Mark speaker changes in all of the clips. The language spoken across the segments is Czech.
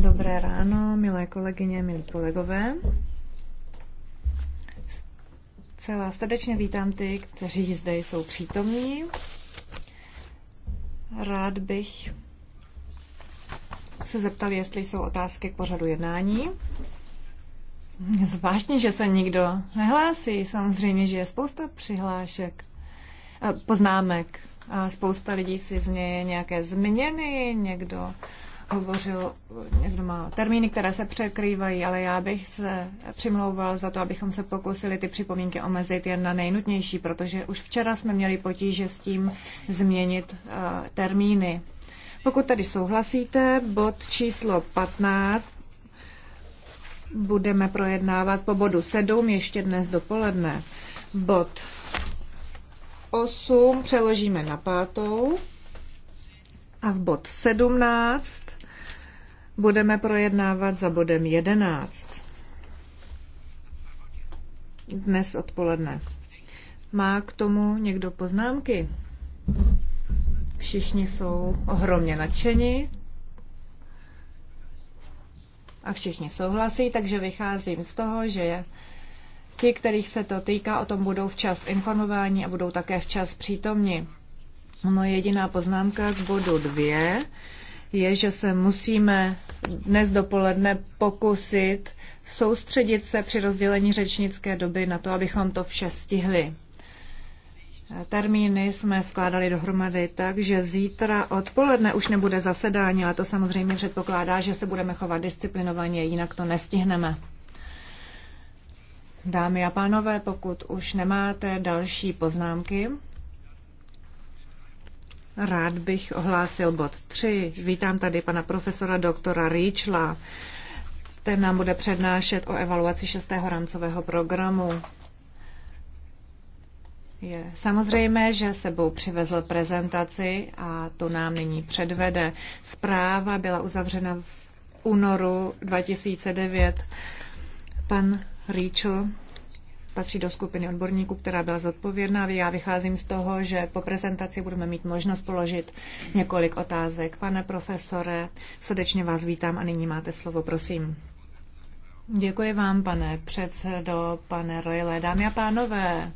Speaker 1: Dobré
Speaker 2: ráno, milé kolegyně, milí kolegové. Celá srdečně vítám ty, kteří zde jsou přítomní. Rád bych se zeptal, jestli jsou otázky k pořadu jednání. Zvláštní, že se nikdo nehlásí. Samozřejmě, že je spousta přihlášek, eh, poznámek a spousta lidí si z něj nějaké změny, někdo hovořil, někdo má termíny, které se překrývají, ale já bych se přimlouval za to, abychom se pokusili ty připomínky omezit jen na nejnutnější, protože už včera jsme měli potíže s tím změnit uh, termíny. Pokud tady souhlasíte, bod číslo 15 budeme projednávat po bodu 7 ještě dnes dopoledne. Bod 8 přeložíme na pátou a v bod 17 budeme projednávat za bodem 11. Dnes odpoledne. Má k tomu někdo poznámky? Všichni jsou ohromně nadšeni a všichni souhlasí, takže vycházím z toho, že je. Ti, kterých se to týká, o tom budou včas informováni a budou také včas přítomni. Moje jediná poznámka k bodu dvě je, že se musíme dnes dopoledne pokusit soustředit se při rozdělení řečnické doby na to, abychom to vše stihli. Termíny jsme skládali dohromady tak, že zítra odpoledne už nebude zasedání, ale to samozřejmě předpokládá, že se budeme chovat disciplinovaně, jinak to nestihneme. Dámy a pánové, pokud už nemáte další poznámky, rád bych ohlásil bod 3. Vítám tady pana profesora doktora Rýčla. Ten nám bude přednášet o evaluaci 6. rámcového programu. Je samozřejmé, že sebou přivezl prezentaci a to nám nyní předvede. Zpráva byla uzavřena v únoru 2009. Pan Rachel patří do skupiny odborníků, která byla zodpovědná. Já vycházím z toho, že po prezentaci budeme mít možnost položit několik otázek. Pane profesore, srdečně vás vítám a nyní máte slovo, prosím. Děkuji vám, pane předsedo, pane Royle, dámy a pánové.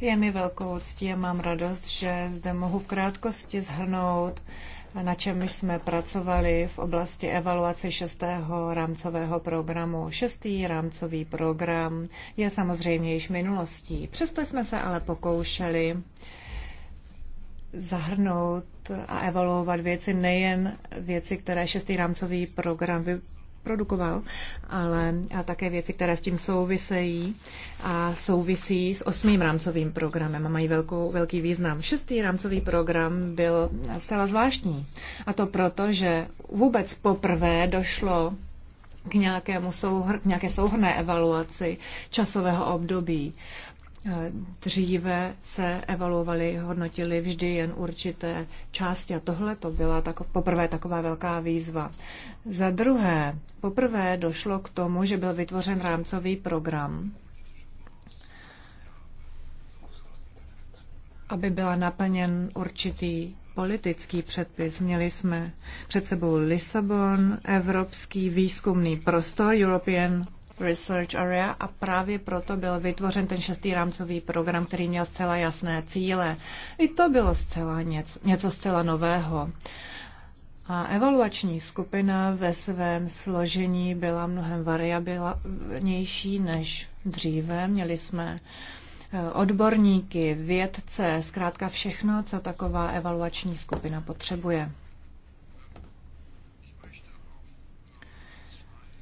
Speaker 2: Je mi velkou ctí a mám radost, že zde mohu v krátkosti zhrnout na čem jsme pracovali v oblasti evaluace šestého rámcového programu. Šestý rámcový program je samozřejmě již minulostí. Přesto jsme se ale pokoušeli zahrnout a evaluovat věci, nejen věci, které šestý rámcový program produkoval, ale a také věci, které s tím souvisejí a souvisí s osmým rámcovým programem a mají velkou, velký význam. Šestý rámcový program byl zcela zvláštní. A to proto, že vůbec poprvé došlo k, nějakému souhr, k nějaké souhrné evaluaci časového období. Eh, dříve se evaluovali, hodnotili vždy jen určité části a tohle to byla tako, poprvé taková velká výzva. Za druhé, poprvé došlo k tomu, že byl vytvořen rámcový program, aby byla naplněn určitý politický předpis. Měli jsme před sebou Lisabon, Evropský výzkumný prostor, European Research Area a právě proto byl vytvořen ten šestý rámcový program, který měl zcela jasné cíle. I to bylo zcela něco, něco zcela nového. A evaluační skupina ve svém složení byla mnohem variabilnější než dříve. Měli jsme e, odborníky, vědce, zkrátka všechno, co taková evaluační skupina potřebuje.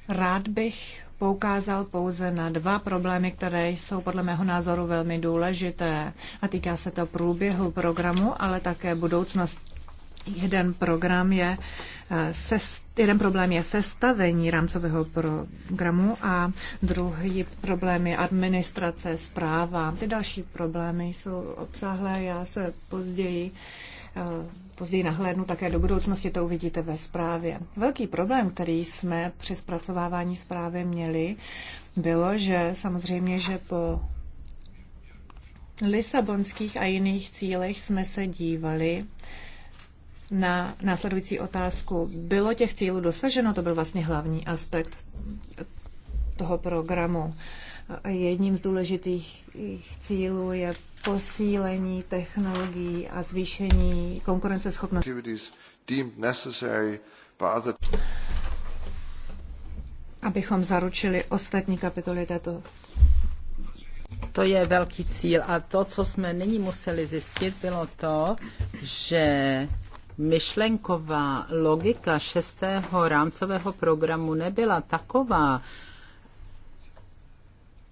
Speaker 2: Rád bych poukázal pouze na dva problémy, které jsou podle mého názoru velmi důležité. A týká se to průběhu programu, ale také budoucnost. Jeden program je eh, jeden problém je sestavení rámcového programu a druhý problém je administrace, zpráva. Ty další problémy jsou obsáhlé, já se později později nahlédnu také do budoucnosti, to uvidíte ve zprávě. Velký problém, který jsme při zpracovávání zprávy měli, bylo, že samozřejmě, že po lisabonských a jiných cílech jsme se dívali na následující otázku. Bylo těch cílů dosaženo? To byl vlastně hlavní aspekt toho programu. Uh, Jedním z důležitých cílů je posílení technologií a zvýšení konkurenceschopnosti. Abychom zaručili ostatní kapitoly této
Speaker 3: to je velký cíl a to, co jsme nyní museli zjistit, bylo to, že myšlenková logika šestého rámcového programu nebyla taková,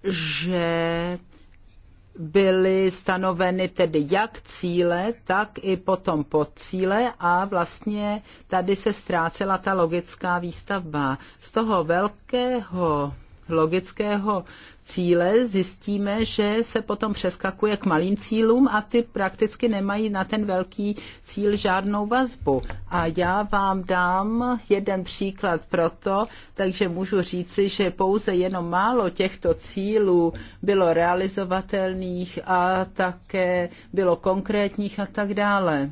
Speaker 3: že byly stanoveny tedy jak cíle, tak i potom podcíle a vlastně tady se ztrácela ta logická výstavba. Z toho velkého logického cíle zjistíme, že se potom přeskakuje k malým cílům a ty prakticky nemají na ten velký cíl žádnou vazbu. A já vám dám jeden příklad proto, takže můžu říci, že pouze jenom málo těchto cílů bylo realizovatelných a také bylo konkrétních a tak dále.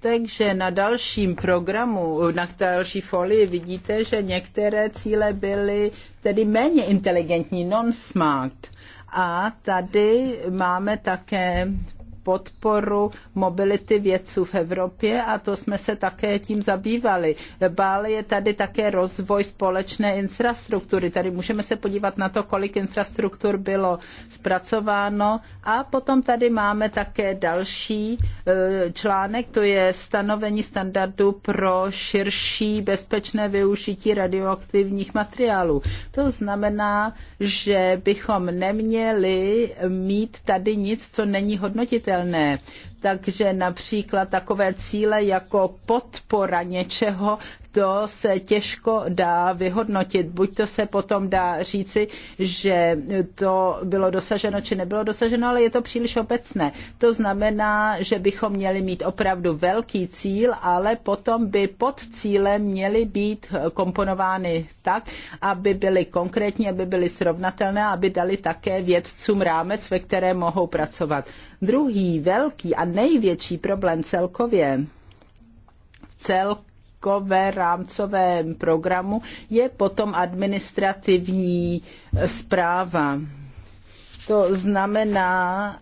Speaker 3: Takže na dalším programu, na další folii vidíte, že některé cíle byly tedy méně inteligentní, non-smart. A tady máme také podporu mobility vědců v Evropě a to jsme se také tím zabývali. Bále je tady také rozvoj společné infrastruktury. Tady můžeme se podívat na to, kolik infrastruktur bylo zpracováno a potom tady máme také další e, článek, to je stanovení standardu pro širší bezpečné využití radioaktivních materiálů. To znamená, že bychom neměli mít tady nic, co není hodnotitelné dosažitelné. Takže například takové cíle jako podpora něčeho, to se těžko dá vyhodnotit. Buď to se potom dá říci, že to bylo dosaženo, či nebylo dosaženo, ale je to příliš obecné. To znamená, že bychom měli mít opravdu velký cíl, ale potom by pod cílem měly být komponovány tak, aby byly konkrétní, aby byly srovnatelné, aby dali také vědcům rámec, ve kterém mohou pracovat. Druhý velký a největší problém celkově v celkové rámcovém programu je potom administrativní zpráva. To znamená,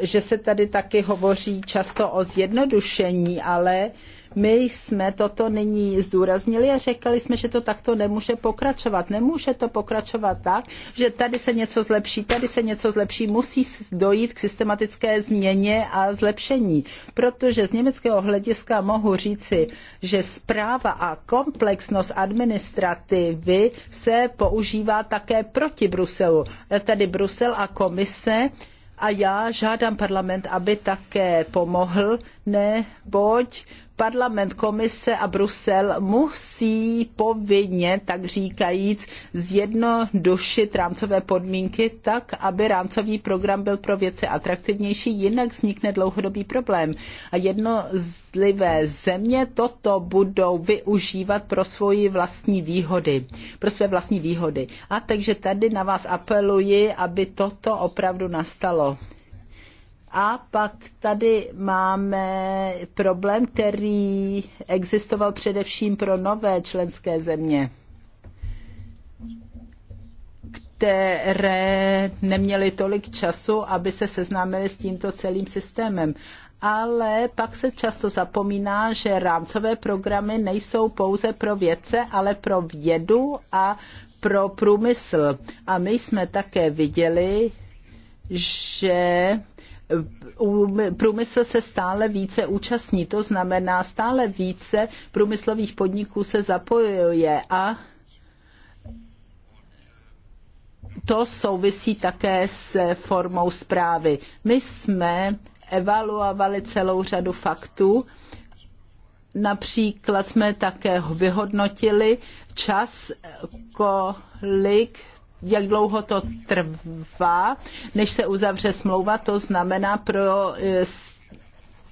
Speaker 3: že se tady taky hovoří často o zjednodušení, ale my jsme toto nyní zdůraznili a řekli jsme, že to takto nemůže pokračovat. Nemůže to pokračovat tak, že tady se něco zlepší, tady se něco zlepší. Musí dojít k systematické změně a zlepšení. Protože z německého hlediska mohu říci, že zpráva a komplexnost administrativy se používá také proti Bruselu. Tady Brusel a komise a já žádám parlament, aby také pomohl, neboť parlament, komise a Brusel musí povinně, tak říkajíc, zjednodušit rámcové podmínky tak, aby rámcový program byl pro vědce atraktivnější, jinak vznikne dlouhodobý problém. A jednozlivé země toto budou využívat pro svoji vlastní výhody, pro své vlastní výhody. A takže tady na vás apeluji, aby toto opravdu nastalo. A pak tady máme problém, který existoval především pro nové členské země, které neměly tolik času, aby se seznámily s tímto celým systémem ale pak se často zapomíná, že rámcové programy nejsou pouze pro vědce, ale pro vědu a pro průmysl. A my jsme také viděli, že průmysl se stále více účastní, to znamená stále více průmyslových podniků se zapojuje a to souvisí také s formou zprávy. My jsme evaluovali celou řadu faktů, například jsme také vyhodnotili čas, kolik jak dlouho to trvá, než se uzavře smlouva, to znamená pro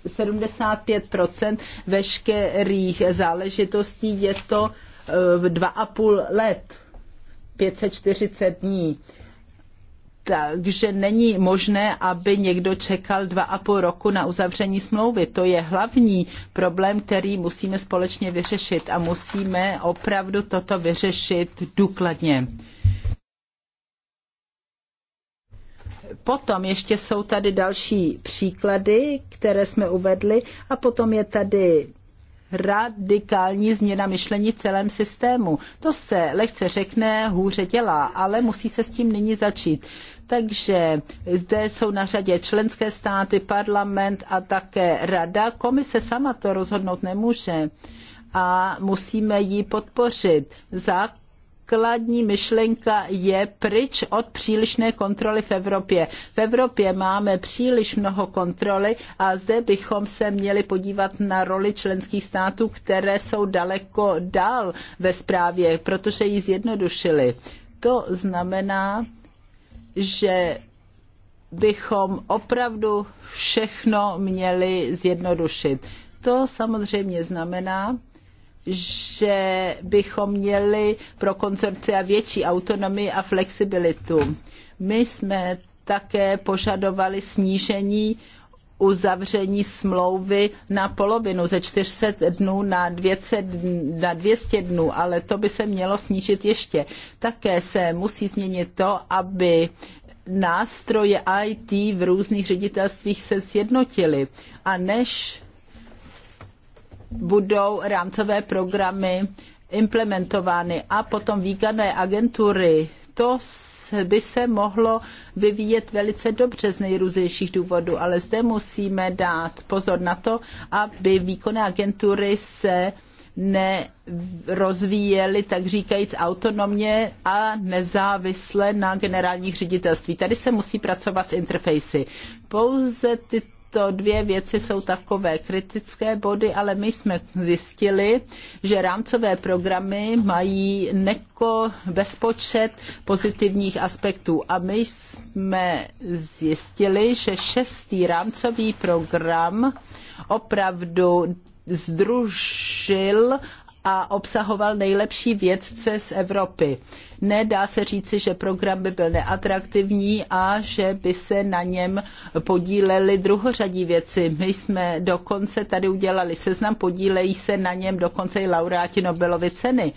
Speaker 3: 75 eh, veškerých záležitostí je to 2,5 eh, let, 540 dní. Takže není možné, aby někdo čekal dva a půl roku na uzavření smlouvy. To je hlavní problém, který musíme společně vyřešit a musíme opravdu toto vyřešit důkladně. Potom ještě jsou tady další příklady, které jsme uvedli a potom je tady radikální změna myšlení v celém systému. To se lehce řekne, hůře dělá, ale musí se s tím nyní začít. Takže zde jsou na řadě členské státy, parlament a také rada. Komise sama to rozhodnout nemůže a musíme ji podpořit. za základní myšlenka je pryč od přílišné kontroly v Evropě. V Evropě máme příliš mnoho kontroly a zde bychom se měli podívat na roli členských států, které jsou daleko dál ve správě, protože ji zjednodušili. To znamená, že bychom opravdu všechno měli zjednodušit. To samozřejmě znamená, že bychom měli pro a větší autonomii a flexibilitu. My jsme také požadovali snížení uzavření smlouvy na polovinu ze 400 dnů na 200, na 200 dnů, ale to by se mělo snížit ještě. Také se musí změnit to, aby nástroje IT v různých ředitelstvích se sjednotily a než budou rámcové programy implementovány a potom výkonné agentury, to by se mohlo vyvíjet velice dobře z nejrůznějších důvodů, ale zde musíme dát pozor na to, aby výkonné agentury se nerozvíjely tak říkajíc, autonomně a nezávisle na generálních ředitelství. Tady se musí pracovat s interfejsy. Pouze tyto tyto dvě věci jsou takové kritické body, ale my jsme zjistili, že rámcové programy mají neko bezpočet pozitivních aspektů. A my jsme zjistili, že šestý rámcový program opravdu združil a obsahoval nejlepší vědce z Evropy. Nedá se říci, že program by byl neatraktivní a že by se na něm podíleli druhořadí věci. My jsme dokonce tady udělali seznam, podílejí se na něm dokonce i laureáti Nobelovy ceny.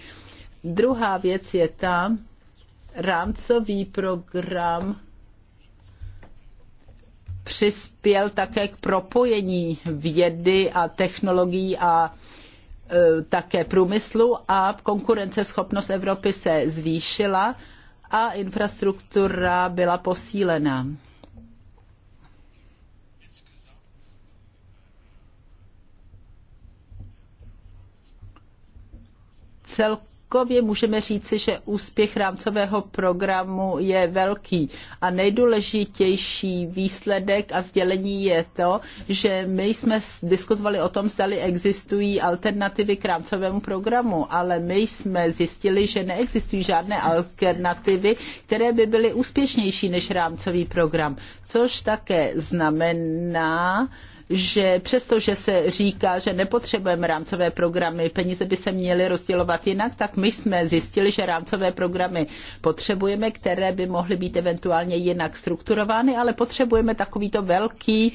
Speaker 3: Druhá věc je ta, rámcový program přispěl také k propojení vědy a technologií a Eh, také průmyslu a konkurenceschopnost Evropy se zvýšila a infrastruktura byla posílena. Celkově celkově můžeme říci, že úspěch rámcového programu je velký a nejdůležitější výsledek a sdělení je to, že my jsme diskutovali o tom, zdali existují alternativy k rámcovému programu, ale my jsme zjistili, že neexistují žádné alternativy, které by byly úspěšnější než rámcový program, což také znamená, že přestože se říká, že nepotřebujeme rámcové programy, peníze by se měly rozdělovat jinak, tak my jsme zjistili, že rámcové programy potřebujeme, které by mohly být eventuálně jinak strukturovány, ale potřebujeme takovýto velký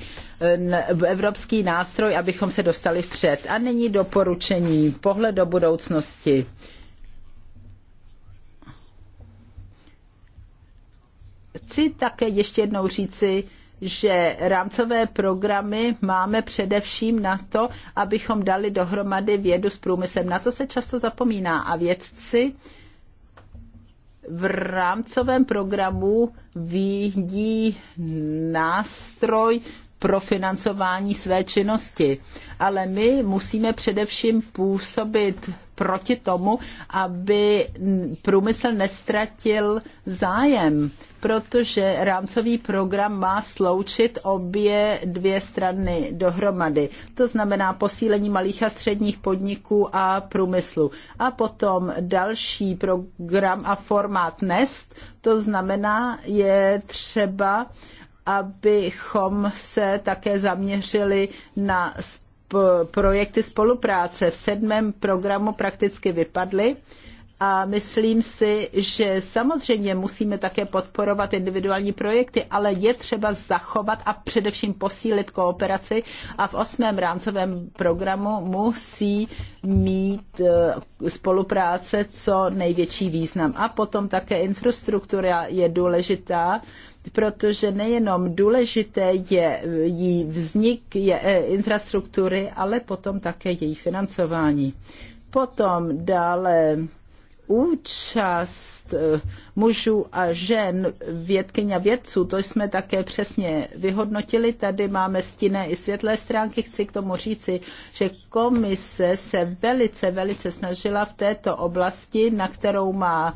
Speaker 3: evropský nástroj, abychom se dostali vpřed. A není doporučení, pohled do budoucnosti. Chci také ještě jednou říci, že rámcové programy máme především na to, abychom dali dohromady vědu s průmyslem. Na to se často zapomíná a vědci v rámcovém programu vidí nástroj pro financování své činnosti. Ale my musíme především působit proti tomu, aby průmysl nestratil zájem protože rámcový program má sloučit obě dvě strany dohromady. To znamená posílení malých a středních podniků a průmyslu. A potom další program a formát NEST, to znamená, je třeba, abychom se také zaměřili na projekty spolupráce. V sedmém programu prakticky vypadly a myslím si, že samozřejmě musíme také podporovat individuální projekty, ale je třeba zachovat a především posílit kooperaci a v osmém rámcovém programu musí mít e, spolupráce co největší význam. A potom také infrastruktura je důležitá, protože nejenom důležité je jí vznik je, e, infrastruktury, ale potom také její financování. Potom dále účast eh, mužů a žen, vědkyně a vědců, to jsme také přesně vyhodnotili. Tady máme stinné i světlé stránky. Chci k tomu říci, že komise se velice, velice snažila v této oblasti, na kterou má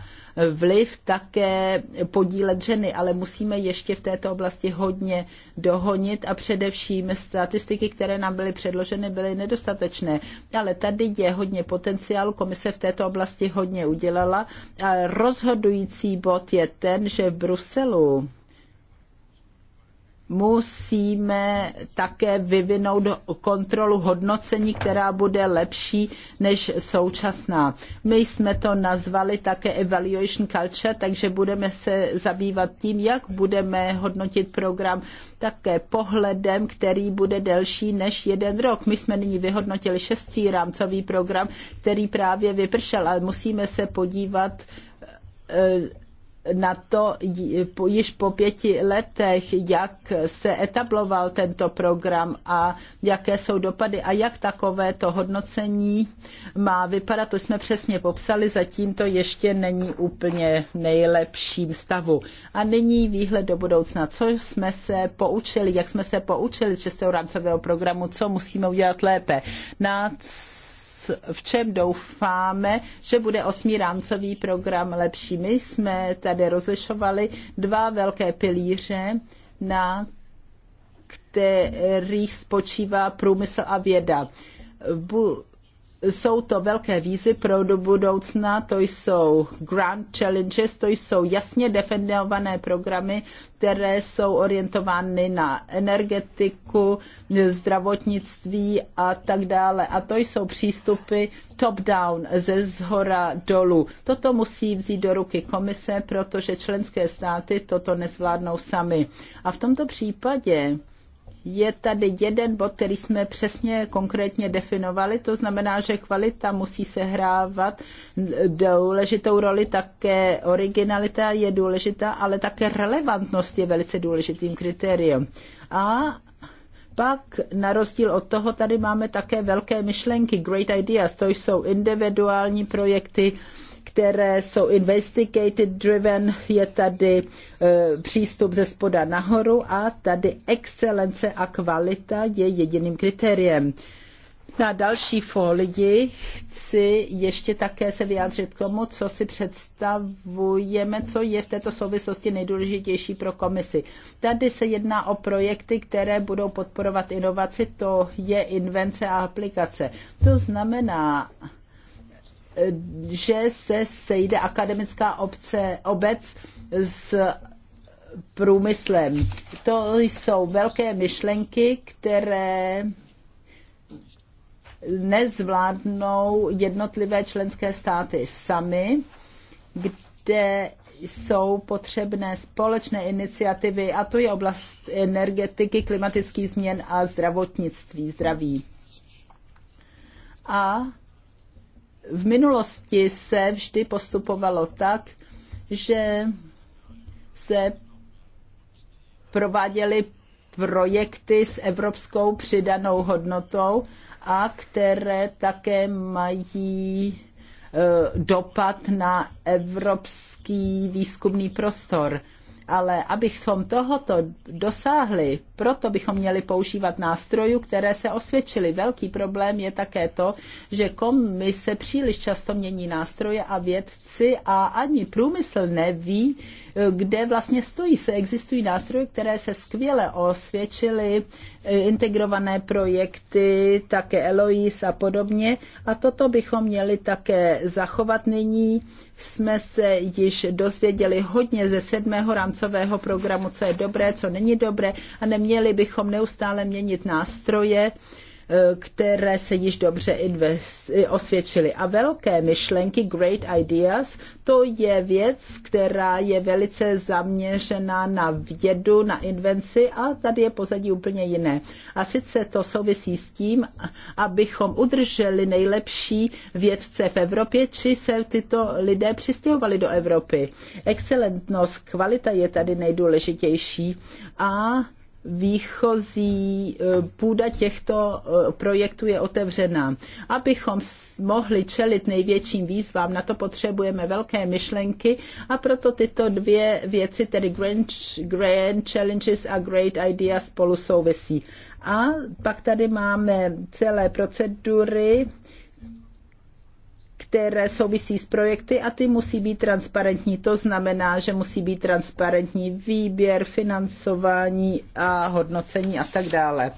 Speaker 3: vliv také podílet ženy, ale musíme ještě v této oblasti hodně dohonit a především statistiky, které nám byly předloženy, byly nedostatečné. Ale tady je hodně potenciálu, komise v této oblasti hodně udělala. A rozhodující bod je ten, že v Bruselu musíme také vyvinout kontrolu hodnocení, která bude lepší než současná. My jsme to nazvali také evaluation culture, takže budeme se zabývat tím, jak budeme hodnotit program také pohledem, který bude delší než jeden rok. My jsme nyní vyhodnotili šestý rámcový program, který právě vypršel, ale musíme se podívat eh, na to již po pěti letech, jak se etabloval tento program a jaké jsou dopady a jak takové to hodnocení má vypadat. To jsme přesně popsali, zatím to ještě není úplně nejlepším stavu. A nyní výhled do budoucna. Co jsme se poučili, jak jsme se poučili z 6. rámcového programu, co musíme udělat lépe. Na v čem doufáme, že bude osmý rámcový program lepší. My jsme tady rozlišovali dva velké pilíře, na kterých spočívá průmysl a věda. Bu- jsou to velké výzvy pro do budoucna, to jsou Grand Challenges, to jsou jasně definované programy, které jsou orientovány na energetiku, zdravotnictví a tak dále. A to jsou přístupy top-down, ze zhora dolů. Toto musí vzít do ruky komise, protože členské státy toto nezvládnou sami. A v tomto případě je tady jeden bod, který jsme přesně konkrétně definovali, to znamená, že kvalita musí sehrávat důležitou roli, také originalita je důležitá, ale také relevantnost je velice důležitým kritériem. A pak na rozdíl od toho tady máme také velké myšlenky, great ideas, to jsou individuální projekty, které jsou investigated driven, je tady e, přístup ze spoda nahoru a tady excelence a kvalita je jediným kritériem. Na další folii chci ještě také se vyjádřit k tomu, co si představujeme, co je v této souvislosti nejdůležitější pro komisi. Tady se jedná o projekty, které budou podporovat inovaci, to je invence a aplikace. To znamená, že se sejde akademická obce, obec s průmyslem. To jsou velké myšlenky, které nezvládnou jednotlivé členské státy sami, kde jsou potřebné společné iniciativy, a to je oblast energetiky, klimatických změn a zdravotnictví, zdraví. A v minulosti se vždy postupovalo tak, že se prováděly projekty s evropskou přidanou hodnotou a které také mají eh, dopad na evropský výzkumný prostor. Ale abychom tohoto dosáhli, proto bychom měli používat nástrojů, které se osvědčily. Velký problém je také to, že komise příliš často mění nástroje a vědci a ani průmysl neví, kde vlastně stojí. Se existují nástroje, které se skvěle osvědčily, integrované projekty, také Eloise a podobně. A toto bychom měli také zachovat nyní jsme se již dozvěděli hodně ze sedmého rámcového programu, co je dobré, co není dobré a neměli bychom neustále měnit nástroje, které se již dobře invest, osvědčily. A velké myšlenky, great ideas, to je věc, která je velice zaměřená na vědu, na invenci a tady je pozadí úplně jiné. A sice to souvisí s tím, abychom udrželi nejlepší vědce v Evropě, či se tyto lidé přistěhovali do Evropy. Excelentnost, kvalita je tady nejdůležitější a výchozí e, půda těchto e, projektů je otevřená. Abychom mohli čelit největším výzvám, na to potřebujeme velké myšlenky a proto tyto dvě věci, tedy Grand, grand Challenges a Great Ideas, spolu souvisí. A pak tady máme celé procedury které souvisí s projekty a ty musí být transparentní. To znamená, že musí být transparentní výběr, financování a hodnocení a tak dále.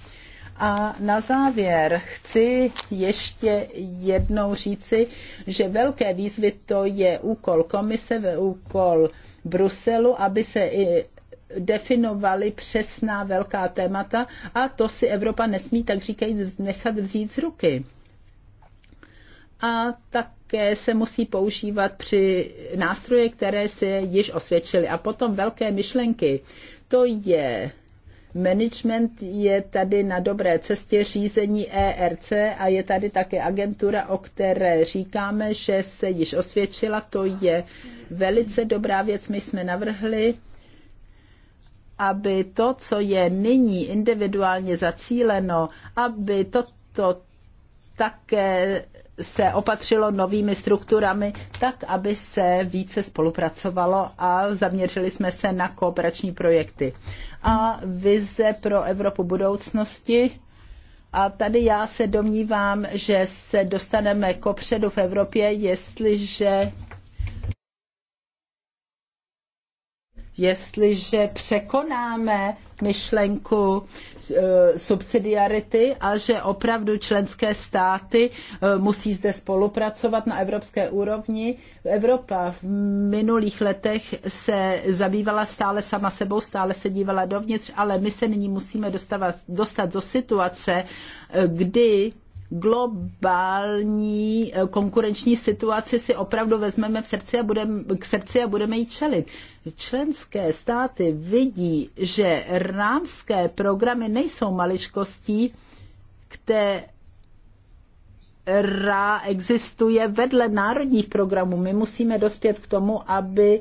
Speaker 3: A na závěr chci ještě jednou říci, že velké výzvy to je úkol komise, úkol Bruselu, aby se i definovali přesná velká témata a to si Evropa nesmí, tak říkajíc, nechat vzít z ruky. A tak také se musí používat při nástroje, které se již osvědčily. A potom velké myšlenky. To je Management je tady na dobré cestě řízení ERC a je tady také agentura, o které říkáme, že se již osvědčila. To je velice dobrá věc. My jsme navrhli, aby to, co je nyní individuálně zacíleno, aby toto také se opatřilo novými strukturami, tak aby se více spolupracovalo a zaměřili jsme se na kooperační projekty. A vize pro Evropu budoucnosti. A tady já se domnívám, že se dostaneme kopředu v Evropě, jestliže jestliže překonáme myšlenku eh, subsidiarity a že opravdu členské státy eh, musí zde spolupracovat na evropské úrovni. Evropa v minulých letech se zabývala stále sama sebou, stále se dívala dovnitř, ale my se nyní musíme dostat do situace, eh, kdy globální eh, konkurenční situaci si opravdu vezmeme v srdci a budeme, k srdci a budeme ji čelit. Členské státy vidí, že rámské programy nejsou maličkostí, které existuje vedle národních programů. My musíme dospět k tomu, aby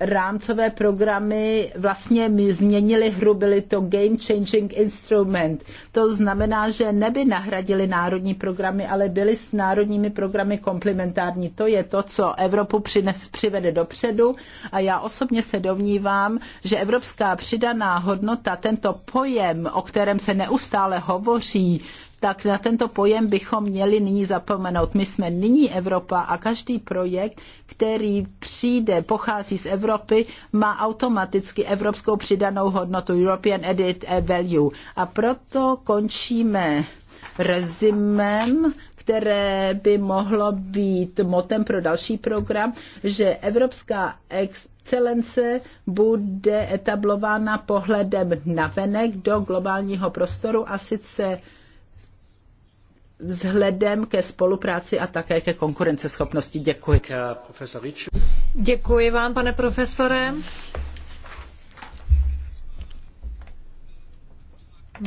Speaker 3: rámcové programy vlastně mi změnili hru, byly to game changing instrument. To znamená, že neby nahradili národní programy, ale byly s národními programy komplementární. To je to, co Evropu přines, přivede dopředu a já osobně se domnívám, že evropská přidaná hodnota, tento pojem, o kterém se neustále hovoří, tak na tento pojem bychom měli nyní zapomenout. My jsme nyní Evropa a každý projekt, který přijde, pochází z Evropy, má automaticky evropskou přidanou hodnotu, European Edit Value. A proto končíme rezimem, které by mohlo být motem pro další program, že Evropská excelence bude etablována pohledem navenek do globálního prostoru a sice vzhledem ke spolupráci a také ke konkurenceschopnosti.
Speaker 2: Děkuji. Děkuji vám, pane profesore.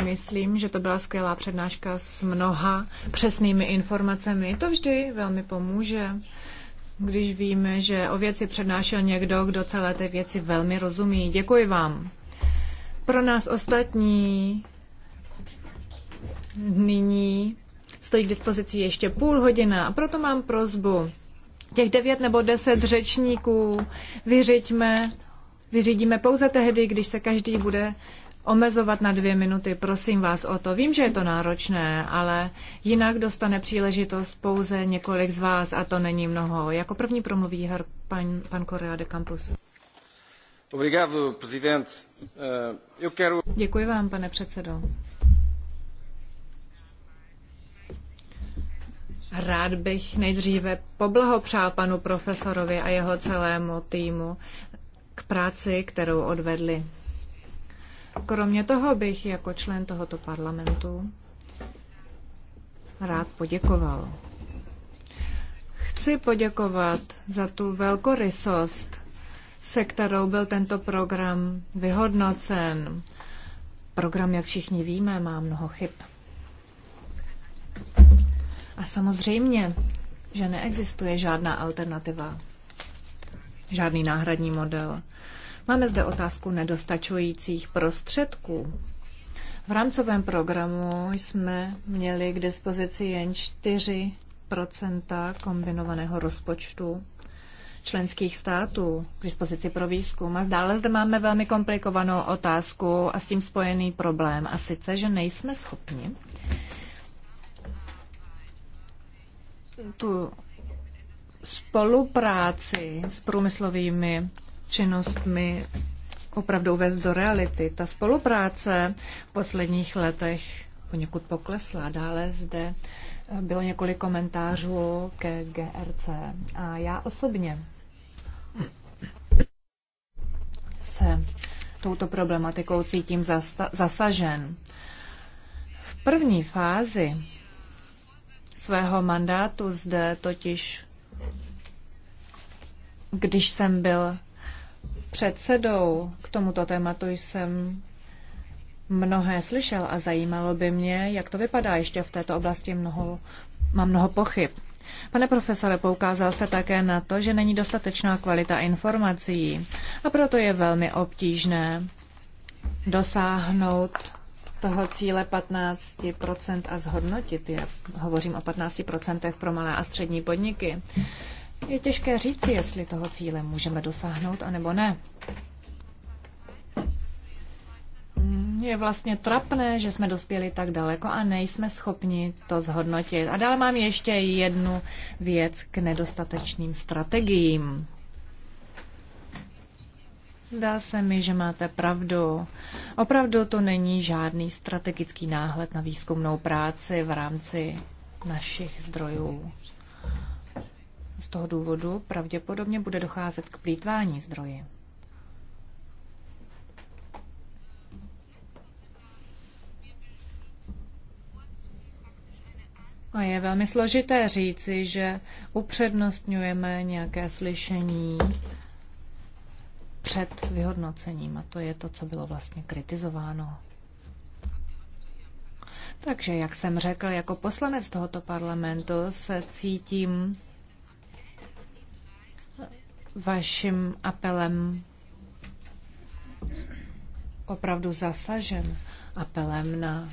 Speaker 2: Myslím, že to byla skvělá přednáška s mnoha přesnými informacemi. To vždy velmi pomůže, když víme, že o věci přednášel někdo, kdo celé té věci velmi rozumí. Děkuji vám. Pro nás ostatní nyní stojí k dispozici ještě půl hodina a proto mám prozbu. Těch devět nebo deset řečníků vyřiďme, vyřídíme pouze tehdy, když se každý bude omezovat na dvě minuty. Prosím vás o to. Vím, že je to náročné, ale jinak dostane příležitost pouze několik z vás a to není mnoho. Jako první promluví her pan, pan Korea de Campus. Obrigado, prezident. Eh, Děkuji vám, pane předsedo. Rád bych nejdříve poblahopřál panu profesorovi a jeho celému týmu k práci, kterou odvedli. Kromě toho bych jako člen tohoto parlamentu rád poděkoval. Chci poděkovat za tu velkorysost, se kterou byl tento program vyhodnocen. Program, jak všichni víme, má mnoho chyb. A samozřejmě, že neexistuje žádná alternativa, žádný náhradní model. Máme zde otázku nedostačujících prostředků. V rámcovém programu jsme měli k dispozici jen 4 kombinovaného rozpočtu členských států k dispozici pro výzkum. A dále zde máme velmi komplikovanou otázku a s tím spojený problém. A sice, že nejsme schopni tu spolupráci s průmyslovými činnostmi opravdu uvést do reality. Ta spolupráce v posledních letech poněkud poklesla. Dále zde bylo několik komentářů ke GRC. A já osobně se touto problematikou cítím zasažen. V první fázi svého mandátu zde, totiž když jsem byl předsedou k tomuto tématu, jsem mnohé slyšel a zajímalo by mě, jak to vypadá ještě v této oblasti. Mnoho, mám mnoho pochyb. Pane profesore, poukázal jste také na to, že není dostatečná kvalita informací a proto je velmi obtížné dosáhnout toho cíle 15% a zhodnotit je. Hovořím o 15% pro malé a střední podniky. Je těžké říci, jestli toho cíle můžeme dosáhnout, anebo ne. Je vlastně trapné, že jsme dospěli tak daleko a nejsme schopni to zhodnotit. A dále mám ještě jednu věc k nedostatečným strategiím. Zdá se mi, že máte pravdu. Opravdu to není žádný strategický náhled na výzkumnou práci v rámci našich zdrojů. Z toho důvodu pravděpodobně bude docházet k plítvání zdroji. A je velmi složité říci, že upřednostňujeme nějaké slyšení před vyhodnocením a to je to, co bylo vlastně kritizováno. Takže, jak jsem řekl, jako poslanec tohoto parlamentu se cítím vaším apelem opravdu zasažen apelem na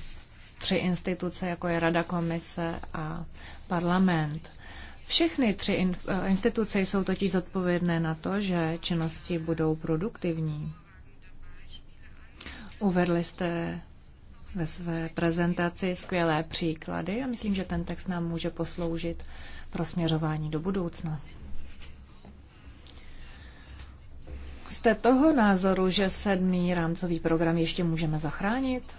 Speaker 2: tři instituce, jako je Rada komise a parlament. Všechny tři eh, instituce jsou totiž zodpovědné na to, že činnosti budou produktivní. Uvedli jste ve své prezentaci skvělé příklady a myslím, že ten text nám může posloužit pro směřování do budoucna. Jste toho názoru, že sedmý rámcový program ještě můžeme zachránit?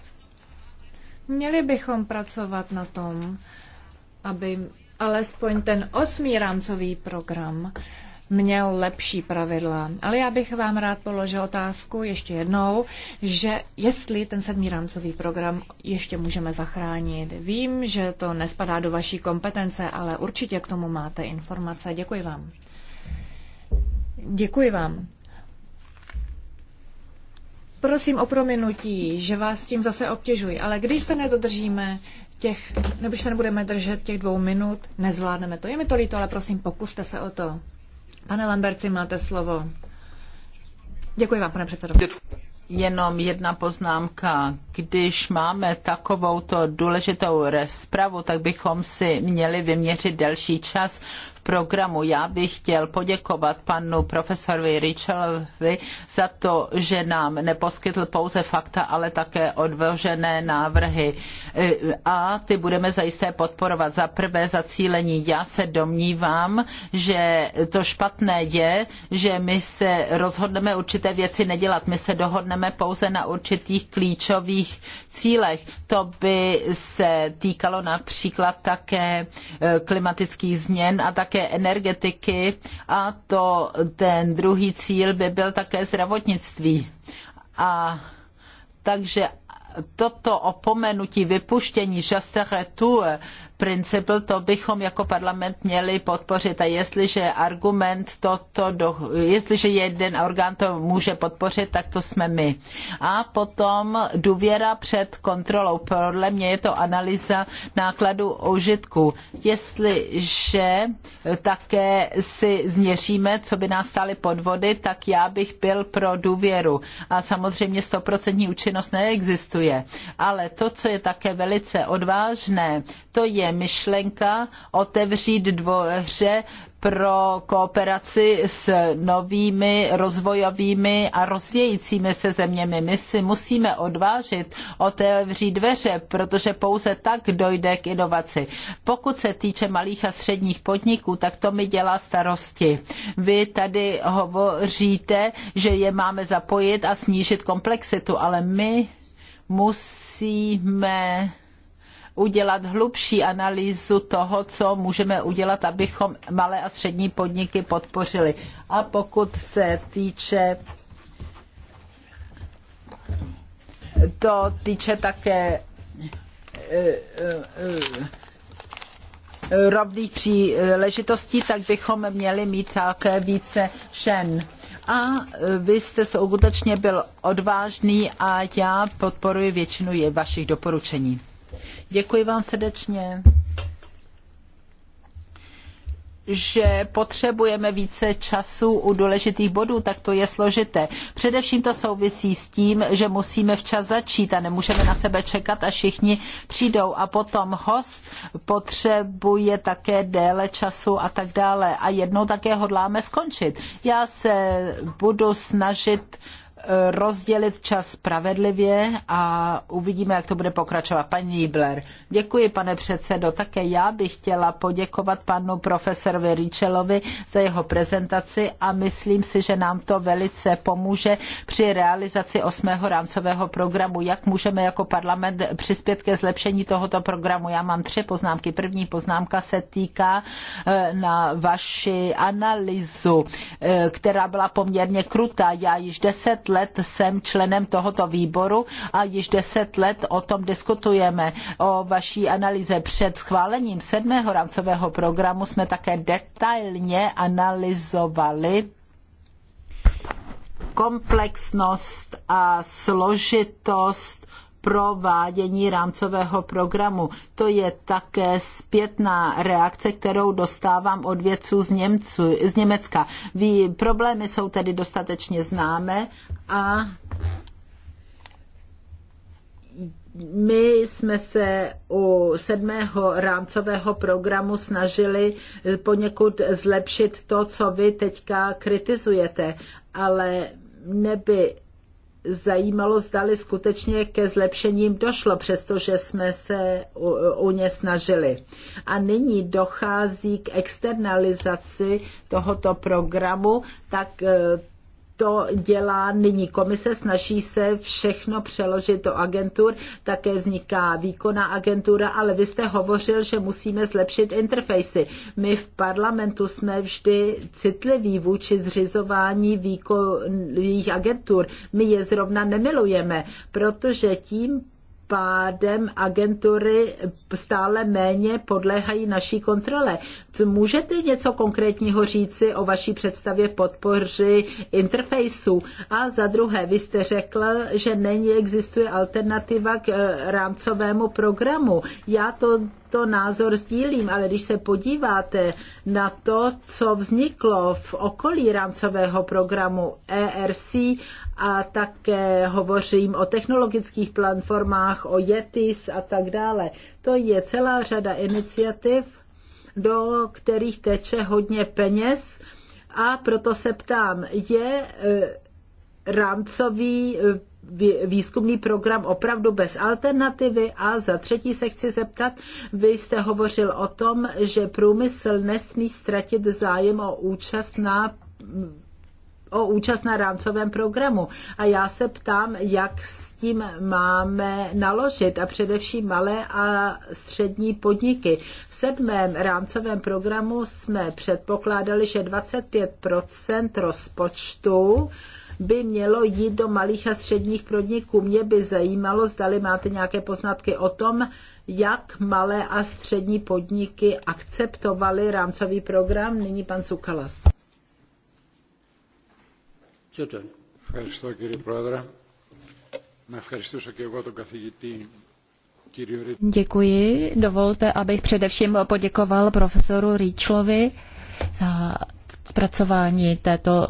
Speaker 2: Měli bychom pracovat na tom, aby alespoň ten osmý rámcový program měl lepší pravidla. Ale já bych vám rád položil otázku ještě jednou, že jestli ten sedmý rámcový program ještě můžeme zachránit. Vím, že to nespadá do vaší kompetence, ale určitě k tomu máte informace. Děkuji vám. Děkuji vám. Prosím o prominutí, že vás tím zase obtěžuji, ale když se nedodržíme těch, nebo když se nebudeme držet těch dvou minut, nezvládneme to. Je mi to líto, ale prosím, pokuste se o to. Pane Lamberci, máte slovo. Děkuji vám, pane předsedo.
Speaker 3: Jenom jedna poznámka. Když máme takovouto důležitou rozpravu, tak bychom si měli vyměřit delší čas, programu. Já bych chtěl poděkovat panu profesorovi Richelovi za to, že nám neposkytl pouze fakta, ale také odvožené návrhy. A ty budeme zajisté podporovat. Za prvé zacílení. Já se domnívám, že to špatné je, že my se rozhodneme určité věci nedělat. My se dohodneme pouze na určitých klíčových cílech. To by se týkalo například také eh, klimatických změn a také ještě energetiky a to ten druhý cíl by byl také zdravotnictví. A takže toto opomenutí vypuštění Chasteretu principl, to bychom jako parlament měli podpořit. A jestliže argument toto, do, jestliže jeden orgán to může podpořit, tak to jsme my. A potom důvěra před kontrolou. Podle mě je to analýza nákladu užitku. Jestliže také si změříme, co by nás stály podvody, tak já bych byl pro důvěru. A samozřejmě stoprocentní účinnost neexistuje. Ale to, co je také velice odvážné, to je myšlenka otevřít dvoře pro kooperaci s novými rozvojovými a rozvějícími se zeměmi. My si musíme odvážit otevřít dveře, protože pouze tak dojde k inovaci. Pokud se týče malých a středních podniků, tak to mi dělá starosti. Vy tady hovoříte, že je máme zapojit a snížit komplexitu, ale my musíme udělat hlubší analýzu toho, co můžeme udělat, abychom malé a střední podniky podpořili. A pokud se týče to týče také eh, eh, rovných příležitostí, tak bychom měli mít také více žen. A vy jste skutečně byl odvážný a já podporuji většinu vašich doporučení. Děkuji vám srdečně že potřebujeme více času u důležitých bodů, tak to je složité. Především to souvisí s tím, že musíme včas začít a nemůžeme na sebe čekat, až všichni přijdou. A potom host potřebuje také déle času a tak dále. A jednou také hodláme skončit. Já se budu snažit rozdělit čas spravedlivě a uvidíme, jak to bude pokračovat. Paní Nibler, děkuji, pane předsedo. Také já bych chtěla poděkovat panu profesorovi Richelovi za jeho prezentaci a myslím si, že nám to velice pomůže při realizaci osmého rámcového programu. Jak můžeme jako parlament přispět ke zlepšení tohoto programu? Já mám tři poznámky. První poznámka se týká eh, na vaši analýzu, eh, která byla poměrně krutá. Já již deset let let jsem členem tohoto výboru a již deset let o tom diskutujeme, o vaší analýze. Před schválením sedmého rámcového programu jsme také detailně analyzovali komplexnost a složitost provádění rámcového programu. To je také zpětná reakce, kterou dostávám od vědců z, Němců, z Německa. Ví, problémy jsou tedy dostatečně známé a my jsme se u sedmého rámcového programu snažili poněkud zlepšit to, co vy teďka kritizujete, ale neby zajímalo, zdali skutečně ke zlepšením došlo, přestože jsme se u, u ně snažili. A nyní dochází k externalizaci tohoto programu, tak eh, to dělá nyní komise, snaží se všechno přeložit do agentur, také vzniká výkonná agentura, ale vy jste hovořil, že musíme zlepšit interfejsy. My v parlamentu jsme vždy citliví vůči zřizování výkonných agentur. My je zrovna nemilujeme, protože tím pádem agentury stále méně podléhají naší kontrole. Můžete něco konkrétního říci o vaší představě podpoři interfejsu. A za druhé, vy jste řekl, že není existuje alternativa k eh, rámcovému programu. Já to to názor sdílím, ale když se podíváte na to, co vzniklo v okolí rámcového programu ERC a také hovořím o technologických platformách, o Yetis a tak dále. To je celá řada iniciativ, do kterých teče hodně peněz a proto se ptám, je e, rámcový e, výzkumný program opravdu bez alternativy a za třetí se chci zeptat, vy jste hovořil o tom, že průmysl nesmí ztratit zájem o účast na o účast na rámcovém programu. A já se ptám, jak s tím máme naložit a především malé a střední podniky. V sedmém rámcovém programu jsme předpokládali, že 25 rozpočtu by mělo jít do malých a středních podniků. Mě by zajímalo, zdali máte nějaké poznatky o tom, jak malé a střední podniky akceptovaly rámcový program. Nyní pan Cukalas.
Speaker 1: Ευχαριστώ κύριε Πρόεδρε. Να ευχαριστήσω και εγώ τον καθηγητή
Speaker 4: Děkuji. Dovolte, abych především poděkoval profesoru Rýčlovi za zpracování této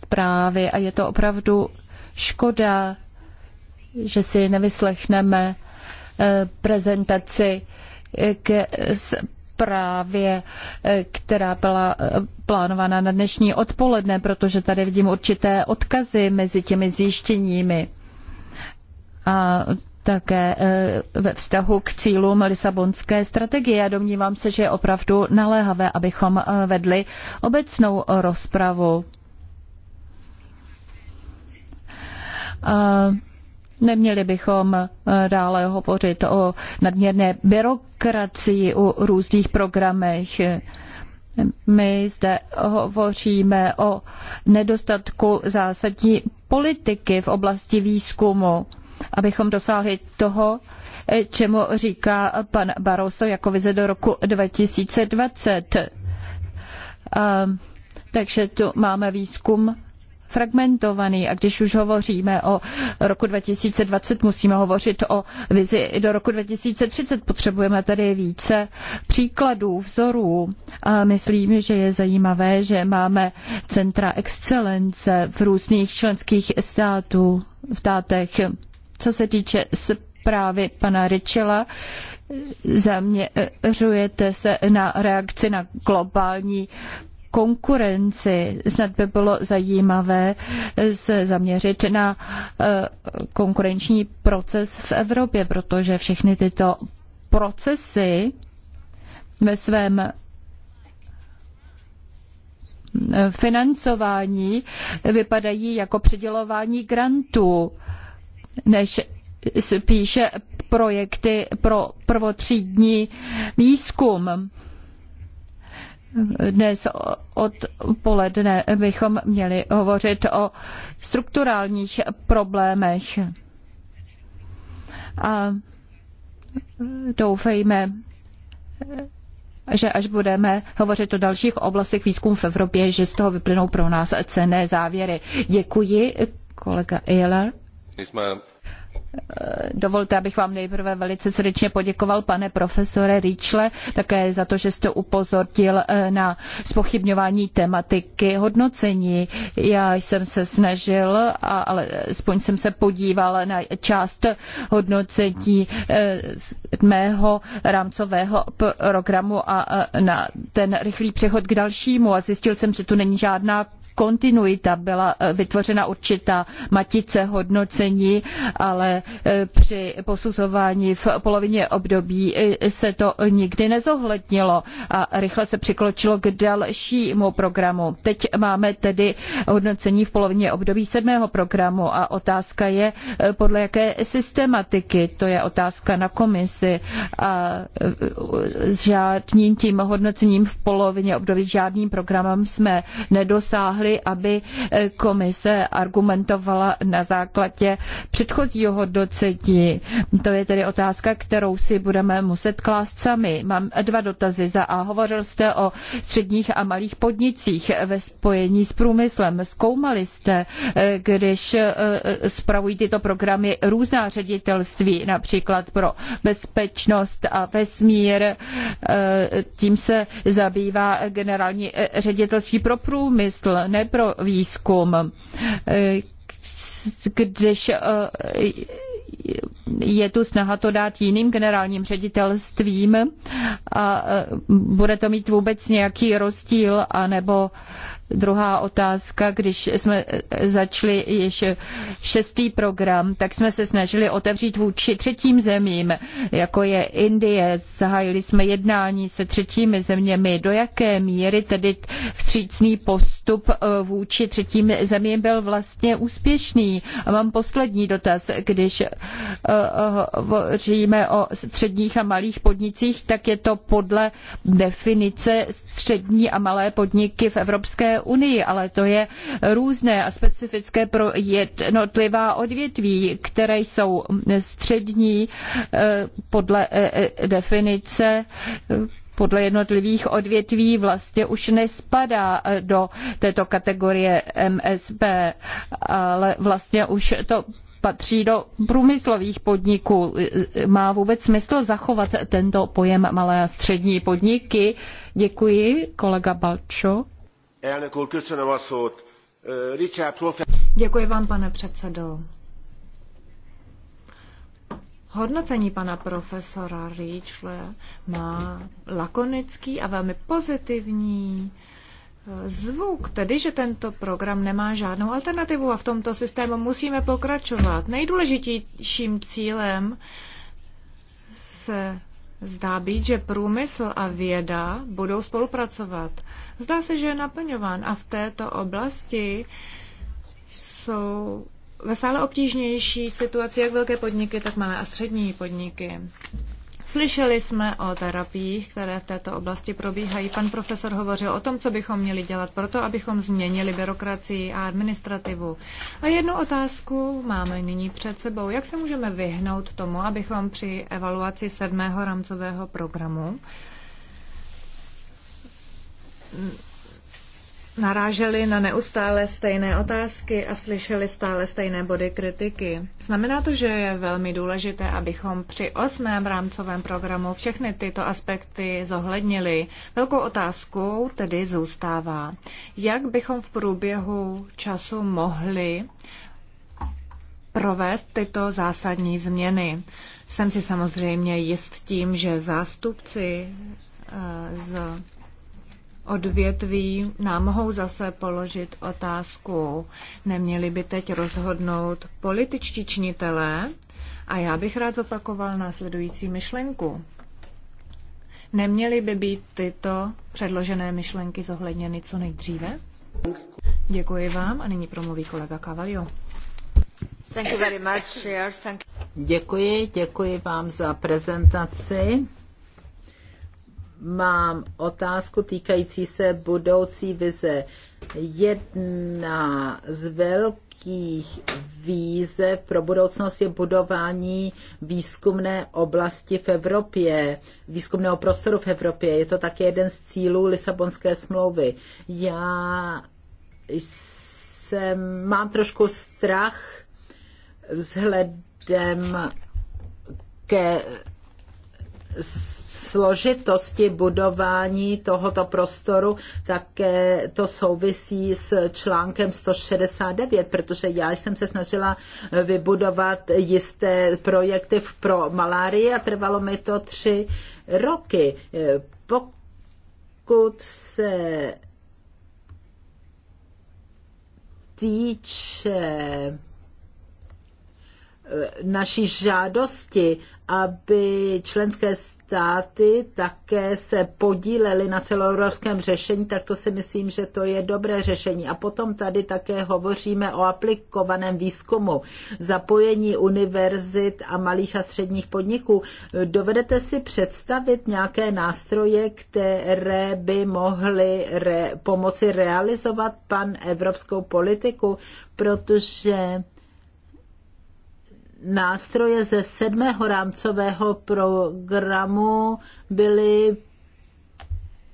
Speaker 4: zprávy a je to opravdu škoda, že si nevyslechneme eh, prezentaci eh, k právě eh, která byla eh, plánována na dnešní odpoledne, protože tady vidím určité odkazy mezi těmi zjištěními. A také eh, ve vztahu k cílům Lisabonské strategie. Já domnívám se, že je opravdu naléhavé, abychom vedli obecnou rozpravu. Neměli bychom eh, dále hovořit o nadměrné byrokracii u různých programech. My zde hovoříme o nedostatku zásadní politiky v oblasti výzkumu, abychom dosáhli toho, eh, čemu říká pan Barroso jako vize do roku 2020. A, ehm, takže tu máme výzkum fragmentovaný a když už hovoříme o roku 2020, musíme hovořit o vizi do roku 2030. Potřebujeme tady více příkladů, vzorů a myslím, že je zajímavé, že máme centra excelence v různých členských států, v státech. Co se týče zprávy pana Richela, zaměřujete se na reakci na globální konkurenci. Snad by bylo zajímavé se zaměřit na eh, konkurenční proces v Evropě, protože všechny tyto procesy ve svém eh, financování vypadají jako přidělování grantů, než spíše projekty pro prvotřídní výzkum dnes odpoledne bychom měli hovořit o strukturálních problémech. A doufejme, že až budeme hovořit o dalších oblastech výzkumu v Evropě, že z toho vyplynou pro nás cenné závěry. Děkuji, kolega Ehler. Jsme Dovolte, abych vám nejprve velice srdečně poděkoval, pane profesore Rýčle, také za to, že jste upozornil eh, na spochybňování tematiky hodnocení. Já jsem se snažil, ale alespoň jsem se podíval na část hodnocení eh, mého rámcového programu a eh, na ten rychlý přechod k dalšímu a zjistil jsem, že tu není žádná kontinuita, byla eh, vytvořena určitá matice hodnocení, ale eh, při posuzování v polovině období eh, se to nikdy nezohlednilo a rychle se přikročilo k dalšímu programu. Teď máme tedy hodnocení v polovině období sedmého programu a otázka je, podle jaké systematiky, to je otázka na komisi a žádným tím hodnocením v polovině období žádným programem jsme nedosáhli chtěli, aby eh, komise argumentovala na základě předchozího hodnocení. To je tedy otázka, kterou si budeme muset klást sami. Mám dva dotazy. Za A hovořil jste o středních a malých podnicích ve spojení s průmyslem. Zkoumali jste, eh, když eh, spravují tyto programy různá ředitelství, například pro bezpečnost a vesmír. Tím se zabývá generální ředitelství pro průmysl ne pro výzkum. Když eh, je tu snaha to dát jiným generálním ředitelstvím a eh, bude to mít vůbec nějaký rozdíl, anebo Druhá otázka, když jsme začali již šestý program, tak jsme se snažili otevřít vůči třetím zemím, jako je Indie. Zahájili jsme jednání se třetími zeměmi. Do jaké míry tedy vstřícný postup eh, vůči třetím zemím byl vlastně úspěšný? A mám poslední dotaz. Když eh, hovoříme o středních a malých podnicích, tak je to podle definice střední a malé podniky v Evropské unii, ale to je různé a specifické pro jednotlivá odvětví, které jsou střední eh, podle eh, eh, definice podle jednotlivých odvětví vlastně už nespadá do této kategorie MSP, ale vlastně už to patří do průmyslových podniků. Má vůbec smysl zachovat tento pojem malé a střední podniky? Děkuji, kolega Balčo.
Speaker 2: Děkuji vám, pane předsedo. Hodnocení pana profesora Richle má lakonický a velmi pozitivní e, zvuk, tedy že tento program nemá žádnou alternativu a v tomto systému musíme pokračovat. Nejdůležitějším cílem se Zdá být, že průmysl a věda budou spolupracovat. Zdá se, že je naplňován a v této oblasti jsou ve stále obtížnější situaci jak velké podniky, tak malé a střední podniky. Slyšeli jsme o terapiích, které v této oblasti probíhají. Pan profesor hovořil o tom, co bychom měli dělat proto abychom změnili byrokracii a administrativu. A jednu otázku máme nyní před sebou. Jak se můžeme vyhnout tomu, abychom při evaluaci sedmého rámcového programu naráželi na neustále stejné otázky a slyšeli stále stejné body kritiky. Znamená to, že je velmi důležité, abychom při osmém rámcovém programu všechny tyto aspekty zohlednili. Velkou otázkou tedy zůstává, jak bychom v průběhu času mohli provést tyto zásadní změny. Jsem si samozřejmě jist tím, že zástupci eh, z odvětví nám mohou zase položit otázku, neměli by teď rozhodnout političtí činitelé? A já bych rád zopakoval následující myšlenku. Neměly by být tyto předložené myšlenky zohledněny co nejdříve? Děkuji vám a nyní promluví kolega Cavalio.
Speaker 3: Děkuji, děkuji vám za prezentaci mám otázku týkající se budoucí vize. Jedna z velkých výzev pro budoucnost je budování výzkumné oblasti v Evropě, výzkumného prostoru v Evropě. Je to také jeden z cílů Lisabonské smlouvy. Já jsem, mám trošku strach vzhledem ke složitosti budování tohoto prostoru, také to souvisí s článkem 169, protože já jsem se snažila vybudovat jisté projekty pro malárii a trvalo mi to tři roky. Pokud se týče Eh, naší žádosti, aby členské státy také se podílely na celoevropském řešení, tak to si myslím, že to je dobré řešení. A potom tady také hovoříme o aplikovaném výzkumu, zapojení univerzit a malých a středních podniků. Dovedete si představit nějaké nástroje, které by mohly re- pomoci realizovat pan evropskou politiku, protože nástroje ze sedmého rámcového programu byly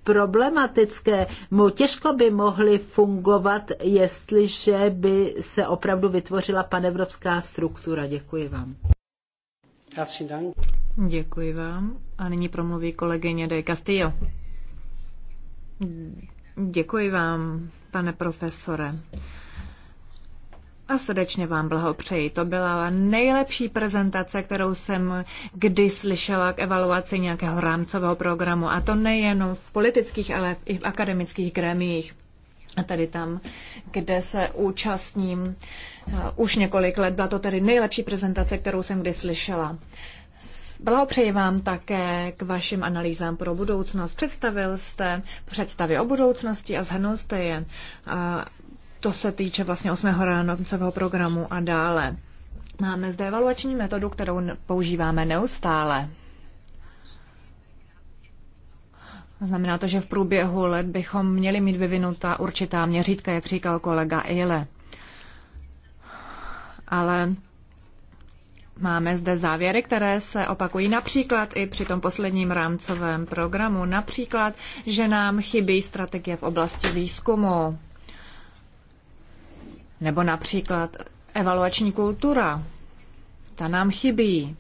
Speaker 3: problematické. Těžko by mohly fungovat, jestliže by se opravdu vytvořila panevropská struktura. Děkuji vám.
Speaker 2: Děkuji vám. A nyní promluví kolegyně de Castillo. Děkuji vám, pane profesore a srdečně vám blahopřeji. To byla nejlepší prezentace, kterou jsem kdy slyšela k evaluaci nějakého rámcového programu. A to nejenom v politických, ale i v akademických gremiích. A tady tam, kde se účastním eh, už několik let. Byla to tedy nejlepší prezentace, kterou jsem kdy slyšela. Blahopřeji vám také k vašim analýzám pro budoucnost. Představil jste představy o budoucnosti a zhrnul jste je. To se týče vlastně 8. rámcového programu a dále. Máme zde evaluační metodu, kterou používáme neustále. Znamená to, že v průběhu let bychom měli mít vyvinutá určitá měřítka, jak říkal kolega Ile. Ale máme zde závěry, které se opakují například i při tom posledním rámcovém programu. Například, že nám chybí strategie v oblasti výzkumu. Nebo například evaluační kultura. Ta nám chybí.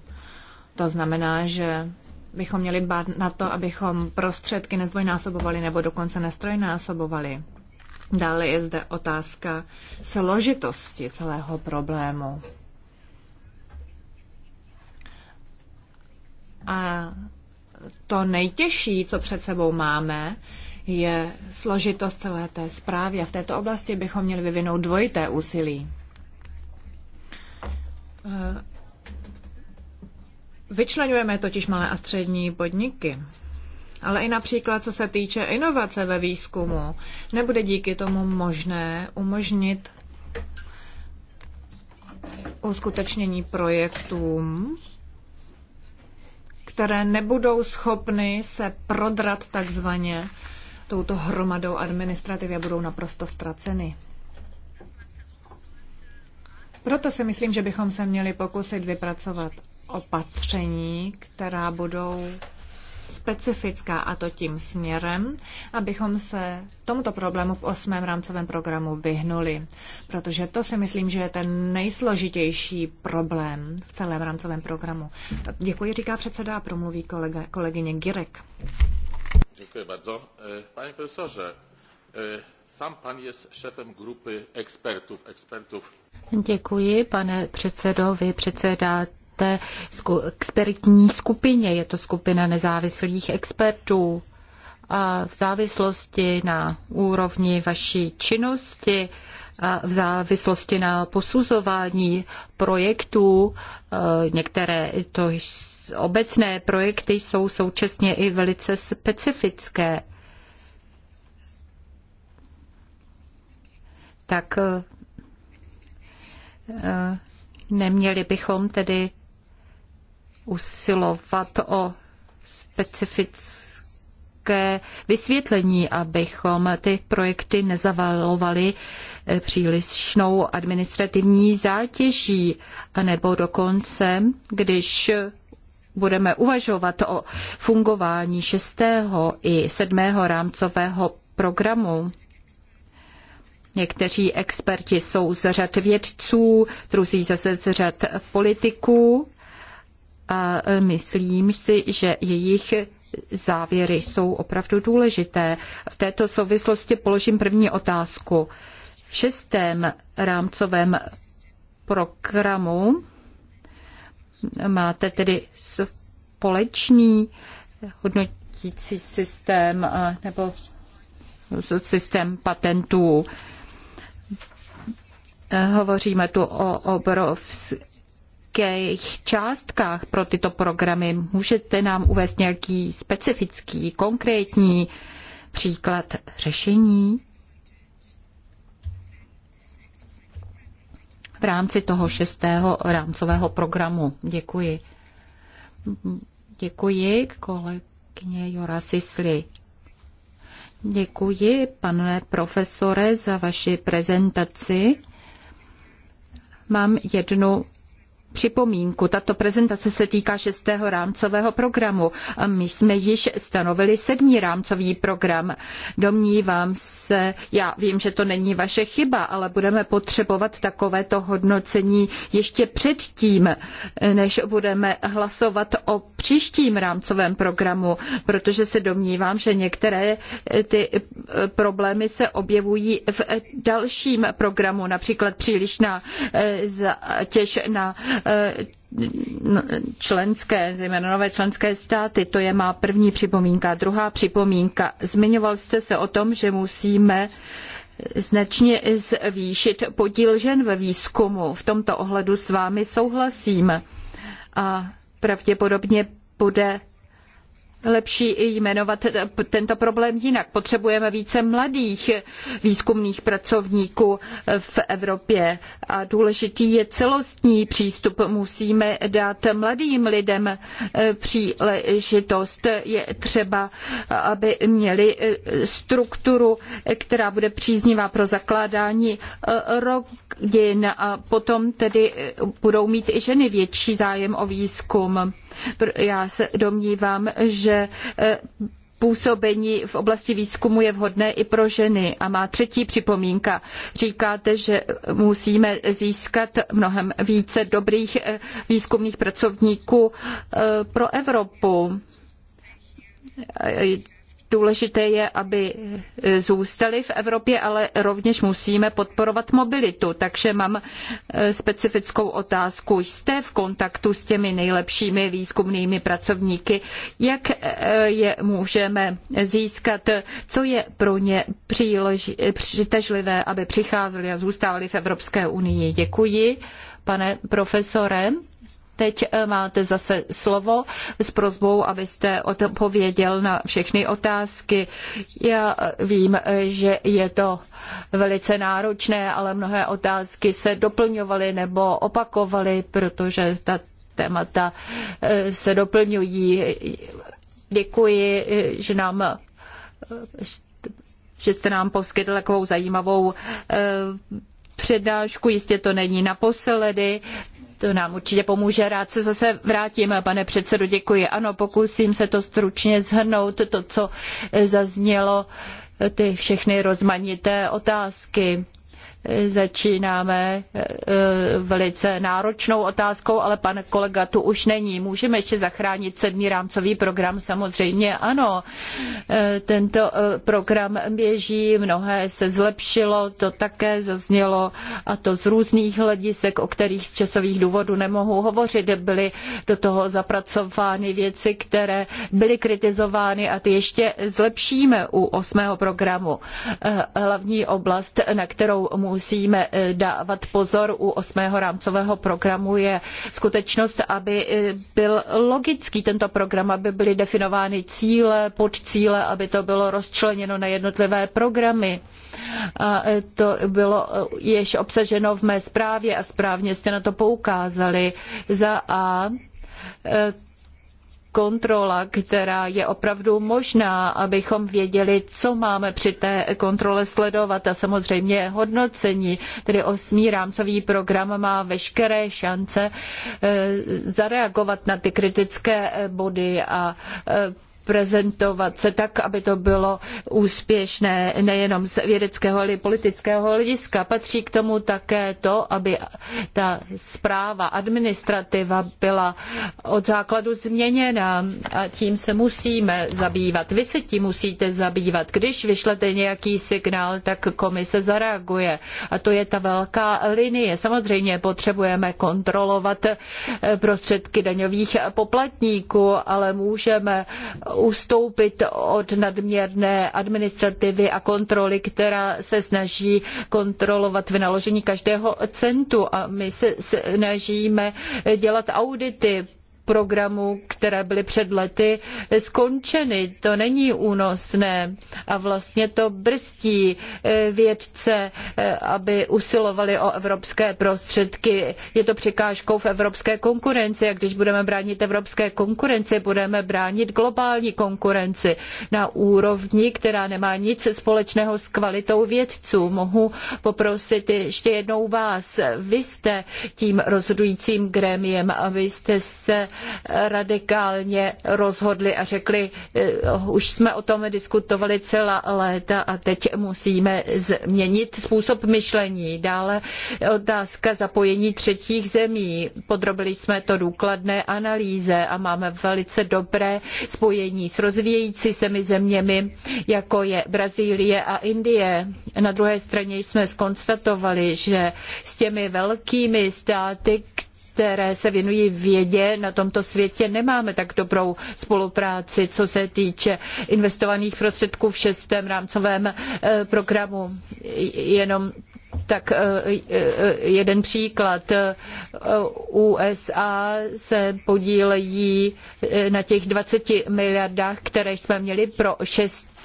Speaker 2: To znamená, že bychom měli bát na to, abychom prostředky nezdvojnásobovali nebo dokonce nestrojnásobovali. Dále je zde otázka složitosti celého problému. A to nejtěžší, co před sebou máme, je složitost celé té zprávy a v této oblasti bychom měli vyvinout dvojité úsilí. Eh, vyčlenujeme totiž malé a střední podniky. Ale i například, co se týče inovace ve výzkumu, nebude díky tomu možné umožnit uskutečnění projektům, které nebudou schopny se prodrat takzvaně touto hromadou administrativy a budou naprosto ztraceny. Proto si myslím, že bychom se měli pokusit vypracovat opatření, která budou specifická a to tím směrem, abychom se tomuto problému v osmém rámcovém programu vyhnuli. Protože to si myslím, že je ten nejsložitější problém v celém rámcovém programu. Děkuji, říká předseda a promluví kolega, kolegyně Girek.
Speaker 1: E, panie profesorze, e, sam pan jest szefem grupy ekspertów ekspertów.
Speaker 4: Děkuji, pane předsedo. Vy předsedáte expertní skupině. Je to skupina nezávislých expertů. A v závislosti na úrovni vaší činnosti a v závislosti na posuzování projektů, e, některé to jsou obecné projekty jsou současně i velice specifické. Tak eh, neměli bychom tedy usilovat o specifické vysvětlení, abychom ty projekty nezavalovali eh, přílišnou administrativní zátěží, nebo dokonce, když budeme uvažovat o fungování šestého i sedmého rámcového programu. Někteří experti jsou z řad vědců, druzí zase z řad politiků a myslím si, že jejich závěry jsou opravdu důležité. V této souvislosti položím první otázku. V šestém rámcovém programu Máte tedy společný hodnotící systém nebo systém patentů. Hovoříme tu o obrovských částkách pro tyto programy. Můžete nám uvést nějaký specifický, konkrétní příklad řešení? v rámci toho šestého rámcového programu. Děkuji. Děkuji kolegyně Jora Sisli. Děkuji, pane profesore, za vaši prezentaci. Mám jednu připomínku. Tato prezentace se týká šestého rámcového programu a my jsme již stanovili sedmý rámcový program. Domnívám se, já vím, že to není vaše chyba, ale budeme potřebovat takovéto hodnocení ještě předtím, než budeme hlasovat o příštím rámcovém programu, protože se domnívám, že některé eh, ty eh, problémy se objevují v eh, dalším programu, například přílišná zátěž na Eh, no, členské, zejména nové členské státy. To je má první připomínka. Druhá připomínka. Zmiňoval jste se o tom, že musíme značně zvýšit podíl žen ve výzkumu. V tomto ohledu s vámi souhlasím. A pravděpodobně bude lepší jmenovat tento problém jinak. Potřebujeme více mladých výzkumných pracovníků v Evropě a důležitý je celostní přístup. Musíme dát mladým lidem e, příležitost. Je třeba, aby měli e, strukturu, která bude příznivá pro zakládání e, rodin a potom tedy budou mít i ženy větší zájem o výzkum. Já se domnívám, že eh, působení v oblasti výzkumu je vhodné i pro ženy. A má třetí připomínka. Říkáte, že musíme získat mnohem více dobrých eh, výzkumných pracovníků eh, pro Evropu Důležité je, aby eh, zůstali v Evropě, ale rovněž musíme podporovat mobilitu. Takže mám eh, specifickou otázku. Jste v kontaktu s těmi nejlepšími výzkumnými pracovníky? Jak eh, je můžeme získat? Co je pro ně přílež, přitažlivé, aby přicházeli a zůstávali v Evropské unii? Děkuji, pane profesore teď eh, máte zase slovo s prozbou, abyste odpověděl na všechny otázky. Já eh, vím, eh, že je to velice náročné, ale mnohé otázky se doplňovaly nebo opakovaly, protože ta témata se doplňují. Děkuji, že nám že jste nám poskytl takovou zajímavou přednášku. Jistě to není naposledy, to nám určitě pomůže. Rád se zase vrátím, pane předsedo, děkuji. Ano, pokusím se to stručně zhrnout, to, co e, zaznělo, e, ty všechny rozmanité otázky Začínáme eh, velice náročnou otázkou, ale pan kolega tu už není. Můžeme ještě zachránit sedmý rámcový program? Samozřejmě ano. Eh, tento eh, program běží, mnohé se zlepšilo, to také zaznělo a to z různých hledisek, o kterých z časových důvodů nemohu hovořit. Byly do toho zapracovány věci, které byly kritizovány a ty ještě zlepšíme u osmého programu. Hlavní oblast, na kterou můžeme musíme eh, dávat pozor u osmého rámcového programu, je skutečnost, aby eh, byl logický tento program, aby byly definovány cíle, podcíle, aby to bylo rozčleněno na jednotlivé programy. A eh, to bylo již obsaženo v mé zprávě a správně jste na to poukázali. Za A kontrola, která je opravdu možná, abychom věděli, co máme při té kontrole sledovat a samozřejmě hodnocení, tedy osmý rámcový program má veškeré šance eh, zareagovat na ty kritické body a eh, prezentovat se tak, aby to bylo úspěšné nejenom z vědeckého, ale i politického hlediska. Patří k tomu také to, aby ta zpráva, administrativa byla od základu změněna a tím se musíme zabývat. Vy se tím musíte zabývat. Když vyšlete nějaký signál, tak komise zareaguje. A to je ta velká linie. Samozřejmě potřebujeme kontrolovat eh, prostředky daňových poplatníků, ale můžeme ustoupit od nadměrné administrativy a kontroly, která se snaží kontrolovat vynaložení každého centu. A my se snažíme dělat audity programů, které byly před lety skončeny. To není únosné a vlastně to brzdí eh, vědce, eh, aby usilovali o evropské prostředky. Je to překážkou v evropské konkurenci a když budeme bránit evropské konkurenci, budeme bránit globální konkurenci na úrovni, která nemá nic společného s kvalitou vědců. Mohu poprosit ještě jednou vás. Vy jste tím rozhodujícím grémiem, abyste se radikálně rozhodli a řekli, eh, už jsme o tom diskutovali celá léta a teď musíme změnit způsob myšlení. Dále otázka zapojení třetích zemí. Podrobili jsme to důkladné analýze a máme velice dobré spojení s rozvíjící se zeměmi, jako je Brazílie a Indie. Na druhé straně jsme skonstatovali, že s těmi velkými státy, které se věnují vědě na tomto světě, nemáme tak dobrou spolupráci, co se týče investovaných prostředků v šestém rámcovém eh, programu. Jenom tak eh, eh, jeden příklad. USA se podílejí na těch 20 miliardách, které jsme měli pro šest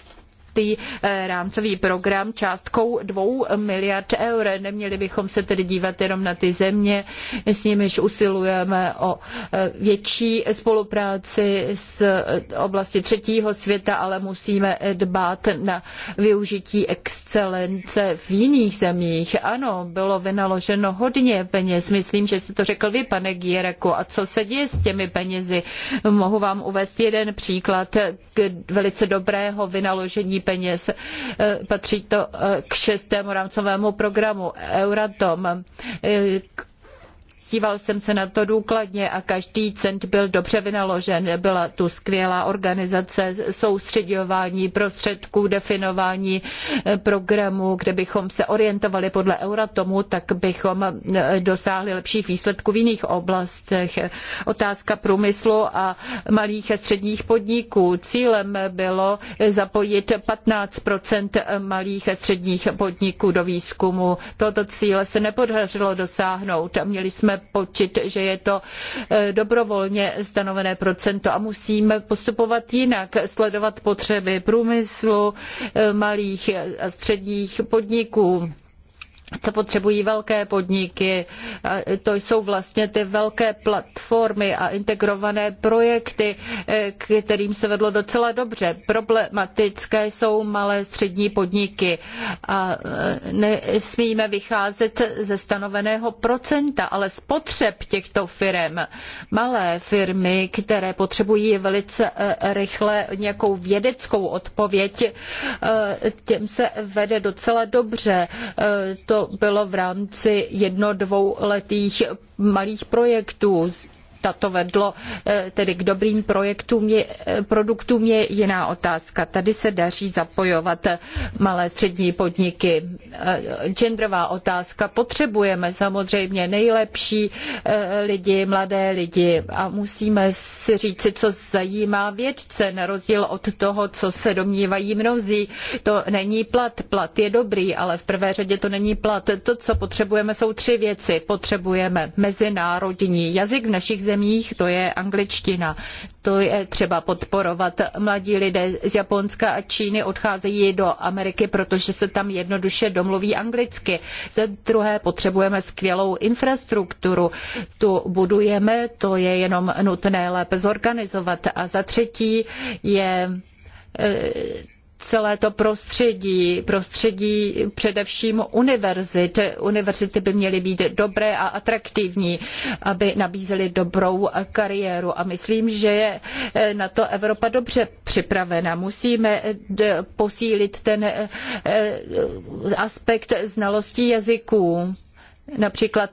Speaker 4: víceletý eh, rámcový program částkou 2 miliard eur. Neměli bychom se tedy dívat jenom na ty země, s nimiž usilujeme o eh, větší spolupráci z eh, oblasti třetího světa, ale musíme dbát na využití excelence v jiných zemích. Ano, bylo vynaloženo hodně peněz. Myslím, že jste to řekl vy, pane Giereku. A co se děje s těmi penězi? Mohu vám uvést jeden příklad velice dobrého vynaložení peněz. E, patří to e, k šestému rámcovému programu Euratom e, díval jsem se na to důkladně a každý cent byl dobře vynaložen. Byla tu skvělá organizace, soustředování prostředků, definování eh, programů, kde bychom se orientovali podle Euratomu, tak bychom eh, dosáhli lepších výsledků v jiných oblastech. Otázka průmyslu a malých a středních podniků. Cílem bylo zapojit 15 malých a středních podniků do výzkumu. Tohoto cíle se nepodařilo dosáhnout. Měli jsme počít, že je to eh, dobrovolně stanovené procento a musíme postupovat jinak, sledovat potřeby průmyslu, eh, malých a středních podniků co potřebují velké podniky. To jsou vlastně ty velké platformy a integrované projekty, eh, kterým se vedlo docela dobře. Problematické jsou malé střední podniky a eh, nesmíme vycházet ze stanoveného procenta, ale z potřeb těchto firm. Malé firmy, které potřebují velice eh, rychle nějakou vědeckou odpověď, těm se vede docela dobře. To to bylo v rámci jedno dvouletých malých projektů tato vedlo eh, tedy k dobrým projektům je, eh, produktům je jiná otázka. Tady se daří zapojovat eh, malé střední podniky. Genderová otázka. Potřebujeme samozřejmě nejlepší lidi, mladé lidi a musíme si říci, co zajímá vědce, na rozdíl od toho, co se domnívají mnozí. To není plat. Plat je dobrý, ale v prvé řadě to není plat. To, co potřebujeme, jsou tři věci. Potřebujeme mezinárodní jazyk v našich zemích, zemích, to je angličtina. To je třeba podporovat. Mladí lidé z Japonska a Číny odcházejí do Ameriky, protože se tam jednoduše domluví anglicky. Za druhé potřebujeme skvělou infrastrukturu. Tu budujeme, to je jenom nutné lépe zorganizovat. A za třetí je eh, celé to prostředí, prostředí především univerzit. Univerzity by měly být dobré a atraktivní, aby nabízely dobrou kariéru a myslím, že je eh, na to Evropa dobře připravena. Musíme posílit ten eh, eh, aspekt znalostí jazyků. Například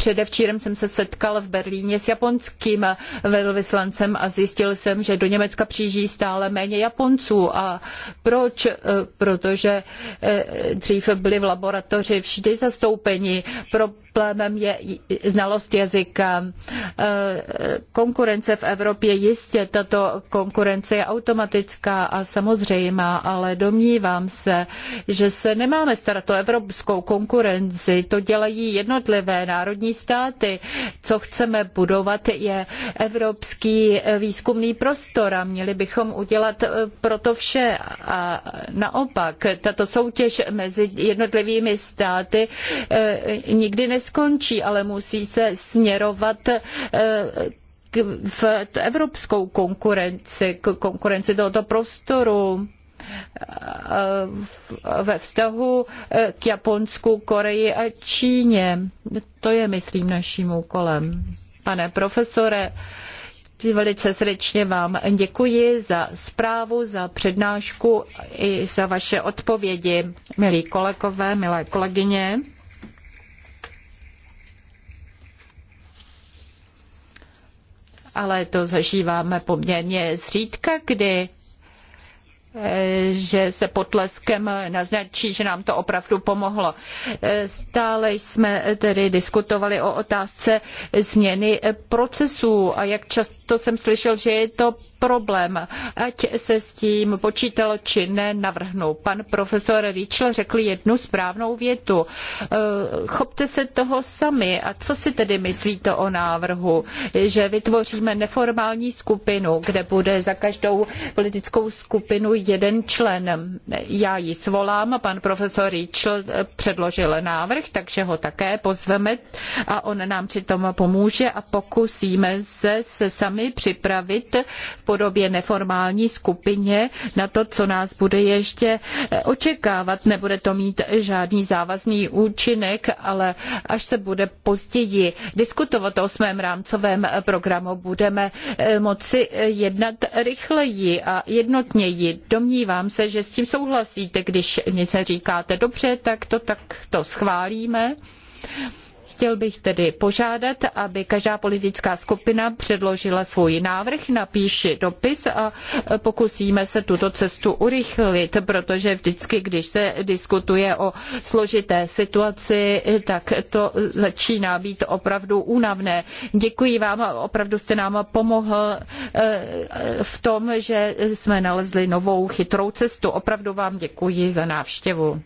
Speaker 4: Předevčírem jsem se setkal v Berlíně s japonským velvyslancem a zjistil jsem, že do Německa přijíždí stále méně Japonců. A proč? E, protože e, dřív byli v laboratoři vždy zastoupeni pro problémem je znalost jazyka. E, konkurence v Evropě jistě, tato konkurence je automatická a samozřejmá, ale domnívám se, že se nemáme starat o evropskou konkurenci, to dělají jednotlivé národní státy. Co chceme budovat je evropský výzkumný prostor a měli bychom udělat e, proto vše. A naopak, tato soutěž mezi jednotlivými státy e, nikdy ne neskončí, ale musí se směrovat eh, v evropskou konkurenci, k konkurenci tohoto prostoru eh, ve vztahu eh, k Japonsku, Koreji a Číně. To je, myslím, naším úkolem. Pane profesore, velice srdečně vám děkuji za zprávu, za přednášku i za vaše odpovědi, milí kolegové, milé kolegyně. ale to zažíváme poměrně zřídka kdy. Eh, že se potleskem naznačí, že nám to opravdu pomohlo. Eh, stále jsme tedy diskutovali o otázce změny procesů a jak často jsem slyšel, že je to problém. Ať se s tím počítalo či ne, navrhnu. Pan profesor Ričel řekl jednu správnou větu. Eh, chopte se toho sami. A co si tedy myslíte o návrhu? Že vytvoříme neformální skupinu, kde bude za každou politickou skupinu jeden člen. Já ji svolám, pan profesor Rachel předložil návrh, takže ho také pozveme a on nám přitom pomůže a pokusíme se, se sami připravit v podobě neformální skupině na to, co nás bude ještě očekávat. Nebude to mít žádný závazný účinek, ale až se bude později diskutovat o osmém rámcovém programu, budeme eh, moci jednat rychleji a jednotněji. Domnívám se, že s tím souhlasíte, když něco říkáte dobře, tak to tak to schválíme. Chtěl bych tedy požádat, aby každá politická skupina předložila svůj návrh, napíši dopis a pokusíme se tuto cestu urychlit, protože vždycky, když se diskutuje o složité situaci, tak to začíná být opravdu únavné. Děkuji vám, opravdu jste nám pomohl eh, v tom, že jsme nalezli novou chytrou cestu. Opravdu vám děkuji za návštěvu.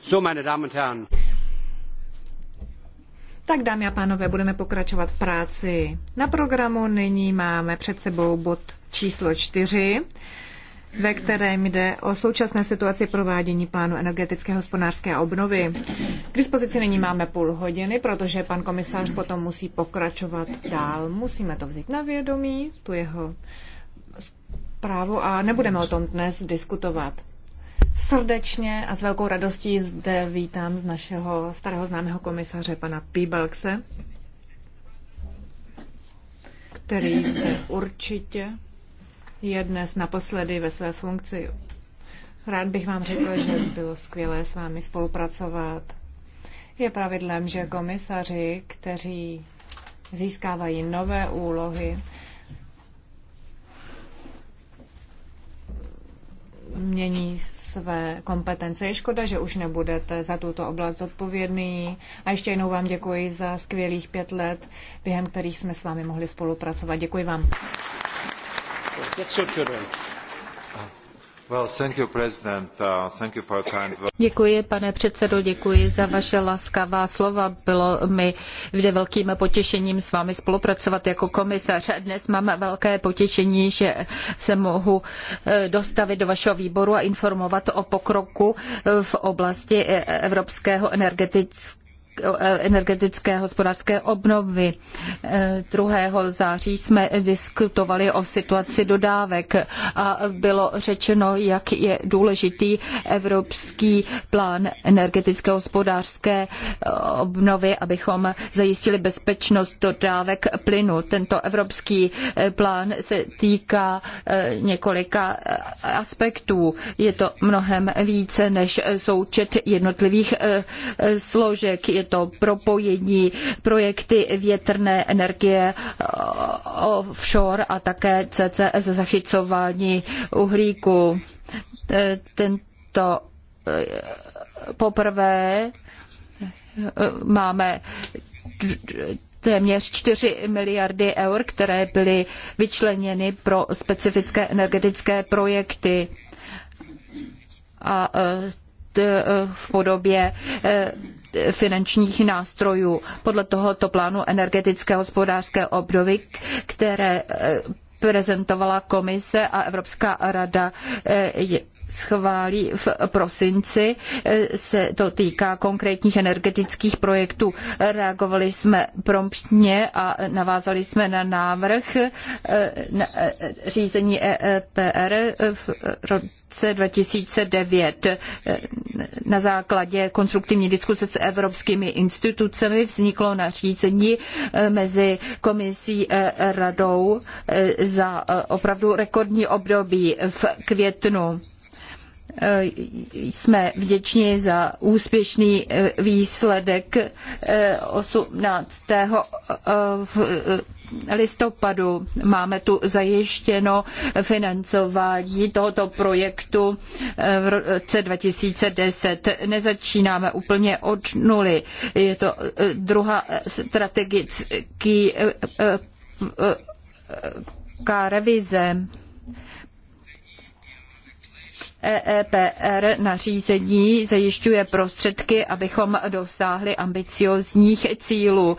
Speaker 2: So, meine Damen und Herren. Tak dámy a pánové, budeme pokračovat v práci. Na programu nyní máme před sebou bod číslo čtyři, ve kterém jde o současné situaci provádění plánu energetické hospodářské obnovy. K dispozici nyní máme půl hodiny, protože pan komisář potom musí pokračovat dál. Musíme to vzít na vědomí, tu jeho zprávu a nebudeme o tom dnes diskutovat. Srdečně a s velkou radostí zde vítám z našeho starého známého komisaře pana Píbalkse, který zde určitě je dnes naposledy ve své funkci. Rád bych vám řekl, že bylo skvělé s vámi spolupracovat. Je pravidlem, že komisaři, kteří získávají nové úlohy, mění své kompetence. Je škoda, že už nebudete za tuto oblast odpovědný. A ještě jednou vám děkuji za skvělých pět let, během kterých jsme s vámi mohli spolupracovat. Děkuji vám.
Speaker 1: you.
Speaker 4: Děkuji, pane předsedo, děkuji za vaše laskavá slova. Bylo mi vždy velkým potěšením s vámi spolupracovat jako komisař. Dnes mám velké potěšení, že se mohu eh, dostavit do vašeho výboru a informovat o pokroku v oblasti eh, evropského energetického energetické hospodářské obnovy. 2. září jsme diskutovali o situaci dodávek a bylo řečeno, jak je důležitý evropský plán energetické hospodářské obnovy, abychom zajistili bezpečnost dodávek plynu. Tento evropský plán se týká eh, několika eh, aspektů. Je to mnohem více než součet jednotlivých eh, složek. Je to propojení, projekty větrné energie offshore a také CCS zachycování uhlíku. Tento eh, poprvé eh, máme téměř 4 miliardy eur, které byly vyčleněny pro specifické energetické projekty a eh, v podobě finančních nástrojů. Podle tohoto plánu energetické hospodářské obnovy, které eh, prezentovala komise a Evropská rada eh, schválí v prosinci, e, se to týká konkrétních energetických projektů. Reagovali jsme promptně a navázali jsme na návrh e, na e, řízení EEPR v roce 2009. Na základě konstruktivní diskuse s evropskými institucemi vzniklo nařízení mezi komisí radou za opravdu rekordní období v květnu Eh, jsme vděční za úspěšný eh, výsledek 18. Eh, listopadu. Máme tu zajištěno financování tohoto projektu v roce 2010. Nezačínáme úplně od nuly. Je to druhá strategický revize EEPR nařízení zajišťuje prostředky, abychom dosáhli ambiciozních cílů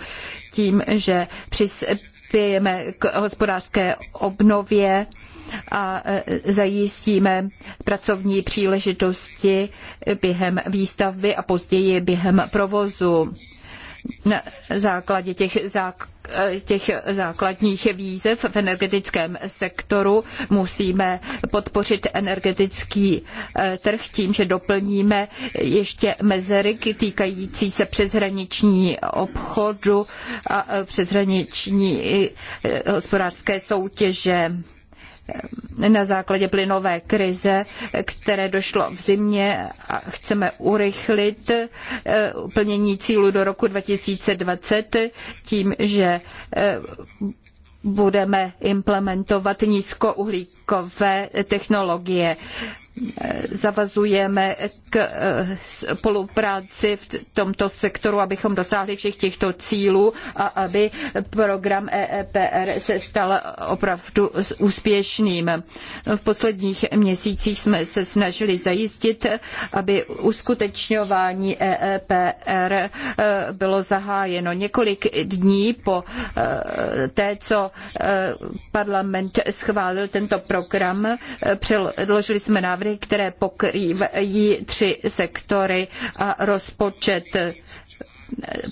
Speaker 4: tím, že přispějeme k hospodářské obnově a e, zajistíme pracovní příležitosti během výstavby a později během provozu. Na základě těch základů těch základních výzev v energetickém sektoru. Musíme podpořit energetický eh, trh tím, že doplníme ještě mezery týkající se přeshraniční obchodu a eh, přeshraniční eh, hospodářské soutěže na základě plynové krize, které došlo v zimě a chceme urychlit eh, plnění cílu do roku 2020 tím, že eh, budeme implementovat nízkouhlíkové technologie zavazujeme k eh, spolupráci v tomto sektoru, abychom dosáhli všech těchto cílů a aby program EEPR se stal opravdu úspěšným. V posledních měsících jsme se snažili zajistit, aby uskutečňování EEPR eh, bylo zahájeno několik dní po eh, té, co parlament schválil tento program. Předložili jsme návrh návrhy, které pokrývají tři sektory a rozpočet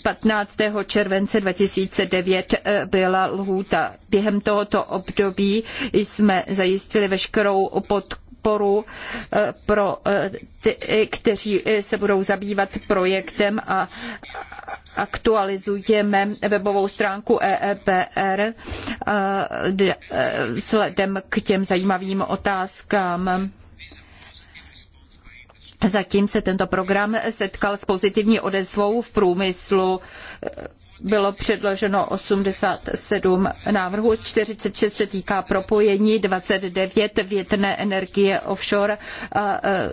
Speaker 4: 15. července 2009 eh, byla lhůta. Během tohoto období jsme zajistili veškerou podporu eh, pro eh, ty, kteří se budou zabývat projektem a aktualizujeme webovou stránku EEPR vzhledem k těm zajímavým otázkám Zatím se tento program setkal s pozitivní odezvou v průmyslu bylo předloženo 87 návrhů, 46 se týká propojení, 29 větrné energie offshore a e,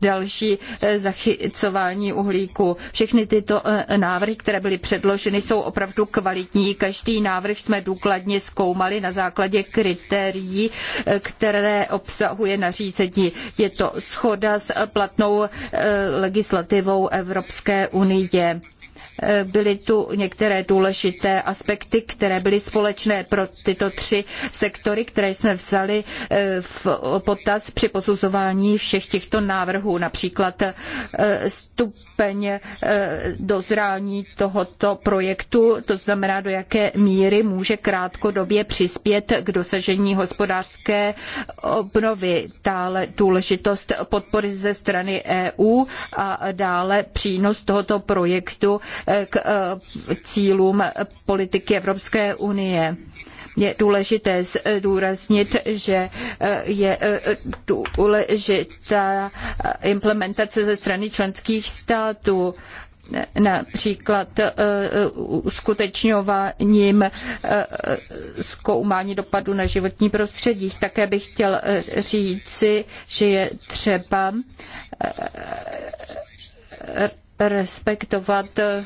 Speaker 4: další e, zachycování uhlíku. Všechny tyto e, návrhy, které byly předloženy, jsou opravdu kvalitní. Každý návrh jsme důkladně zkoumali na základě kritérií, které obsahuje nařízení. Je to schoda s platnou legislativou Evropské unie. Eh, byly tu některé důležité aspekty, které byly společné pro tyto tři sektory, které jsme vzali eh, v potaz při posuzování všech těchto návrhů, například eh, stupeň dozrání tohoto projektu, to znamená, do jaké míry může krátkodobě přispět k dosažení hospodářské obnovy, dále důležitost podpory ze strany EU a dále přínos tohoto projektu Eh, k eh, cílům politiky Evropské unie. Je důležité zdůraznit, eh, že je důležitá implementace ze strany členských států například uskutečňováním zkoumání dopadu na životní prostředí. Také bych chtěl říci, že je třeba respektovat eh,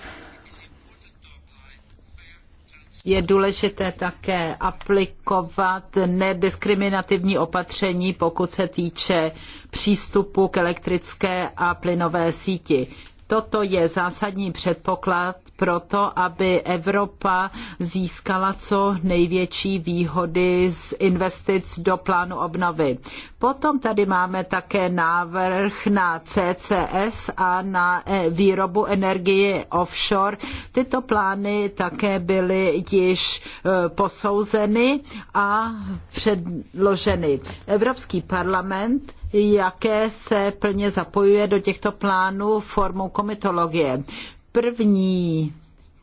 Speaker 3: je důležité také aplikovat nediskriminativní opatření, pokud se týče přístupu k elektrické a plynové síti. Toto je zásadní předpoklad pro to, aby Evropa získala co největší výhody z investic do plánu obnovy. Potom tady máme také návrh na CCS a na eh, výrobu energie offshore. Tyto plány také byly již eh, posouzeny a předloženy. Evropský parlament jaké se plně zapojuje do těchto plánů formou komitologie. První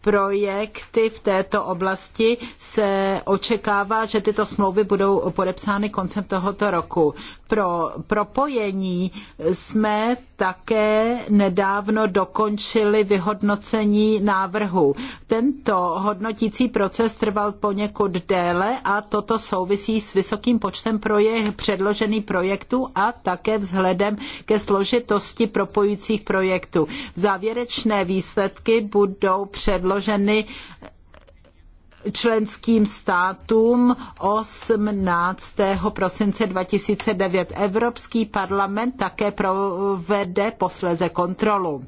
Speaker 3: projekty v této oblasti se očekává, že tyto smlouvy budou podepsány koncem tohoto roku pro propojení jsme také nedávno dokončili vyhodnocení návrhu. Tento hodnotící proces trval poněkud déle a toto souvisí s vysokým počtem proje- předložených projektů a také vzhledem ke složitosti propojujících projektů. Závěrečné výsledky budou předloženy členským státům 18. prosince 2009. Evropský parlament také provede posléze kontrolu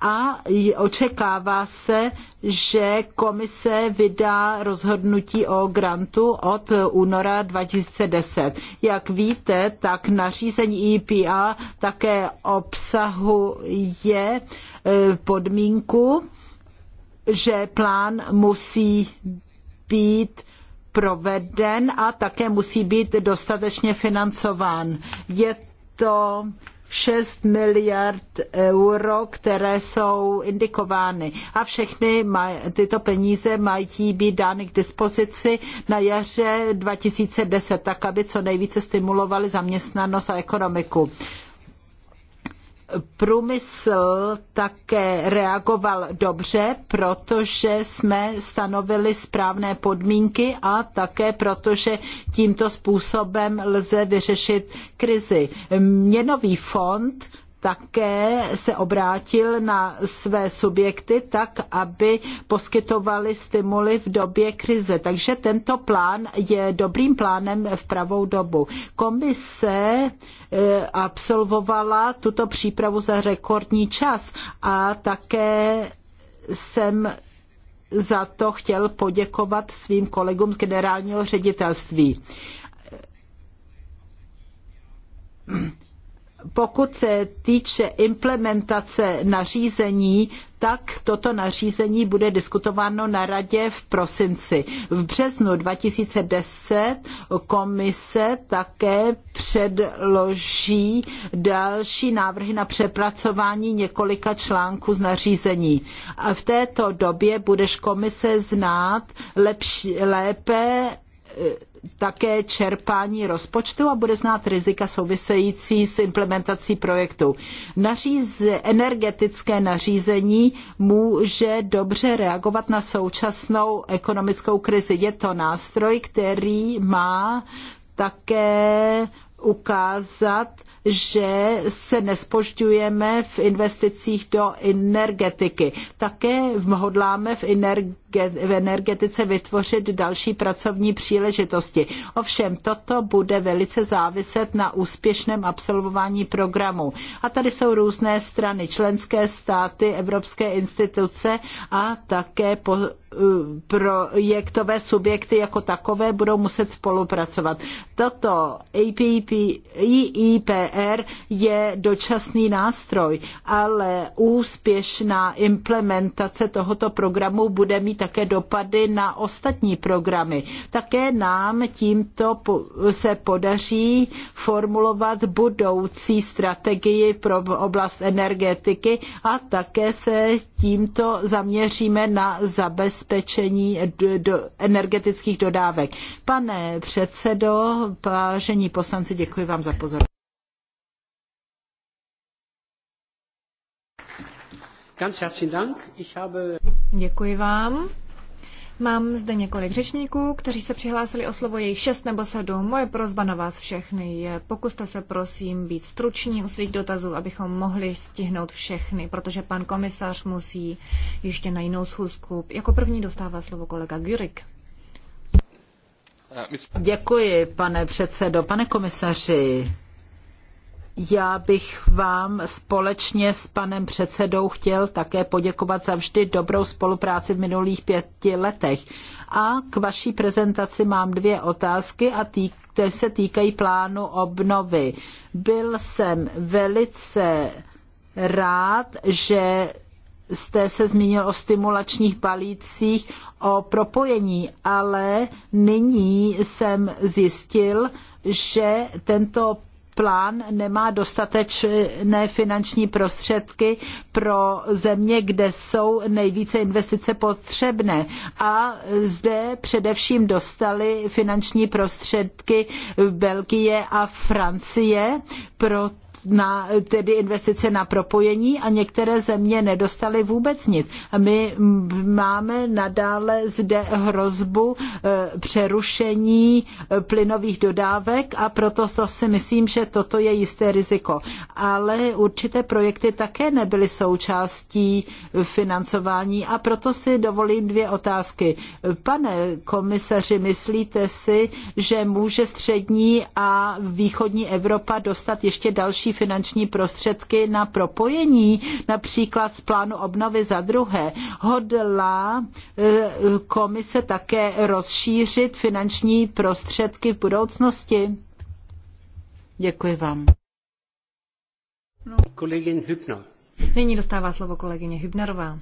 Speaker 3: a očekává se, že komise vydá rozhodnutí o grantu od února 2010. Jak víte, tak nařízení EPA také obsahuje eh, podmínku, že plán musí být proveden a také musí být dostatečně financován. Je to 6 miliard euro, které jsou indikovány. A všechny tyto peníze mají být dány k dispozici na jaře 2010, tak aby co nejvíce stimulovali zaměstnanost a ekonomiku průmysl také reagoval dobře, protože jsme stanovili správné podmínky a také protože tímto způsobem lze vyřešit krizi. Měnový fond také se obrátil na své subjekty tak, aby poskytovali stimuly v době krize. Takže tento plán je dobrým plánem v pravou dobu. Komise eh, absolvovala tuto přípravu za rekordní čas a také jsem za to chtěl poděkovat svým kolegům z generálního ředitelství pokud se týče implementace nařízení, tak toto nařízení bude diskutováno na radě v prosinci. V březnu 2010 komise také předloží další návrhy na přepracování několika článků z nařízení. A v této době budeš komise znát lepší, lépe eh, také čerpání rozpočtu a bude znát rizika související s implementací projektu. Naříze, energetické nařízení může dobře reagovat na současnou ekonomickou krizi. Je to nástroj, který má také ukázat, že se nespožďujeme v investicích do energetiky. Také hodláme v, energe, v energetice vytvořit další pracovní příležitosti. Ovšem, toto bude velice záviset na úspěšném absolvování programu. A tady jsou různé strany, členské státy, evropské instituce a také po, projektové subjekty jako takové budou muset spolupracovat. Toto EIPR e IIPR je dočasný nástroj, ale úspěšná implementace tohoto programu bude mít také dopady na ostatní programy. Také nám tímto se podaří formulovat budoucí strategii pro oblast energetiky a také se tímto zaměříme na zabezpečení zabezpečení do energetických dodávek. Pane předsedo, vážení poslanci, děkuji vám za pozornost.
Speaker 2: Děkuji vám. Mám zde několik řečníků, kteří se přihlásili o slovo jejich šest nebo sedm. Moje prozba na vás všechny je, pokuste se prosím být struční u svých dotazů, abychom mohli stihnout všechny, protože pan komisař musí ještě na jinou schůzku. Jako první dostává slovo kolega Gyrik. Eh,
Speaker 3: Děkuji, pane předsedo. Pane komisaři, já bych vám společně s panem předsedou chtěl také poděkovat za vždy dobrou spolupráci v minulých pěti letech. A k vaší prezentaci mám dvě otázky a tý, které se týkají plánu obnovy. Byl jsem velice rád, že jste se zmínil o stimulačních balících, o propojení, ale nyní jsem zjistil, že tento plán nemá dostatečné finanční prostředky pro země, kde jsou nejvíce investice potřebné. A zde především dostali finanční prostředky Belgie a Francie, proto na, tedy investice na propojení a některé země nedostaly vůbec nic. A my máme nadále zde hrozbu eh, přerušení eh, plynových dodávek a proto to si myslím, že toto je jisté riziko. Ale určité projekty také nebyly součástí financování a proto si dovolím dvě otázky. Pane komisaři, myslíte si, že může střední a východní Evropa dostat ještě další finanční prostředky na propojení, například z plánu obnovy za druhé. Hodlá e, komise také rozšířit finanční prostředky v
Speaker 1: budoucnosti?
Speaker 2: Děkuji vám.
Speaker 1: Kolegin Hübner.
Speaker 2: Nyní dostává slovo kolegyně Hübnerová.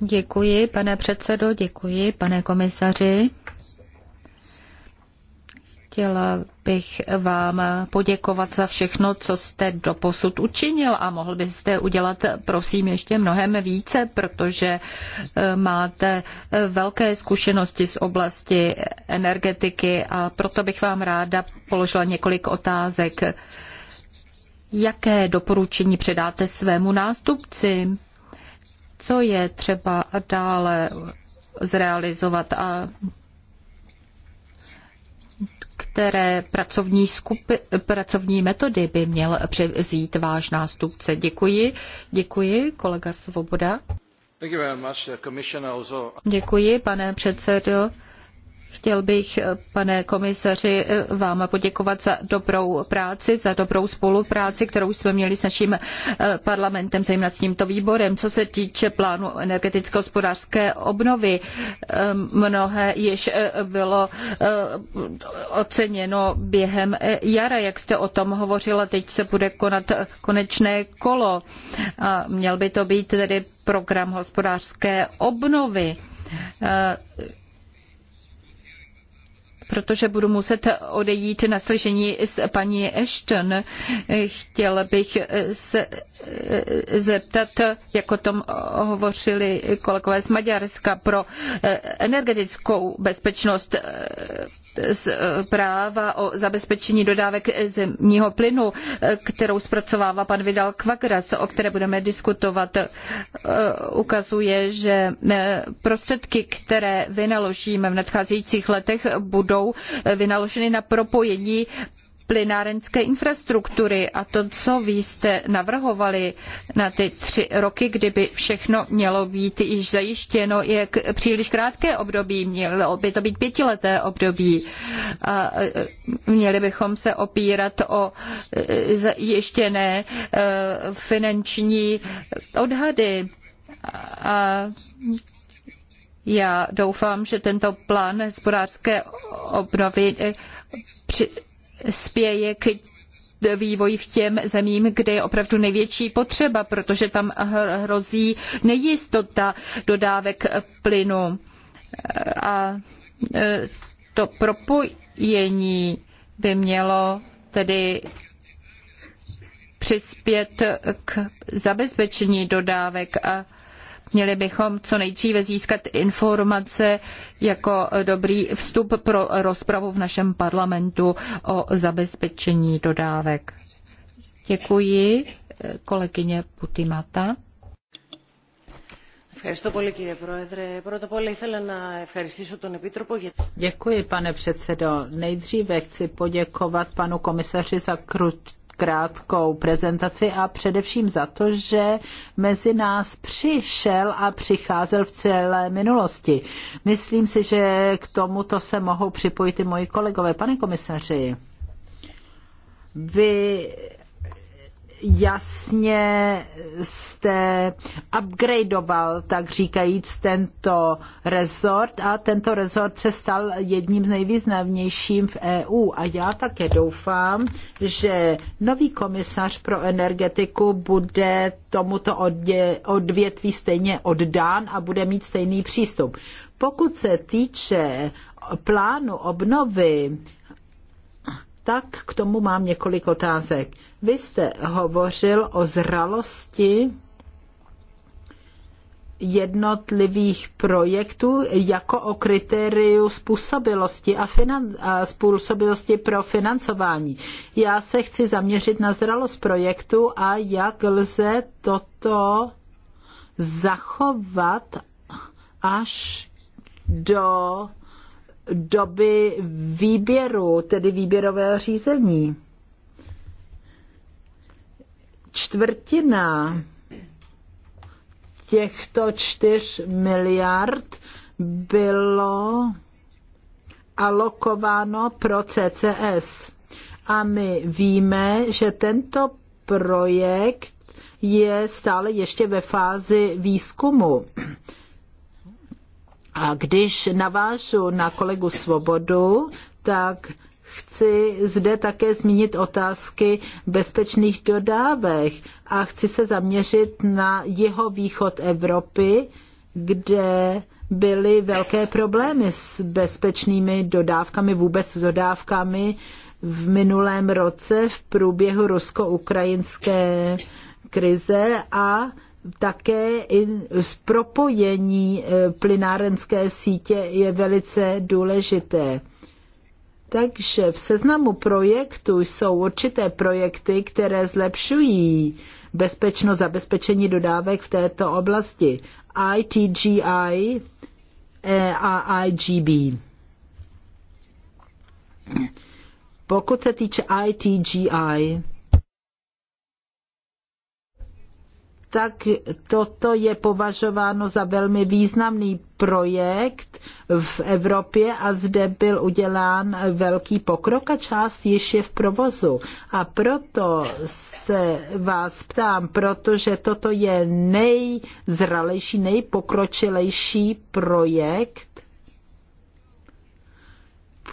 Speaker 4: Děkuji, pane předsedo, děkuji, pane komisaři. Chtěla bych vám poděkovat za všechno, co jste doposud učinil a mohl byste udělat, prosím, ještě mnohem více, protože eh, máte eh, velké zkušenosti z oblasti energetiky a proto bych vám ráda položila několik otázek. Jaké doporučení předáte svému nástupci? Co je třeba dále zrealizovat a které pracovní, skupi, pracovní metody by měl převzít váš nástupce. Děkuji. Děkuji, kolega Svoboda.
Speaker 2: Uh,
Speaker 4: Děkuji, pane předsedo. Chtěl bych, eh, pane komisaři, eh, vám poděkovat za dobrou práci, za dobrou spolupráci, kterou jsme měli s naším eh, parlamentem, zejména s tímto výborem. Co se týče plánu energetické hospodářské obnovy, mnohé již bylo oceněno během jara, jak jste o tom hovořila. Teď se bude konat konečné kolo. A měl by to být tedy program hospodářské obnovy protože budu muset odejít na slyšení s paní Ashton. Chtěl bych se eh, zeptat, jak o tom hovořili kolegové z Maďarska pro eh, energetickou bezpečnost zpráva eh, práva o zabezpečení dodávek zemního plynu, eh, kterou zpracovává pan Vidal Kvagras, o které budeme diskutovat, eh, ukazuje, že prostředky, které vynaložíme v nadcházejících letech, budou vynaloženy na propojení plynárenské infrastruktury a to, co vy jste navrhovali na ty tři roky, kdyby všechno mělo být již zajištěno, je příliš krátké období, mělo by to být pětileté období. A e, měli bychom se opírat o e, zajištěné e, finanční odhady. A já doufám, že tento plán hospodářské obnovy spěje k vývoji v těm zemím, kde je opravdu největší potřeba, protože tam hrozí nejistota dodávek plynu. A e, to propojení by mělo tedy přispět k zabezpečení dodávek a Měli bychom co nejdříve získat informace jako dobrý vstup pro rozpravu v našem parlamentu o zabezpečení dodávek. Děkuji kolegyně Putimata.
Speaker 3: Děkuji, pane předsedo. Nejdříve chci poděkovat panu komisaři za krátkou prezentaci a především za to, že mezi nás přišel a přicházel v celé minulosti. Myslím si, že k tomuto se mohou připojit i moji kolegové. Pane komisaři, vy jasně jste upgradeoval, tak říkajíc, tento rezort a tento rezort se stal jedním z nejvýznamnějším v EU. A já také doufám, že nový komisař pro energetiku bude tomuto odvětví stejně oddán a bude mít stejný přístup. Pokud se týče plánu obnovy, tak k tomu mám několik otázek. Vy jste hovořil o zralosti jednotlivých projektů jako o kritériu způsobilosti a, finan- a způsobilosti pro financování. Já se chci zaměřit na zralost projektu a jak lze toto zachovat až do doby výběru, tedy výběrového řízení. Čtvrtina těchto čtyř miliard bylo alokováno pro CCS. A my víme, že tento projekt je stále ještě ve fázi výzkumu. A když navážu na kolegu Svobodu, tak chci zde také zmínit otázky bezpečných dodávek a chci se zaměřit na jeho východ Evropy, kde byly velké problémy s bezpečnými dodávkami, vůbec s dodávkami v minulém roce v průběhu rusko-ukrajinské krize a také propojení e, plynárenské sítě je velice důležité. Takže v seznamu projektů jsou určité projekty, které zlepšují bezpečnost zabezpečení dodávek v této oblasti. ITGI e, a IGB. Pokud se týče ITGI, tak toto je považováno za velmi významný projekt v Evropě a zde byl udělán velký pokrok a část již je v provozu. A proto se vás ptám, protože toto je nejzralejší, nejpokročilejší projekt,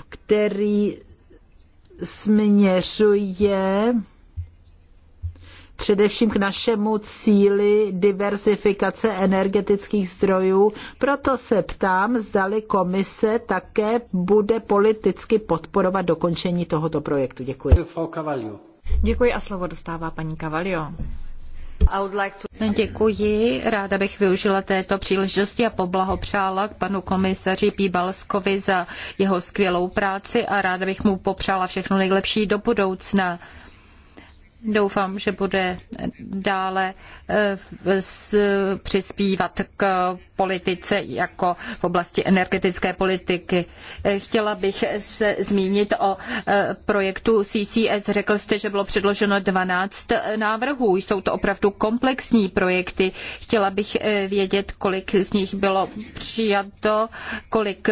Speaker 3: který směřuje především k našemu cíli diversifikace energetických zdrojů. Proto se ptám, zdali komise také bude politicky podporovat dokončení
Speaker 2: tohoto projektu. Děkuji. Děkuji a slovo dostává paní Cavalio.
Speaker 4: Děkuji. Ráda bych využila této příležitosti a poblahopřála k panu komisaři Píbalskovi za jeho skvělou práci a ráda bych mu popřála všechno nejlepší do budoucna. Doufám, že bude dále eh, přispívat k politice jako v oblasti energetické politiky. Eh, chtěla bych se zmínit o eh, projektu CCS. Řekl jste, že bylo předloženo 12 návrhů. Jsou to opravdu komplexní projekty. Chtěla bych vědět, kolik z nich bylo přijato, kolik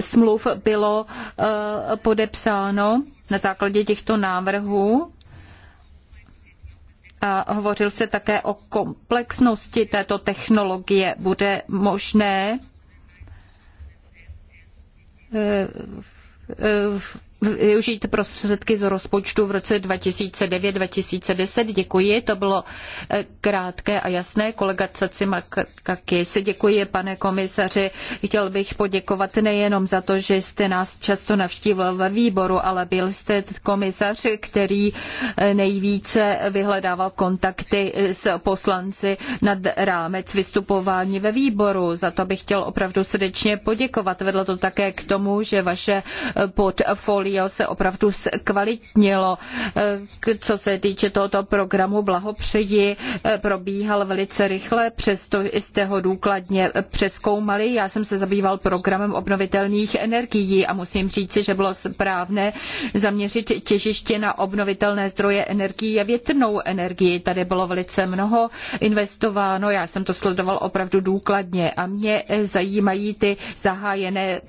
Speaker 4: smluv bylo podepsáno na základě těchto návrhů. A hovořil se také o komplexnosti této technologie. Bude možné eh, eh, využít prostředky z rozpočtu v roce 2009-2010. Děkuji, to bylo eh, krátké a jasné. Kolega Cacimakakis, děkuji pane komisaři. Chtěl bych poděkovat nejenom za to, že jste nás často navštívil ve výboru, ale byl jste komisař, který eh, nejvíce vyhledával kontakty eh, s poslanci nad rámec vystupování ve výboru. Za to bych chtěl opravdu srdečně poděkovat. Vedlo to také k tomu, že vaše portfolio portfolio se opravdu zkvalitnilo. Eh, co se týče tohoto programu, blahopřeji, eh, probíhal velice rychle, přesto jste ho důkladně přeskoumali. Já jsem se zabýval programem obnovitelných energií a musím říci, že bylo správné zaměřit těžiště na obnovitelné zdroje energií a větrnou energii. Tady bylo velice mnoho investováno, já jsem to sledoval opravdu důkladně a mě eh, zajímají ty zahájené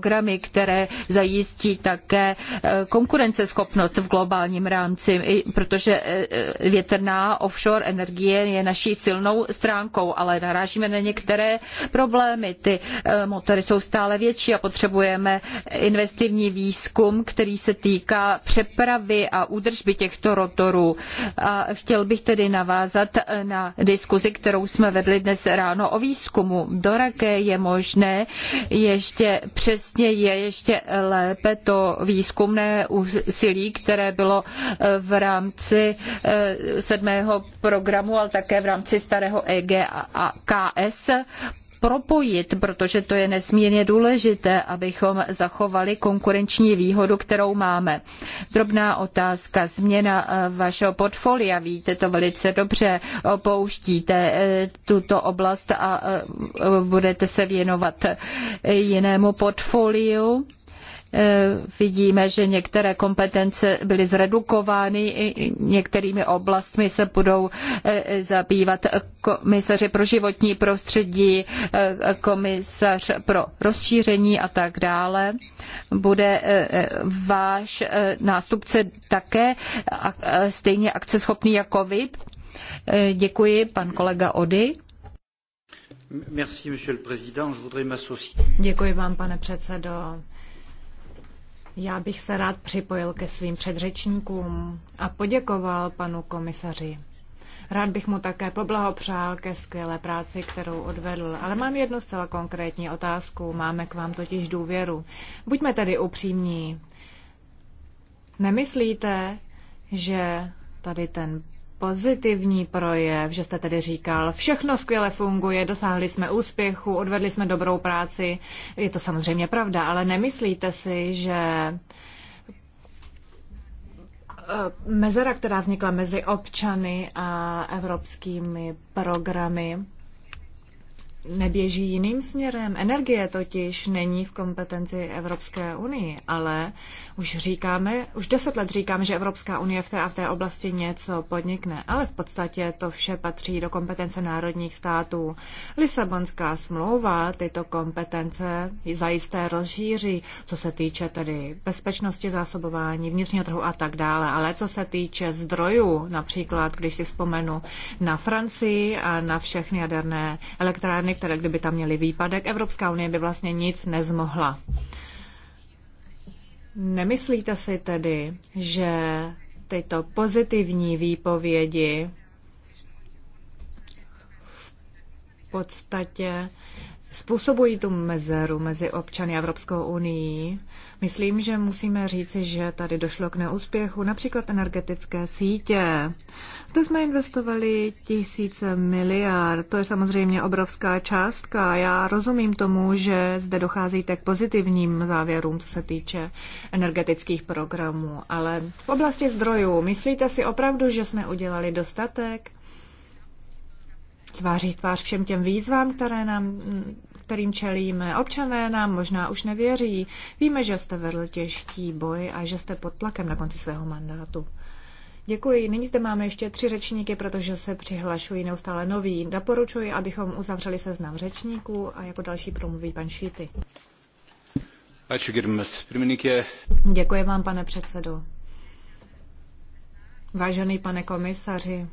Speaker 4: programy, které zajistí také eh, konkurenceschopnost v globálním rámci, protože eh, eh, větrná offshore energie je naší silnou stránkou, ale narážíme na některé problémy. Ty motory jsou stále větší a potřebujeme investivní výzkum, který se týká přepravy a údržby těchto rotorů. A chtěl bych tedy navázat na diskuzi, kterou jsme vedli dnes ráno o výzkumu. Do jaké je možné ještě přesně je ještě lépe to výzkumné úsilí, které bylo eh, v rámci eh, sedmého programu, ale také v rámci starého EGKS propojit, protože to je nesmírně důležité, abychom zachovali konkurenční výhodu, kterou máme. Drobná otázka, změna eh, vašeho portfolia, víte to velice dobře, opouštíte eh, tuto oblast a eh, budete se věnovat jinému portfoliu. Eh, vidíme, že některé kompetence byly zredukovány, některými oblastmi se budou eh, zabývat komisaři pro životní prostředí, eh, komisař pro rozšíření a tak dále. Bude váš nástupce také stejně akceschopný jako vy? Děkuji, pan kolega Ody.
Speaker 2: Děkuji vám, pane předsedo. Já bych se rád připojil ke svým předřečníkům a poděkoval panu komisaři. Rád bych mu také poblahopřál ke skvělé práci, kterou odvedl. Ale mám jednu zcela konkrétní otázku. Máme k vám totiž důvěru. Buďme tedy upřímní. Nemyslíte, že tady ten pozitivní projev, že jste tedy říkal, všechno skvěle funguje, dosáhli jsme úspěchu, odvedli jsme dobrou práci. Je to samozřejmě pravda, ale nemyslíte si, že eh, mezera, která vznikla mezi občany a evropskými programy, neběží jiným směrem. Energie totiž není v kompetenci Evropské unii, ale už říkáme, už deset let říkáme, že Evropská unie v té a v té oblasti něco podnikne, ale v podstatě to vše patří do kompetence národních států. Lisabonská smlouva tyto kompetence zajisté rozšíří, co se týče tedy bezpečnosti zásobování, vnitřního trhu a tak dále, ale co se týče zdrojů, například když si vzpomenu na Francii a na všechny jaderné elektrárny, které kdyby tam měly výpadek, Evropská unie by vlastně nic nezmohla. Nemyslíte si tedy, že tyto pozitivní výpovědi v podstatě způsobují tu mezeru mezi občany Evropskou unii. Myslím, že musíme říci, že tady došlo k neúspěchu například energetické sítě. Zde jsme investovali tisíce miliard, to je samozřejmě obrovská částka. Já rozumím tomu, že zde docházíte k pozitivním závěrům, co se týče energetických programů, ale v oblasti zdrojů, myslíte si opravdu, že jsme udělali dostatek? Tváří tvář všem těm výzvám, které nám, kterým čelíme. Občané nám možná už nevěří. Víme, že jste vedl těžký boj a že jste pod tlakem na konci svého mandátu. Děkuji. Nyní zde máme ještě tři řečníky, protože se přihlašují neustále noví. Doporučuji, abychom uzavřeli seznam řečníků a jako další promluví pan Švíty. Děkuji vám, pane předsedo. Vážený pane komisaři,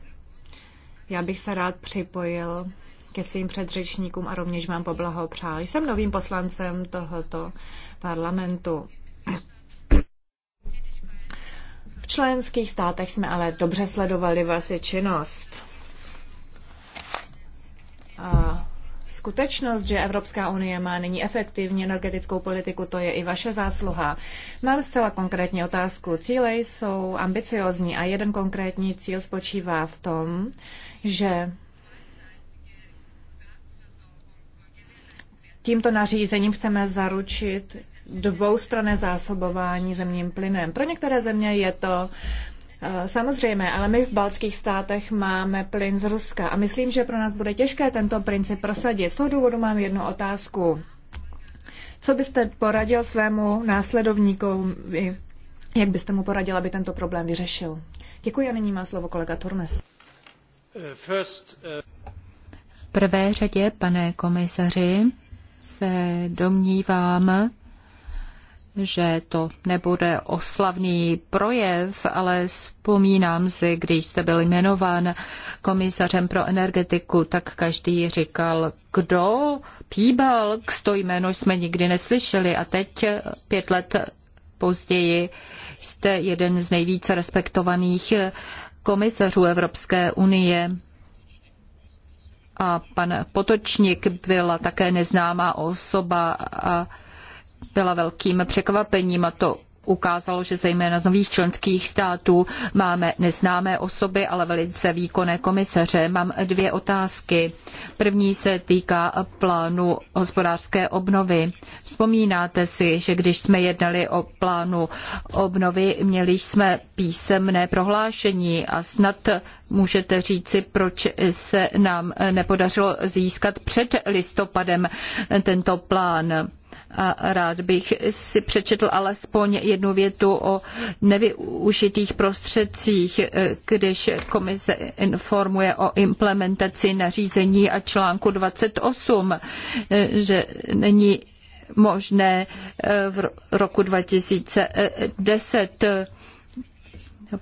Speaker 2: já bych se rád připojil ke svým předřečníkům a rovněž vám poblahopřál. Jsem novým poslancem tohoto parlamentu. V členských státech jsme ale dobře sledovali vaši činnost. A skutečnost, že Evropská unie má nyní efektivní energetickou politiku, to je i vaše zásluha. Mám zcela konkrétní otázku. Cíle jsou ambiciozní a jeden konkrétní cíl spočívá v tom, že tímto nařízením chceme zaručit, dvoustrané zásobování zemním plynem. Pro některé země je to eh, Samozřejmě, ale my v baltských státech máme plyn z Ruska a myslím, že pro nás bude těžké tento princip prosadit. Z toho důvodu mám jednu otázku. Co byste poradil svému následovníkovi, Jak byste mu poradil, aby tento problém vyřešil? Děkuji a nyní má slovo kolega Turmes. Eh, v prvé řadě, pane komisaři,
Speaker 4: se domnívám, že to nebude oslavný projev, ale vzpomínám si, když jste byl jmenován komisařem pro energetiku, tak každý říkal, kdo píbal, to jméno jsme nikdy neslyšeli a teď pět let později jste jeden z nejvíce respektovaných komisařů Evropské unie. A pan Potočník byla také neznámá osoba a byla velkým překvapením a to ukázalo, že zejména z nových členských států máme neznámé osoby, ale velice výkonné komisaře. Mám dvě otázky. První se týká plánu hospodářské obnovy. Vzpomínáte si, že když jsme jednali o plánu obnovy, měli jsme písemné prohlášení a snad můžete říci, proč se nám nepodařilo získat před listopadem tento plán a rád bych si přečetl alespoň jednu větu o nevyužitých prostředcích, když komise informuje o implementaci nařízení a článku 28, že není možné v roku 2010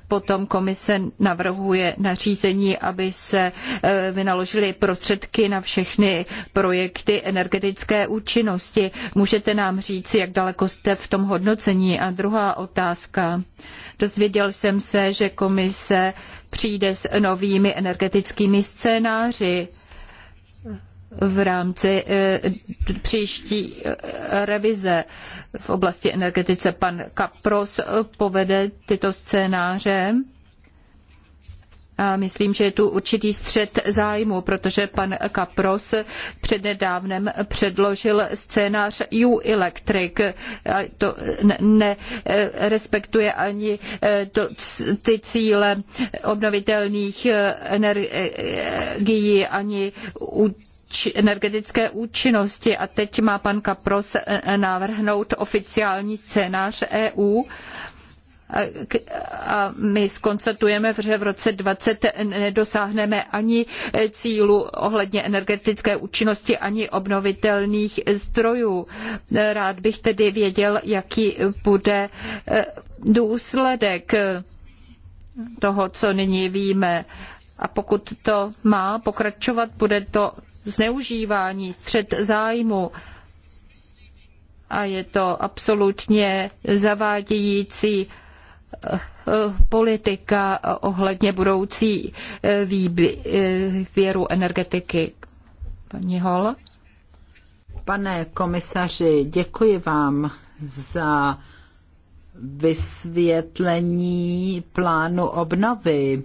Speaker 4: Potom komise navrhuje nařízení, aby se eh, vynaložily prostředky na všechny projekty energetické účinnosti. Můžete nám říci, jak daleko jste v tom hodnocení? A druhá otázka. Dozvěděl jsem se, že komise přijde s novými energetickými scénáři v rámci eh, příští eh, revize v oblasti energetice. Pan Kapros povede tyto scénáře myslím, že je tu určitý střed zájmu, protože pan Kapros přednedávnem předložil scénář U Electric. To nerespektuje ani eh, to, ty cíle obnovitelných eh, energií, ani energetické účinnosti. A teď má pan Kapros eh, navrhnout oficiální scénář EU a my skonstatujeme, že v roce 20 nedosáhneme ani cílu ohledně energetické účinnosti, ani obnovitelných zdrojů. Rád bych tedy věděl, jaký bude eh, důsledek toho, co nyní víme. A pokud to má pokračovat, bude to zneužívání, střed zájmu a je to absolutně zavádějící politika ohledně budoucí eh, výběru energetiky. Pani Hol?
Speaker 3: Pane komisaři, děkuji vám za vysvětlení plánu obnovy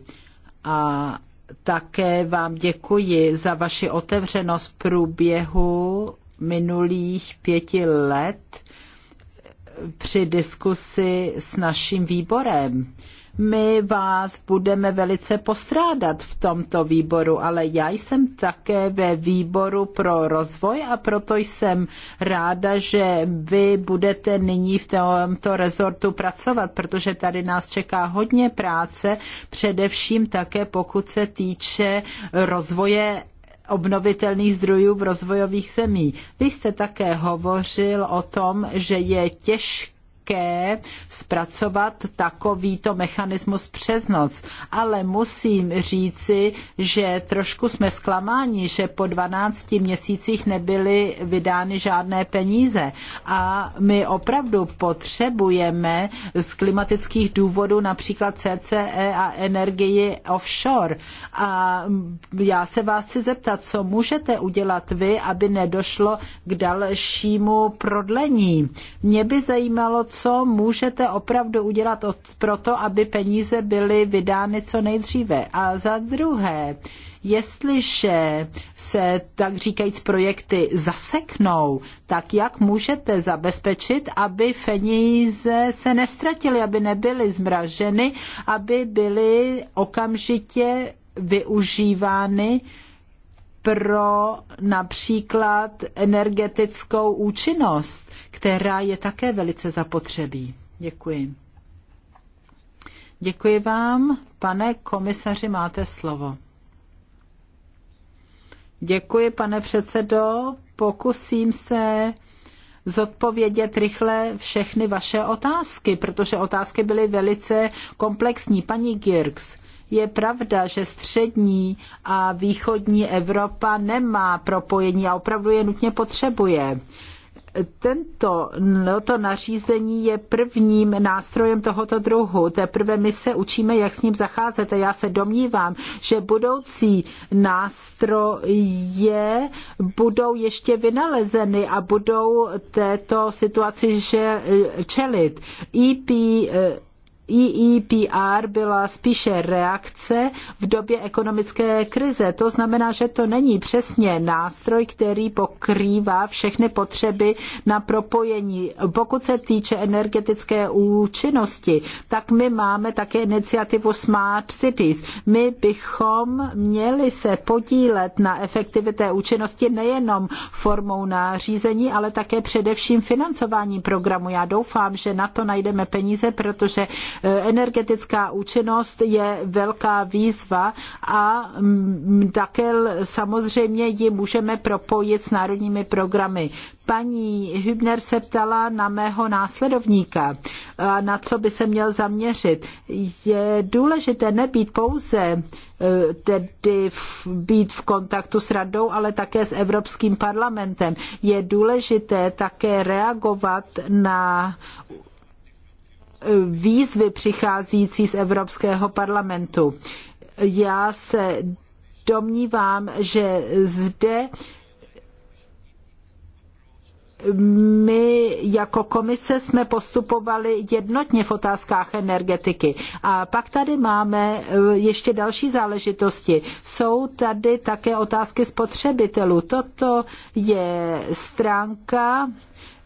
Speaker 3: a také vám děkuji za vaši otevřenost v průběhu minulých pěti let při diskusi s naším výborem. My vás budeme velice postrádat v tomto výboru, ale já jsem také ve výboru pro rozvoj a proto jsem ráda, že vy budete nyní v tomto rezortu pracovat, protože tady nás čeká hodně práce, především také pokud se týče rozvoje obnovitelných zdrojů v rozvojových zemích. Vy jste také hovořil o tom, že je těžké také zpracovat takovýto mechanismus přes noc. Ale musím říci, že trošku jsme zklamáni, že po 12 měsících nebyly vydány žádné peníze. A my opravdu potřebujeme z klimatických důvodů například CCE a energii offshore. A já se vás chci zeptat, co můžete udělat vy, aby nedošlo k dalšímu prodlení. Mě by zajímalo, co můžete opravdu udělat pro to, aby peníze byly vydány co nejdříve. A za druhé, jestliže se, tak říkajíc, projekty zaseknou, tak jak můžete zabezpečit, aby peníze se nestratily, aby nebyly zmraženy, aby byly okamžitě využívány pro například energetickou účinnost, která je také velice zapotřebí. Děkuji. Děkuji vám. Pane komisaři, máte slovo. Děkuji, pane předsedo. Pokusím se zodpovědět rychle všechny vaše otázky, protože otázky byly velice komplexní. Paní Girks, je pravda, že střední a východní Evropa nemá propojení a opravdu je nutně potřebuje tento, no to nařízení je prvním nástrojem tohoto druhu. Teprve my se učíme, jak s ním zacházet. A já se domnívám, že budoucí nástroje budou ještě vynalezeny a budou této situaci eh, čelit. EP eh, EEPR byla spíše reakce v době ekonomické krize. To znamená, že to není přesně nástroj, který pokrývá všechny potřeby na propojení. Pokud se týče energetické účinnosti, tak my máme také iniciativu Smart Cities. My bychom měli se podílet na efektivité účinnosti nejenom formou nařízení, ale také především financováním programu. Já doufám, že na to najdeme peníze, protože Energetická účinnost je velká výzva a mm, také samozřejmě ji můžeme propojit s národními programy. Paní Hübner se ptala na mého následovníka, na co by se měl zaměřit. Je důležité nebýt pouze e, tedy být v kontaktu s radou, ale také s Evropským parlamentem. Je důležité také reagovat na výzvy přicházející z Evropského parlamentu. Já se domnívám, že zde my jako komise jsme postupovali jednotně v otázkách energetiky. A pak tady máme eh, ještě další záležitosti. Jsou tady také otázky spotřebitelů. Toto je stránka,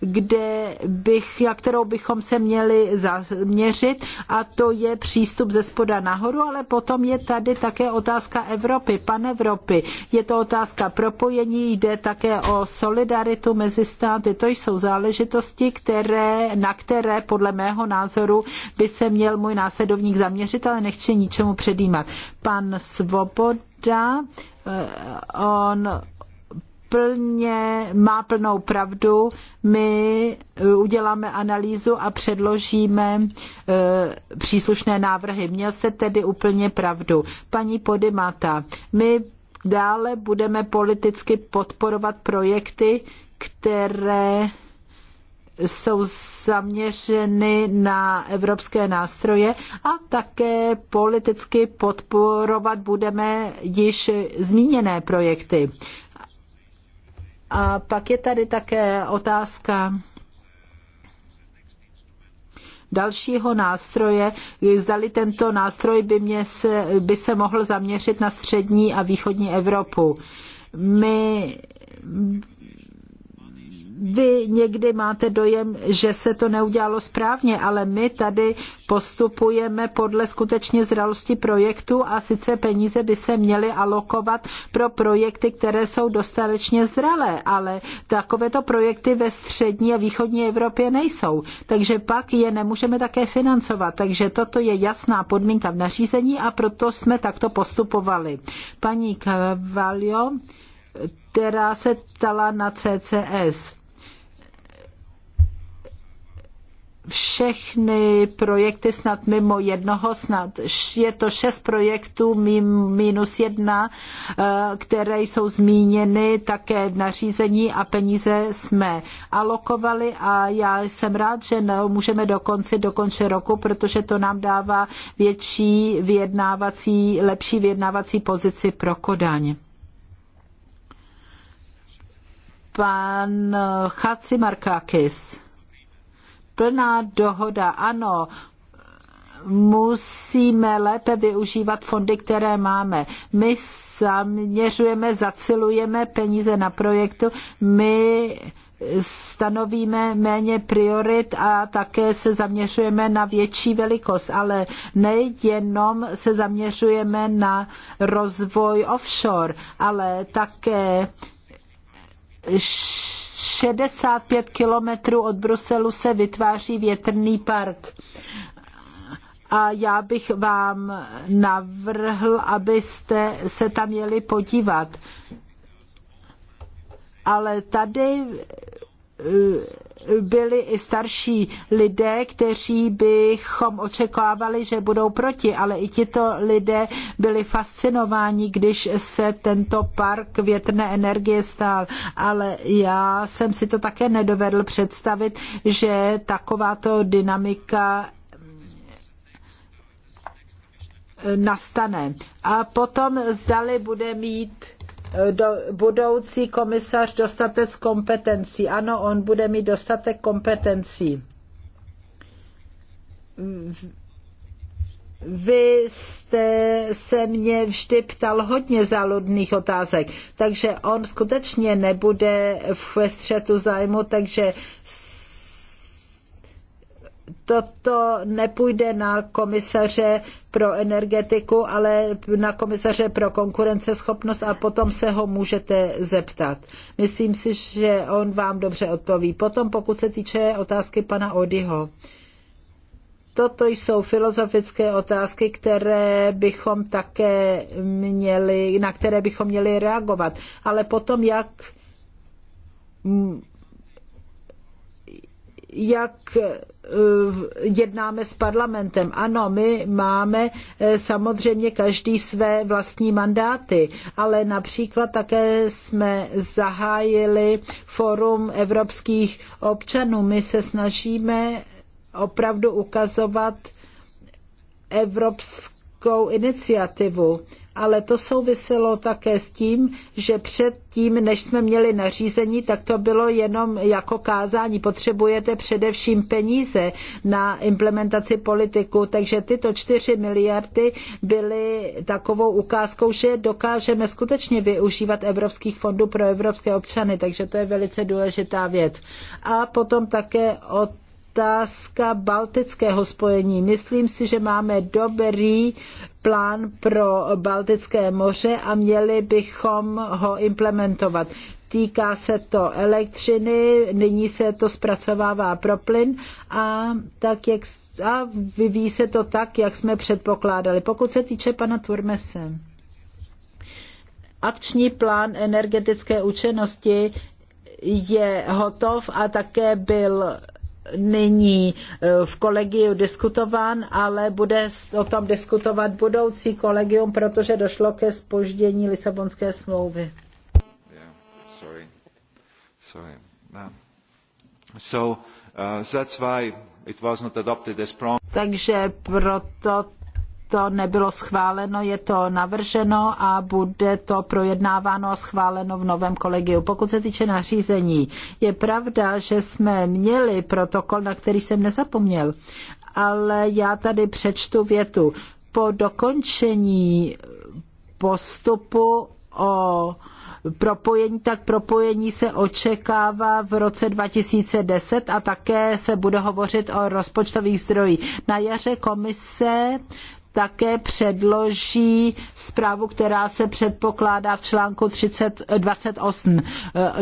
Speaker 3: kde bych, jak kterou bychom se měli zaměřit a to je přístup ze spoda nahoru, ale potom je tady také otázka Evropy, pan Evropy, Je to otázka propojení, jde také o solidaritu mezi státy. To jsou záležitosti, které, na které podle mého názoru by se měl můj následovník zaměřit, ale nechci ničemu předjímat. Pan Svoboda, eh, on plně, má plnou pravdu. My eh, uděláme analýzu a předložíme e, příslušné návrhy. Měl jste tedy úplně pravdu. Paní Podimata, my dále budeme politicky podporovat projekty, které jsou zaměřeny na evropské nástroje a také politicky podporovat budeme již zmíněné projekty. A pak je tady také otázka dalšího nástroje, zdali tento nástroj by, mě se, by se mohl zaměřit na střední a východní Evropu. My vy někdy máte dojem, že se to neudělalo správně, ale my tady postupujeme podle skutečně zralosti projektu a sice peníze by se měly alokovat pro projekty, které jsou dostatečně zralé, ale takovéto projekty ve střední a východní Evropě nejsou, takže pak je nemůžeme také financovat, takže toto je jasná podmínka v nařízení a proto jsme takto postupovali. Paní Cavalio, která se ptala na CCS. všechny projekty snad mimo jednoho, snad je to šest projektů minus jedna, eh, které jsou zmíněny také v nařízení a peníze jsme alokovali a já jsem rád, že můžeme do konce, do konce roku, protože to nám dává větší vyjednávací, lepší vyjednávací pozici pro Kodaň. Pan Chaci Markakis plná dohoda, ano, musíme lépe využívat fondy, které máme. My zaměřujeme, zacilujeme peníze na projektu, my stanovíme méně priorit a také se zaměřujeme na větší velikost, ale nejenom se zaměřujeme na rozvoj offshore, ale také 65 kilometrů od Bruselu se vytváří větrný park. A já bych vám navrhl, abyste se tam jeli podívat. Ale tady Eh, byli i starší lidé, kteří bychom očekávali, že budou proti, ale i tito lidé byli fascinováni, když se tento park větrné energie stál. Ale já jsem si to také nedovedl představit, že takováto dynamika eh, nastane. A potom zdali bude mít do, budoucí komisař dostatec kompetencí. Ano, on bude mít dostatek kompetencí. Vy jste se mě vždy ptal hodně záludných otázek, takže on skutečně nebude ve střetu zájmu, takže toto nepůjde na komisaře pro energetiku, ale na komisaře pro konkurenceschopnost a potom se ho můžete zeptat. Myslím si, že on vám dobře odpoví. Potom, pokud se týče otázky pana Odyho, toto jsou filozofické otázky, které bychom také měli, na které bychom měli reagovat. Ale potom, jak jak eh, jednáme s parlamentem. Ano, my máme eh, samozřejmě každý své vlastní mandáty, ale například také jsme zahájili forum evropských občanů. My se snažíme opravdu ukazovat evropskou iniciativu ale to souviselo také s tím, že předtím, než jsme měli nařízení, tak to bylo jenom jako kázání. Potřebujete především peníze na implementaci politiku, takže tyto čtyři miliardy byly takovou ukázkou, že dokážeme skutečně využívat evropských fondů pro evropské občany, takže to je velice důležitá věc. A potom také o otázka baltického spojení. Myslím si, že máme dobrý plán pro Baltické moře a měli bychom ho implementovat. Týká se to elektřiny, nyní se to zpracovává pro plyn a, tak jak, a vyvíjí se to tak, jak jsme předpokládali. Pokud se týče pana Turmese, akční plán energetické účinnosti je hotov a také byl není eh, v kolegiu diskutován, ale bude o tom diskutovat budoucí kolegium, protože došlo ke spoždění Lisabonské smlouvy.
Speaker 1: Yeah, sorry. Sorry. No. So, uh, that's why it was not adopted as prom-
Speaker 3: Takže proto to nebylo schváleno, je to navrženo a bude to projednáváno a schváleno v novém kolegiu. Pokud se týče nařízení, je pravda, že jsme měli protokol, na který jsem nezapomněl, ale já tady přečtu větu. Po dokončení postupu o propojení, tak propojení se očekává v roce 2010 a také se bude hovořit o rozpočtových zdrojích. Na jaře komise také předloží zprávu, která se předpokládá v článku 30, 28.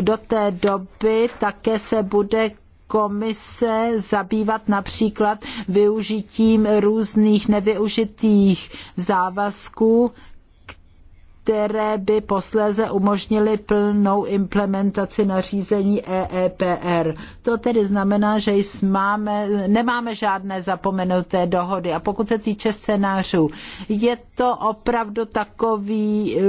Speaker 3: Do té doby také se bude komise zabývat například využitím různých nevyužitých závazků, které by posléze umožnily plnou implementaci nařízení EEPR. To tedy znamená, že jsme, nemáme žádné zapomenuté dohody. A pokud se týče scénářů, je to opravdu takový eh,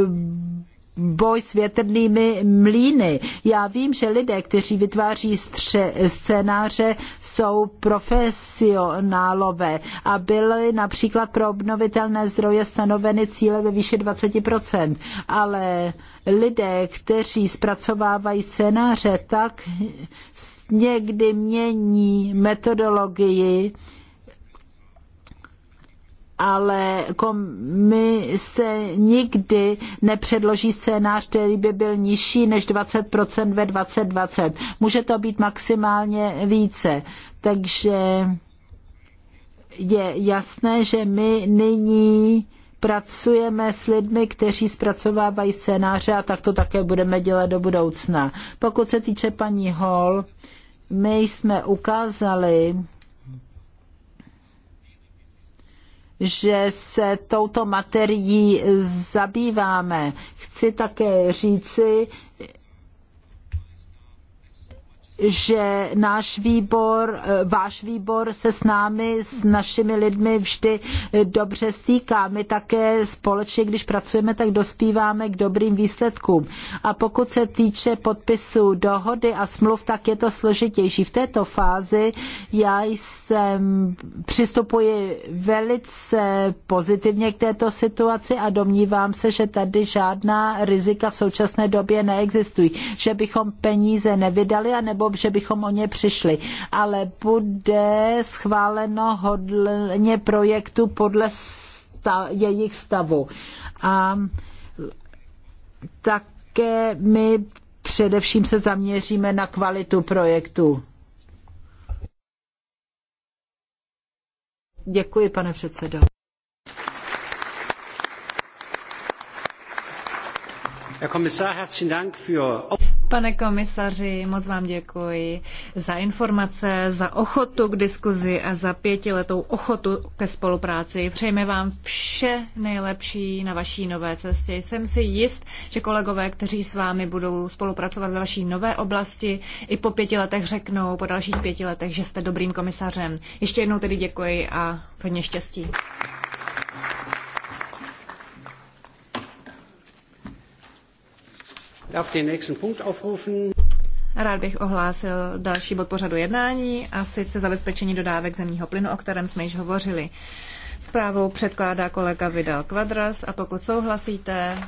Speaker 3: boj s větrnými mlíny. Já vím, že lidé, kteří vytváří stře- scénáře, jsou profesionálové a byly například pro obnovitelné zdroje stanoveny cíle ve výši 20%, ale lidé, kteří zpracovávají scénáře, tak někdy mění metodologii ale komise nikdy nepředloží scénář, který by byl nižší než 20% ve 2020. Může to být maximálně více. Takže je jasné, že my nyní pracujeme s lidmi, kteří zpracovávají scénáře a tak to také budeme dělat do budoucna. Pokud se týče paní Hall, my jsme ukázali, že se touto materií zabýváme. Chci také říci, že náš výbor, eh, váš výbor se s námi, s našimi lidmi vždy eh, dobře stýká. My také společně, když pracujeme, tak dospíváme k dobrým výsledkům. A pokud se týče podpisu dohody a smluv, tak je to složitější. V této fázi já jsem přistupuji velice pozitivně k této situaci a domnívám se, že tady žádná rizika v současné době neexistují. Že bychom peníze nevydali a nebo že bychom o ně přišli. Ale bude schváleno hodně projektu podle sta- jejich stavu. A také my především se zaměříme na kvalitu projektu.
Speaker 2: Děkuji, pane předsedo. Pane komisaři, moc vám děkuji za informace, za ochotu k diskuzi a za pětiletou ochotu ke spolupráci. Přejeme vám vše nejlepší na vaší nové cestě. Jsem si jist, že kolegové, kteří s vámi budou spolupracovat ve vaší nové oblasti, i po pěti letech řeknou, po dalších pěti letech, že jste dobrým komisařem. Ještě jednou tedy děkuji a hodně štěstí. Rád bych ohlásil další bod pořadu jednání a sice zabezpečení dodávek zemního plynu, o kterém jsme již hovořili. Zprávu předkládá kolega Vidal Quadras a pokud souhlasíte,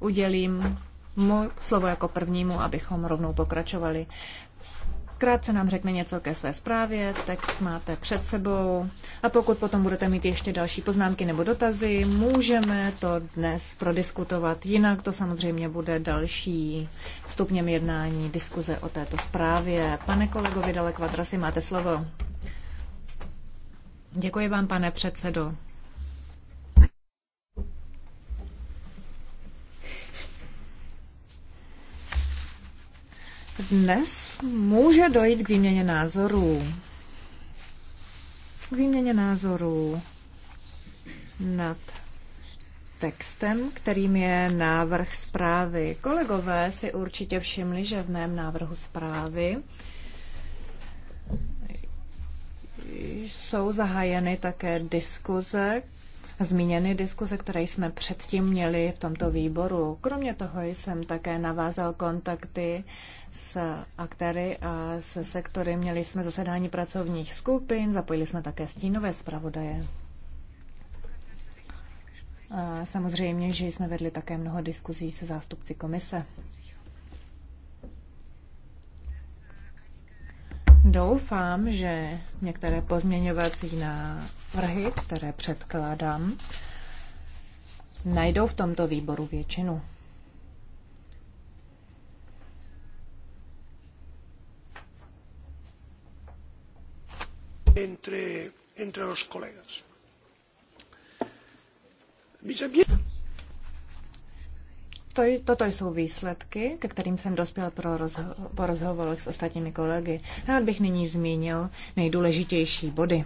Speaker 2: udělím mu slovo jako prvnímu, abychom rovnou pokračovali zkrátce nám řekne něco ke své zprávě, text máte před sebou a pokud potom budete mít ještě další poznámky nebo dotazy, můžeme to dnes prodiskutovat. Jinak to samozřejmě bude další stupněm jednání diskuze o této zprávě. Pane kolego Vidale Kvadrasi, máte slovo. Děkuji vám, pane předsedo. Dnes může dojít k výměně názorů. K výměně názorů nad textem, kterým je návrh zprávy. Kolegové si určitě všimli, že v mém návrhu zprávy jsou zahájeny také diskuze, zmíněny diskuze, které jsme předtím měli v tomto výboru. Kromě toho jsem také navázal kontakty s aktéry a se sektory. Měli jsme zasedání pracovních skupin, zapojili jsme také stínové zpravodaje. A samozřejmě, že jsme vedli také mnoho diskuzí se zástupci komise. Doufám, že některé pozměňovací návrhy, které předkládám, najdou v tomto výboru většinu.
Speaker 1: entre, los colegas.
Speaker 2: toto jsou výsledky, ke kterým jsem dospěl pro rozho- po rozhovorech s ostatními kolegy. Rád bych nyní zmínil nejdůležitější body.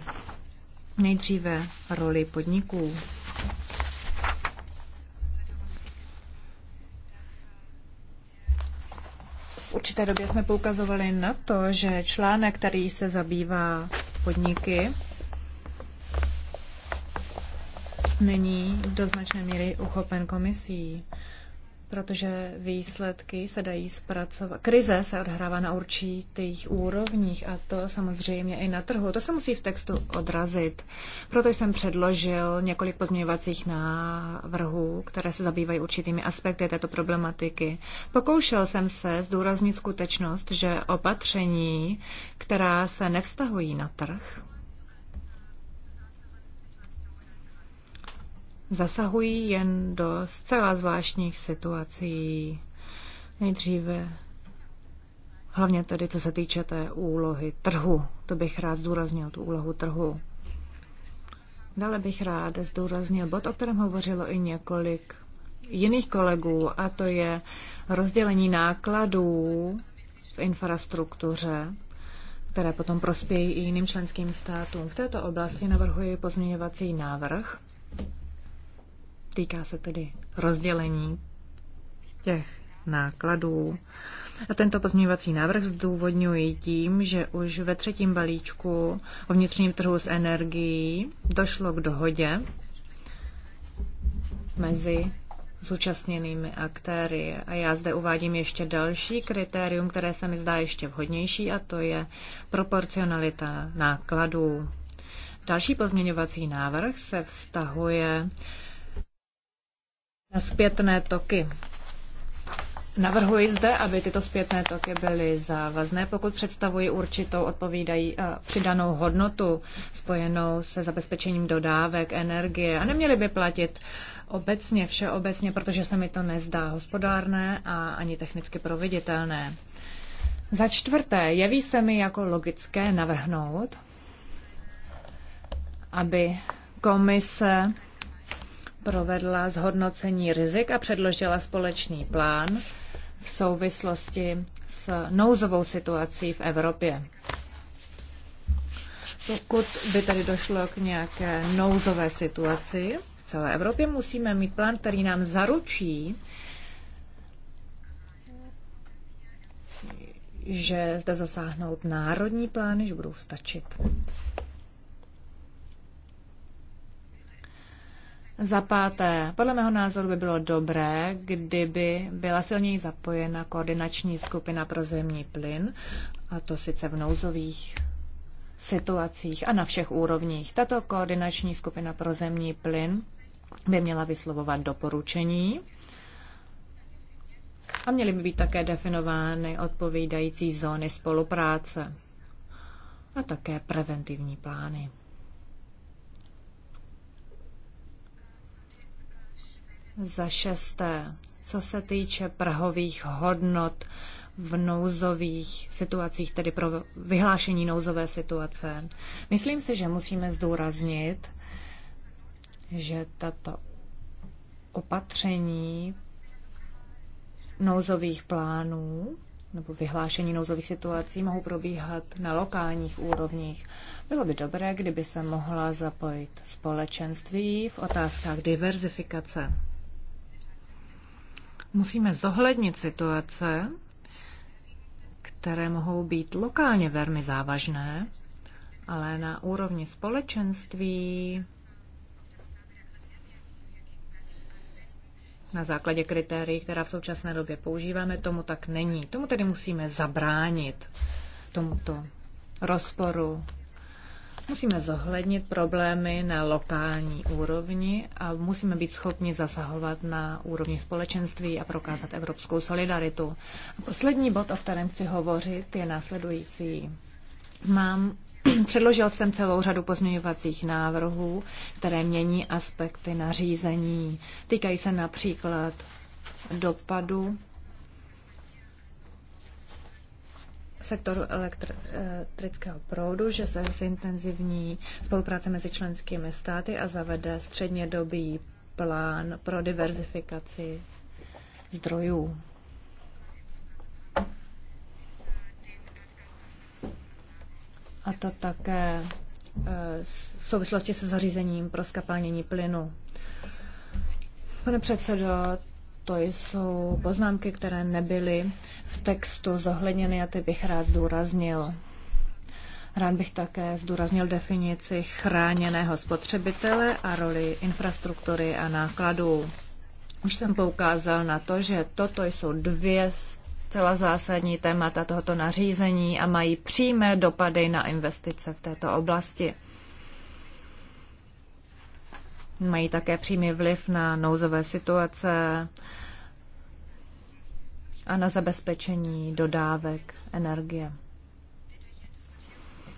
Speaker 2: Nejdříve roli podniků. V určité době jsme poukazovali na to, že článek, který se zabývá podniky není do značné míry uchopen komisí protože výsledky se dají zpracovat. Krize se odhrává na určitých úrovních a to samozřejmě i na trhu. To se musí v textu odrazit. Proto jsem předložil několik pozměňovacích návrhů, které se zabývají určitými aspekty této problematiky. Pokoušel jsem se zdůraznit skutečnost, že opatření, která se nevztahují na trh, zasahují jen do zcela zvláštních situací. Nejdříve, hlavně tedy co se týče té úlohy trhu, to bych rád zdůraznil, tu úlohu trhu. Dále bych rád zdůraznil bod, o kterém hovořilo i několik jiných kolegů, a to je rozdělení nákladů v infrastruktuře, které potom prospějí i jiným členským státům. V této oblasti navrhuji pozměňovací návrh, Týká se tedy rozdělení těch nákladů. A tento pozměňovací návrh zdůvodňuji tím, že už ve třetím balíčku o vnitřním trhu s energií došlo k dohodě mezi zúčastněnými aktéry. A já zde uvádím ještě další kritérium, které se mi zdá ještě vhodnější, a to je proporcionalita nákladů. Další pozměňovací návrh se vztahuje na zpětné toky. Navrhuji zde, aby tyto zpětné toky byly závazné, pokud představují určitou odpovídají eh, přidanou hodnotu spojenou se zabezpečením dodávek energie a neměly by platit obecně, všeobecně, protože se mi to nezdá hospodárné a ani technicky proveditelné. Za čtvrté, jeví se mi jako logické navrhnout, aby komise provedla zhodnocení rizik a předložila společný plán v souvislosti s nouzovou situací v Evropě. Pokud by tady došlo k nějaké nouzové situaci v celé Evropě, musíme mít plán, který nám zaručí, že zde zasáhnout národní plány, že budou stačit. Za páté, podle mého názoru by bylo dobré, kdyby byla silněji zapojena koordinační skupina pro zemní plyn, a to sice v nouzových situacích a na všech úrovních. Tato koordinační skupina pro zemní plyn by měla vyslovovat doporučení a měly by být také definovány odpovídající zóny spolupráce a také preventivní plány. Za šesté, co se týče prahových hodnot v nouzových situacích, tedy pro vyhlášení nouzové situace, myslím si, že musíme zdůraznit, že tato opatření nouzových plánů nebo vyhlášení nouzových situací mohou probíhat na lokálních úrovních. Bylo by dobré, kdyby se mohla zapojit společenství v otázkách diverzifikace. Musíme zohlednit situace, které mohou být lokálně velmi závažné, ale na úrovni společenství na základě kritérií, která v současné době používáme, tomu tak není. Tomu tedy musíme zabránit, tomuto rozporu Musíme zohlednit problémy na lokální úrovni a musíme být schopni zasahovat na úrovni společenství a prokázat evropskou solidaritu. A poslední bod, o kterém chci hovořit, je následující. Mám Předložil jsem celou řadu pozměňovacích návrhů, které mění aspekty nařízení. Týkají se například dopadu sektoru elektrického proudu, že se zintenzivní spolupráce mezi členskými státy a zavede střednědobý plán pro diverzifikaci zdrojů. A to také eh, v souvislosti se zařízením pro skapalnění plynu. Pane předsedo, to jsou poznámky, které nebyly v textu zohledněny a ty bych rád zdůraznil. Rád bych také zdůraznil definici chráněného spotřebitele a roli infrastruktury a nákladů. Už jsem poukázal na to, že toto jsou dvě celá zásadní témata tohoto nařízení a mají přímé dopady na investice v této oblasti mají také přímý vliv na nouzové situace a na zabezpečení dodávek energie.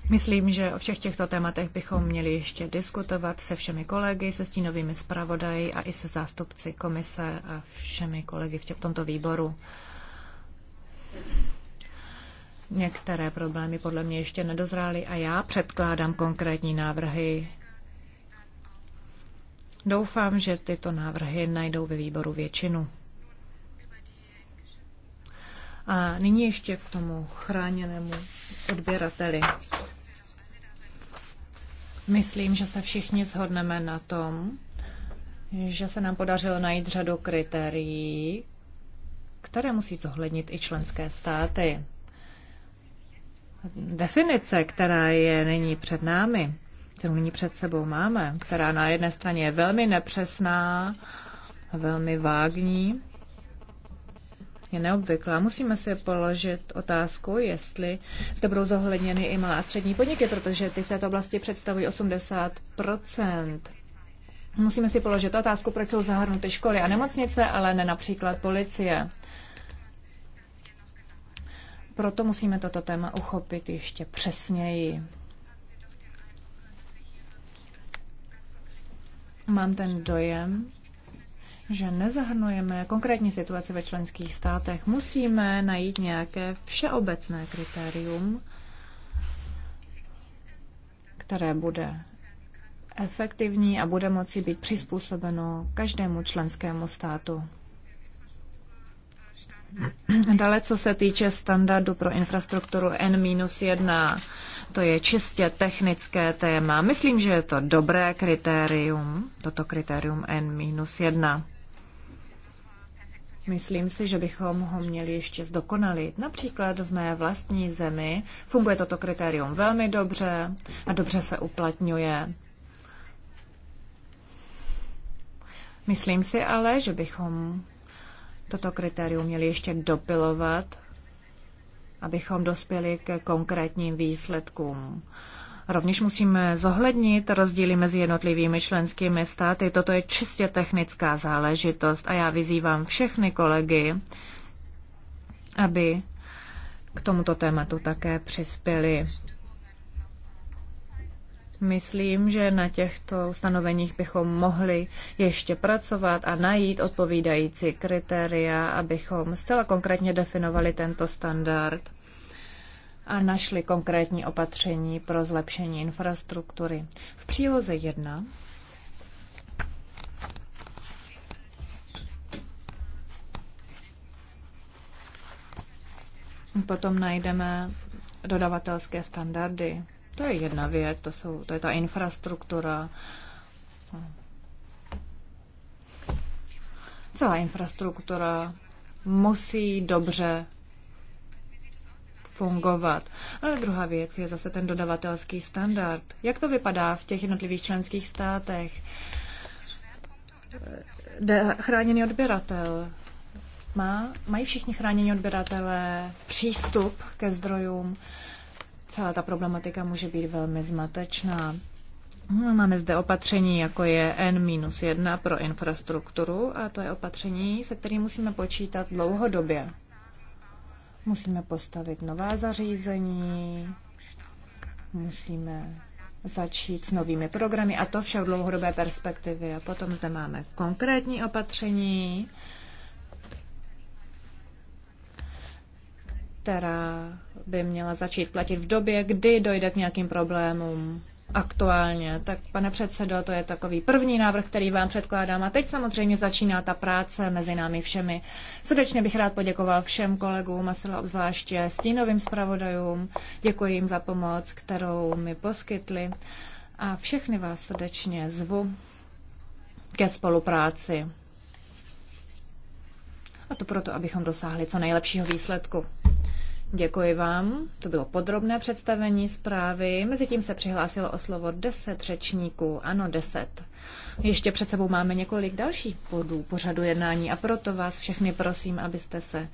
Speaker 2: Myslím, že o všech těchto tématech bychom měli ještě diskutovat se všemi kolegy, se stínovými zpravodaji a i se zástupci komise a všemi kolegy v tomto výboru. Některé problémy podle mě ještě nedozrály a já předkládám konkrétní návrhy Doufám, že tyto návrhy najdou ve výboru většinu. A nyní ještě k tomu chráněnému odběrateli. Myslím, že se všichni shodneme na tom, že se nám podařilo najít řadu kritérií, které musí zohlednit i členské státy. Definice, která je nyní před námi, kterou nyní před sebou máme, která na jedné straně je velmi nepřesná, velmi vágní, je neobvyklá. Musíme si položit otázku, jestli zde budou zohledněny i malá střední podniky, protože ty v této oblasti představují 80 Musíme si položit otázku, proč jsou zahrnuty školy a nemocnice, ale ne například policie. Proto musíme toto téma uchopit ještě přesněji. Mám ten dojem, že nezahrnujeme konkrétní situaci ve členských státech. Musíme najít nějaké všeobecné kritérium, které bude efektivní a bude moci být přizpůsobeno každému členskému státu. Dále, co se týče standardu pro infrastrukturu N-1, to je čistě technické téma. Myslím, že je to dobré kritérium, toto kritérium N-1. Myslím si, že bychom ho měli ještě zdokonalit. Například v mé vlastní zemi funguje toto kritérium velmi dobře a dobře se uplatňuje. Myslím si ale, že bychom toto kritérium měli ještě dopilovat, abychom dospěli k konkrétním výsledkům. Rovněž musíme zohlednit rozdíly mezi jednotlivými členskými státy. Toto je čistě technická záležitost a já vyzývám všechny kolegy, aby k tomuto tématu také přispěli. Myslím, že na těchto ustanoveních bychom mohli ještě pracovat a najít odpovídající kritéria, abychom zcela konkrétně definovali tento standard a našli konkrétní opatření pro zlepšení infrastruktury. V příloze 1 potom najdeme dodavatelské standardy. To je jedna věc, to, jsou, to je ta infrastruktura. Celá infrastruktura musí dobře fungovat. Ale druhá věc je zase ten dodavatelský standard. Jak to vypadá v těch jednotlivých členských státech? De- chráněný odběratel. Má, mají všichni chránění odběratelé přístup ke zdrojům? celá ta problematika může být velmi zmatečná. Máme zde opatření, jako je N-1 pro infrastrukturu a to je opatření, se kterým musíme počítat dlouhodobě. Musíme postavit nová zařízení, musíme začít s novými programy a to vše v dlouhodobé perspektivě. A potom zde máme konkrétní opatření, která by měla začít platit v době, kdy dojde k nějakým problémům aktuálně. Tak pane předsedo, to je takový první návrh, který vám předkládám. A teď samozřejmě začíná ta práce mezi námi všemi. Srdečně bych rád poděkoval všem kolegům a sila obzvláště stínovým zpravodajům. Děkuji jim za pomoc, kterou mi poskytli. A všechny vás srdečně zvu ke spolupráci. A to proto, abychom dosáhli co nejlepšího výsledku. Děkuji vám. To bylo podrobné představení zprávy. Mezitím se přihlásilo o slovo 10 řečníků. Ano, 10. Ještě před sebou máme několik dalších bodů pořadu jednání a proto vás všechny prosím, abyste se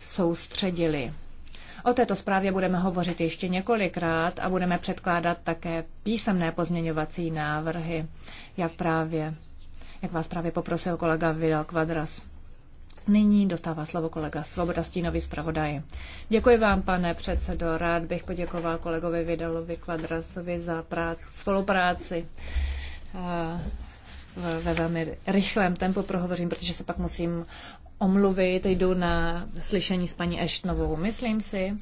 Speaker 2: soustředili. O této zprávě budeme hovořit ještě několikrát a budeme předkládat také písemné pozměňovací návrhy, jak právě, jak vás právě poprosil kolega Vidal Kvadras. Nyní dostává slovo kolega Svoboda Stínový zpravodaj. Děkuji vám, pane předsedo. Rád bych poděkoval kolegovi Vidalovi Kvadrasovi za práci, spolupráci. ve velmi rychlém tempu prohovořím, protože se pak musím omluvit, jdu na slyšení s paní Eštnovou. Myslím si,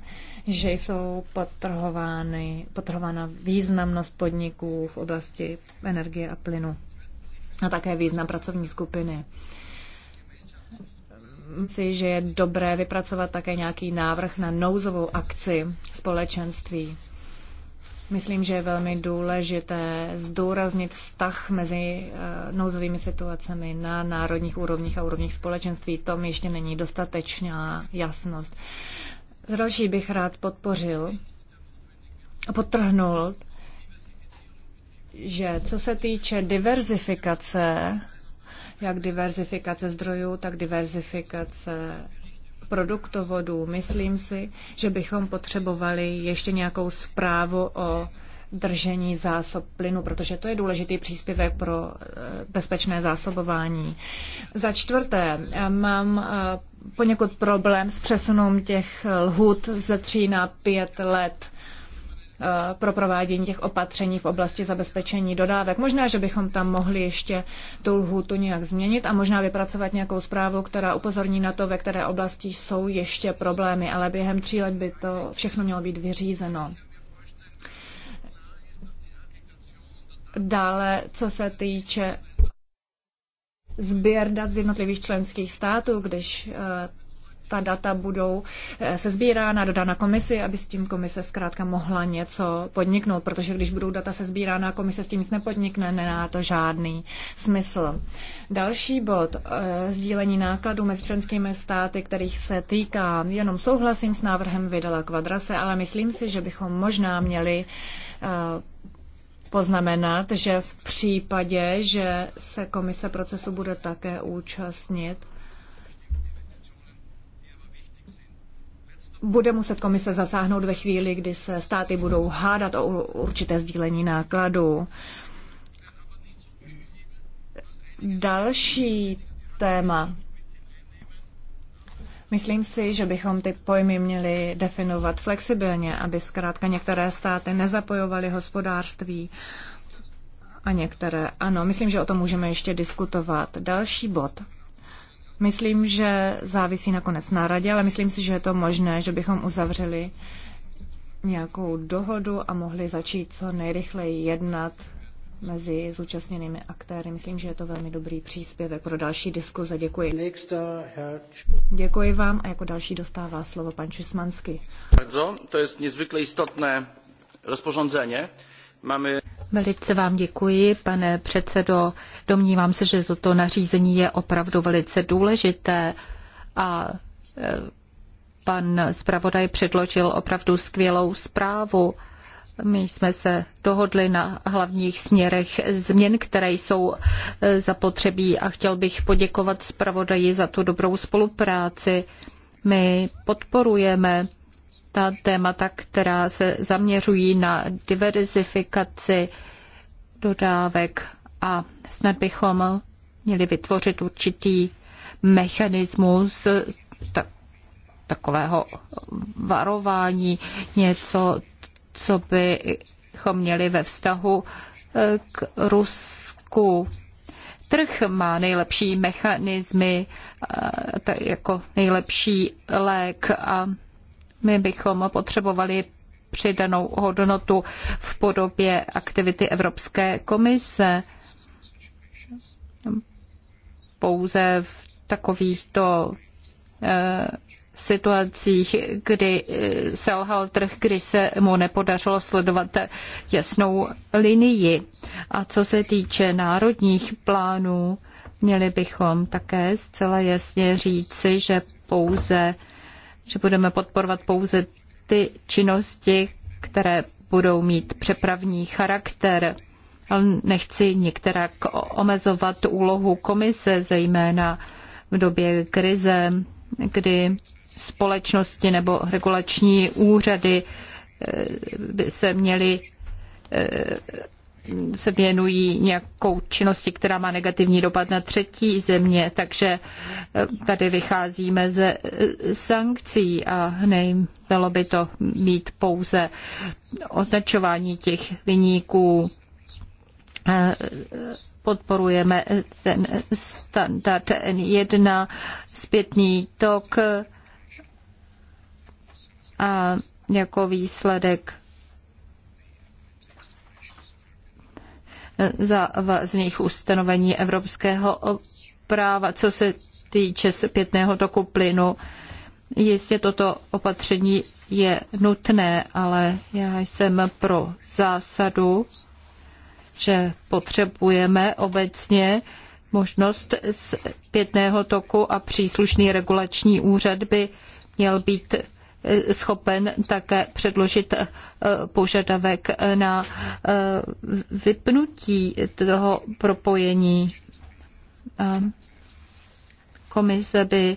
Speaker 2: že jsou potrhovány, potrhována významnost podniků v oblasti energie a plynu a také význam pracovní skupiny. Uh, si, že je dobré vypracovat také nějaký návrh na nouzovou akci společenství. Myslím, že je velmi důležité zdůraznit vztah mezi eh, nouzovými situacemi na národních úrovních a úrovních společenství. Tom ještě není dostatečná jasnost. Z další bych rád podpořil a podtrhnul, že co se týče diverzifikace jak diverzifikace zdrojů, tak diverzifikace produktovodů. Myslím si, že bychom potřebovali ještě nějakou zprávu o držení zásob plynu, protože to je důležitý příspěvek pro eh, bezpečné zásobování. Za čtvrté, eh, mám eh, poněkud problém s přesunem těch lhut ze tří na pět let. Eh, pro provádění těch opatření v oblasti zabezpečení dodávek. Možná, že bychom tam mohli ještě tu lhůtu nějak změnit a možná vypracovat nějakou zprávu, která upozorní na to, ve které oblasti jsou ještě problémy, ale během tří let by to všechno mělo být vyřízeno. Dále, co se týče sběr dat z jednotlivých členských států, když eh, ta data budou eh, sezbírána, dodána komisi, aby s tím komise zkrátka mohla něco podniknout, protože když budou data sezbírána komise s tím nic nepodnikne, nená to žádný smysl. Další bod, eh, sdílení nákladů mezi členskými státy, kterých se týká, jenom souhlasím s návrhem vydala kvadrase, ale myslím si, že bychom možná měli eh, poznamenat, že v případě, že se komise procesu bude také účastnit, bude muset komise zasáhnout ve chvíli, kdy se státy budou hádat o určité sdílení nákladů. Další téma. Myslím si, že bychom ty pojmy měli definovat flexibilně, aby zkrátka některé státy nezapojovaly hospodářství a některé ano. Myslím, že o tom můžeme ještě diskutovat. Další bod. Myslím, že závisí nakonec na radě, ale myslím si, že je to možné, že bychom uzavřeli nějakou dohodu a mohli začít co nejrychleji jednat mezi zúčastněnými aktéry. Myslím, že je to velmi dobrý příspěvek pro další diskuze. Děkuji. Uh, Děkuji vám a jako další dostává slovo pan Čismansky.
Speaker 1: To je nezvykle
Speaker 4: istotné rozporządzenie. Máme...
Speaker 2: Velice vám děkuji, pane
Speaker 4: předsedo. Domnívám se, že toto nařízení je opravdu velice důležité a e, pan zpravodaj předložil opravdu skvělou zprávu. My jsme se dohodli na hlavních směrech změn, které jsou e, zapotřebí a chtěl bych poděkovat zpravodaji za tu dobrou spolupráci. My podporujeme ta témata, která se zaměřují na diverzifikaci dodávek a snad bychom měli vytvořit určitý mechanismus ta, takového varování, něco, co bychom měli ve vztahu eh, k Rusku. Trh má nejlepší mechanizmy eh, jako nejlepší lék a my bychom potřebovali přidanou hodnotu v podobě aktivity Evropské komise. Pouze v takovýchto eh, situacích, kdy eh, selhal trh, kdy se mu nepodařilo sledovat jasnou linii. A co se týče národních plánů, měli bychom také zcela jasně říci, že pouze že budeme podporovat pouze ty činnosti, které budou mít přepravní charakter. Nechci některak omezovat úlohu komise, zejména v době krize, kdy společnosti nebo regulační úřady eh, by se měly eh, se věnují nějakou činnosti, která má negativní dopad na třetí země, takže eh, tady vycházíme ze eh, sankcí a nebylo by to mít pouze označování těch vyníků eh, podporujeme ten standard N1, zpětný tok a jako výsledek závazných ustanovení evropského práva, co se týče zpětného toku plynu. Jistě toto opatření je nutné, ale já jsem pro zásadu, že potřebujeme obecně možnost zpětného toku a příslušný regulační úřad by měl být schopen také předložit eh, požadavek na eh, vypnutí toho propojení. Komise by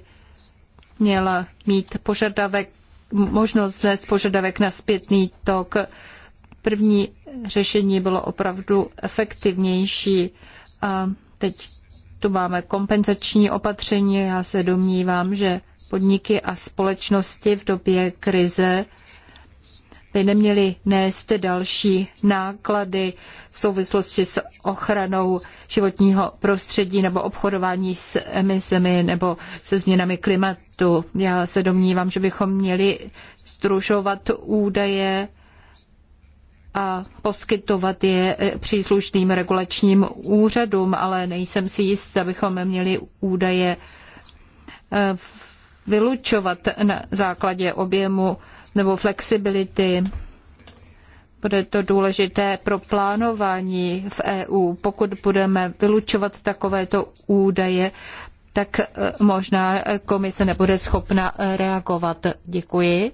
Speaker 4: měla mít požadavek, možnost znést požadavek na zpětný tok. První řešení bylo opravdu efektivnější a teď tu máme kompenzační opatření. Já se domnívám, že podniky a společnosti v době krize by neměly nést další náklady v souvislosti s ochranou životního prostředí nebo obchodování s emisemi nebo se změnami klimatu. Já se domnívám, že bychom měli združovat údaje a poskytovat je příslušným regulačním úřadům, ale nejsem si jist, abychom měli údaje v vylučovat na základě objemu nebo flexibility. Bude to důležité pro plánování v EU. Pokud budeme vylučovat takovéto údaje, tak e, možná komise nebude schopna e, reagovat. Děkuji.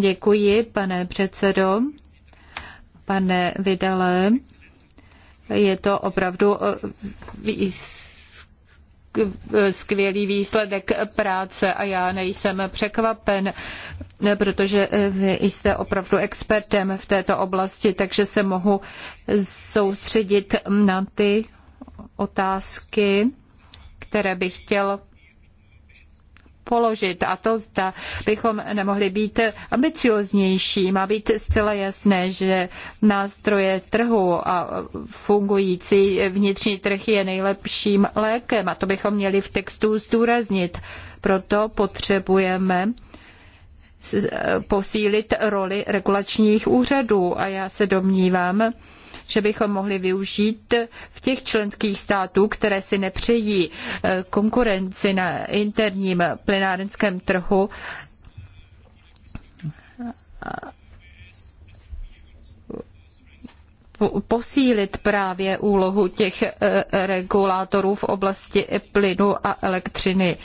Speaker 4: Děkuji, pane předsedo, pane Vidale. Je to opravdu výs e, skvělý výsledek práce a já nejsem překvapen, protože vy jste opravdu expertem v této oblasti, takže se mohu soustředit na ty otázky, které bych chtěl položit a to zda bychom nemohli být ambicioznější. Má být zcela jasné, že nástroje trhu a fungující vnitřní trh je nejlepším lékem a to bychom měli v textu zdůraznit. Proto potřebujeme posílit roli regulačních úřadů a já se domnívám, že bychom mohli využít v těch členských států, které si nepřejí eh, konkurenci na interním plynárenském trhu posílit právě úlohu těch eh, regulátorů v oblasti plynu a elektřiny.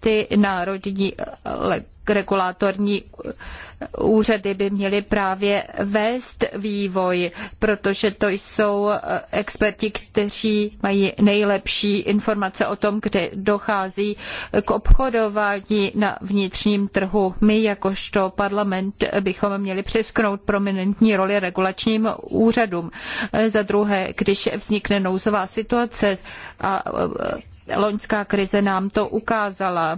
Speaker 4: Ty národní eh, regulátorní eh, úřady by měly právě vést vývoj, protože to jsou experti, kteří mají nejlepší informace o tom, kde dochází k obchodování na vnitřním trhu. My jakožto parlament bychom měli přesknout prominentní roli regulačním úřadům úřadům. Eh, za druhé, když vznikne nouzová situace a eh, Loňská krize nám to ukázala.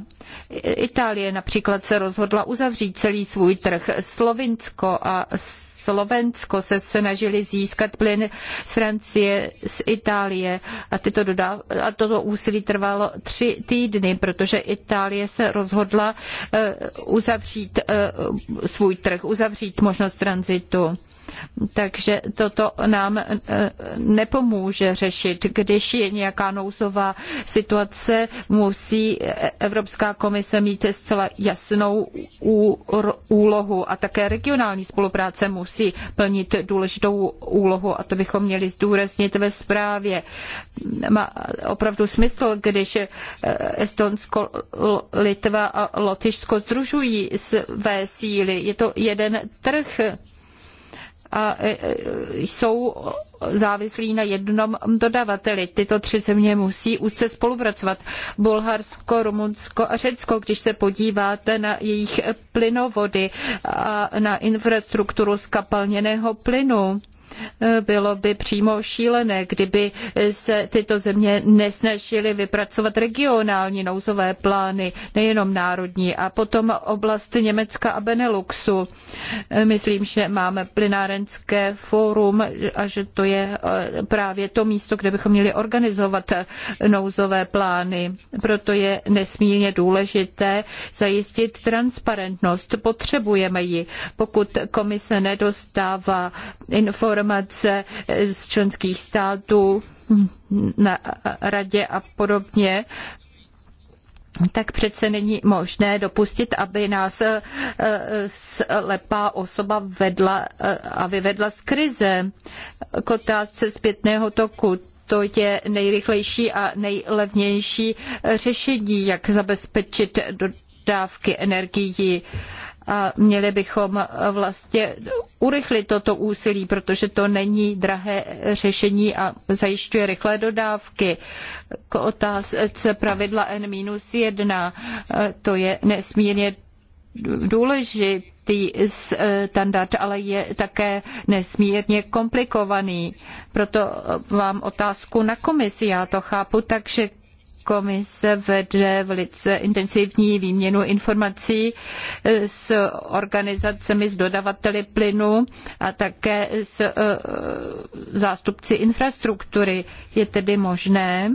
Speaker 4: Itálie například se rozhodla uzavřít celý svůj trh. Slovinsko a Slovensko se snažili získat plyn z Francie, z Itálie a, tyto dodáv- a toto úsilí trvalo tři týdny, protože Itálie se rozhodla eh, uzavřít svůj trh, uzavřít možnost tranzitu. Takže toto nám eh, nepomůže řešit. Když je nějaká nouzová situace, musí Evropská komise mít zcela jasnou úlohu a také regionální spolupráce musí plnit důležitou úlohu a to bychom měli zdůraznit ve zprávě. Má opravdu smysl, když eh, Estonsko, Litva a Lotyšsko združují své síly. Je to jeden trh a e, e, jsou závislí na jednom dodavateli. Tyto tři země musí úzce spolupracovat. Bulharsko, Rumunsko a Řecko, když se podíváte na jejich plynovody a na infrastrukturu skapalněného plynu bylo by přímo šílené, kdyby se tyto země nesnažily vypracovat regionální nouzové plány, nejenom národní, a potom oblast Německa a Beneluxu. Myslím, že máme plynárenské fórum a že to je eh, právě to místo, kde bychom měli organizovat nouzové plány. Proto je nesmírně důležité zajistit transparentnost. Potřebujeme ji, pokud komise nedostává informace informace eh, z členských států hm, na radě a podobně, tak přece není možné dopustit, aby nás eh, slepá osoba vedla eh, a vyvedla z krize. K otázce zpětného toku, to je nejrychlejší a nejlevnější řešení, jak zabezpečit dodávky energií a měli bychom eh, vlastně urychlit toto úsilí, protože to není drahé řešení a zajišťuje rychlé dodávky. K otázce pravidla N-1 eh, to je nesmírně důležitý standard, ale je také nesmírně komplikovaný. Proto mám otázku na komisi. Já to chápu, takže komise vede velice intenzivní výměnu informací e, s organizacemi, s dodavateli plynu a také s e, zástupci infrastruktury. Je tedy možné,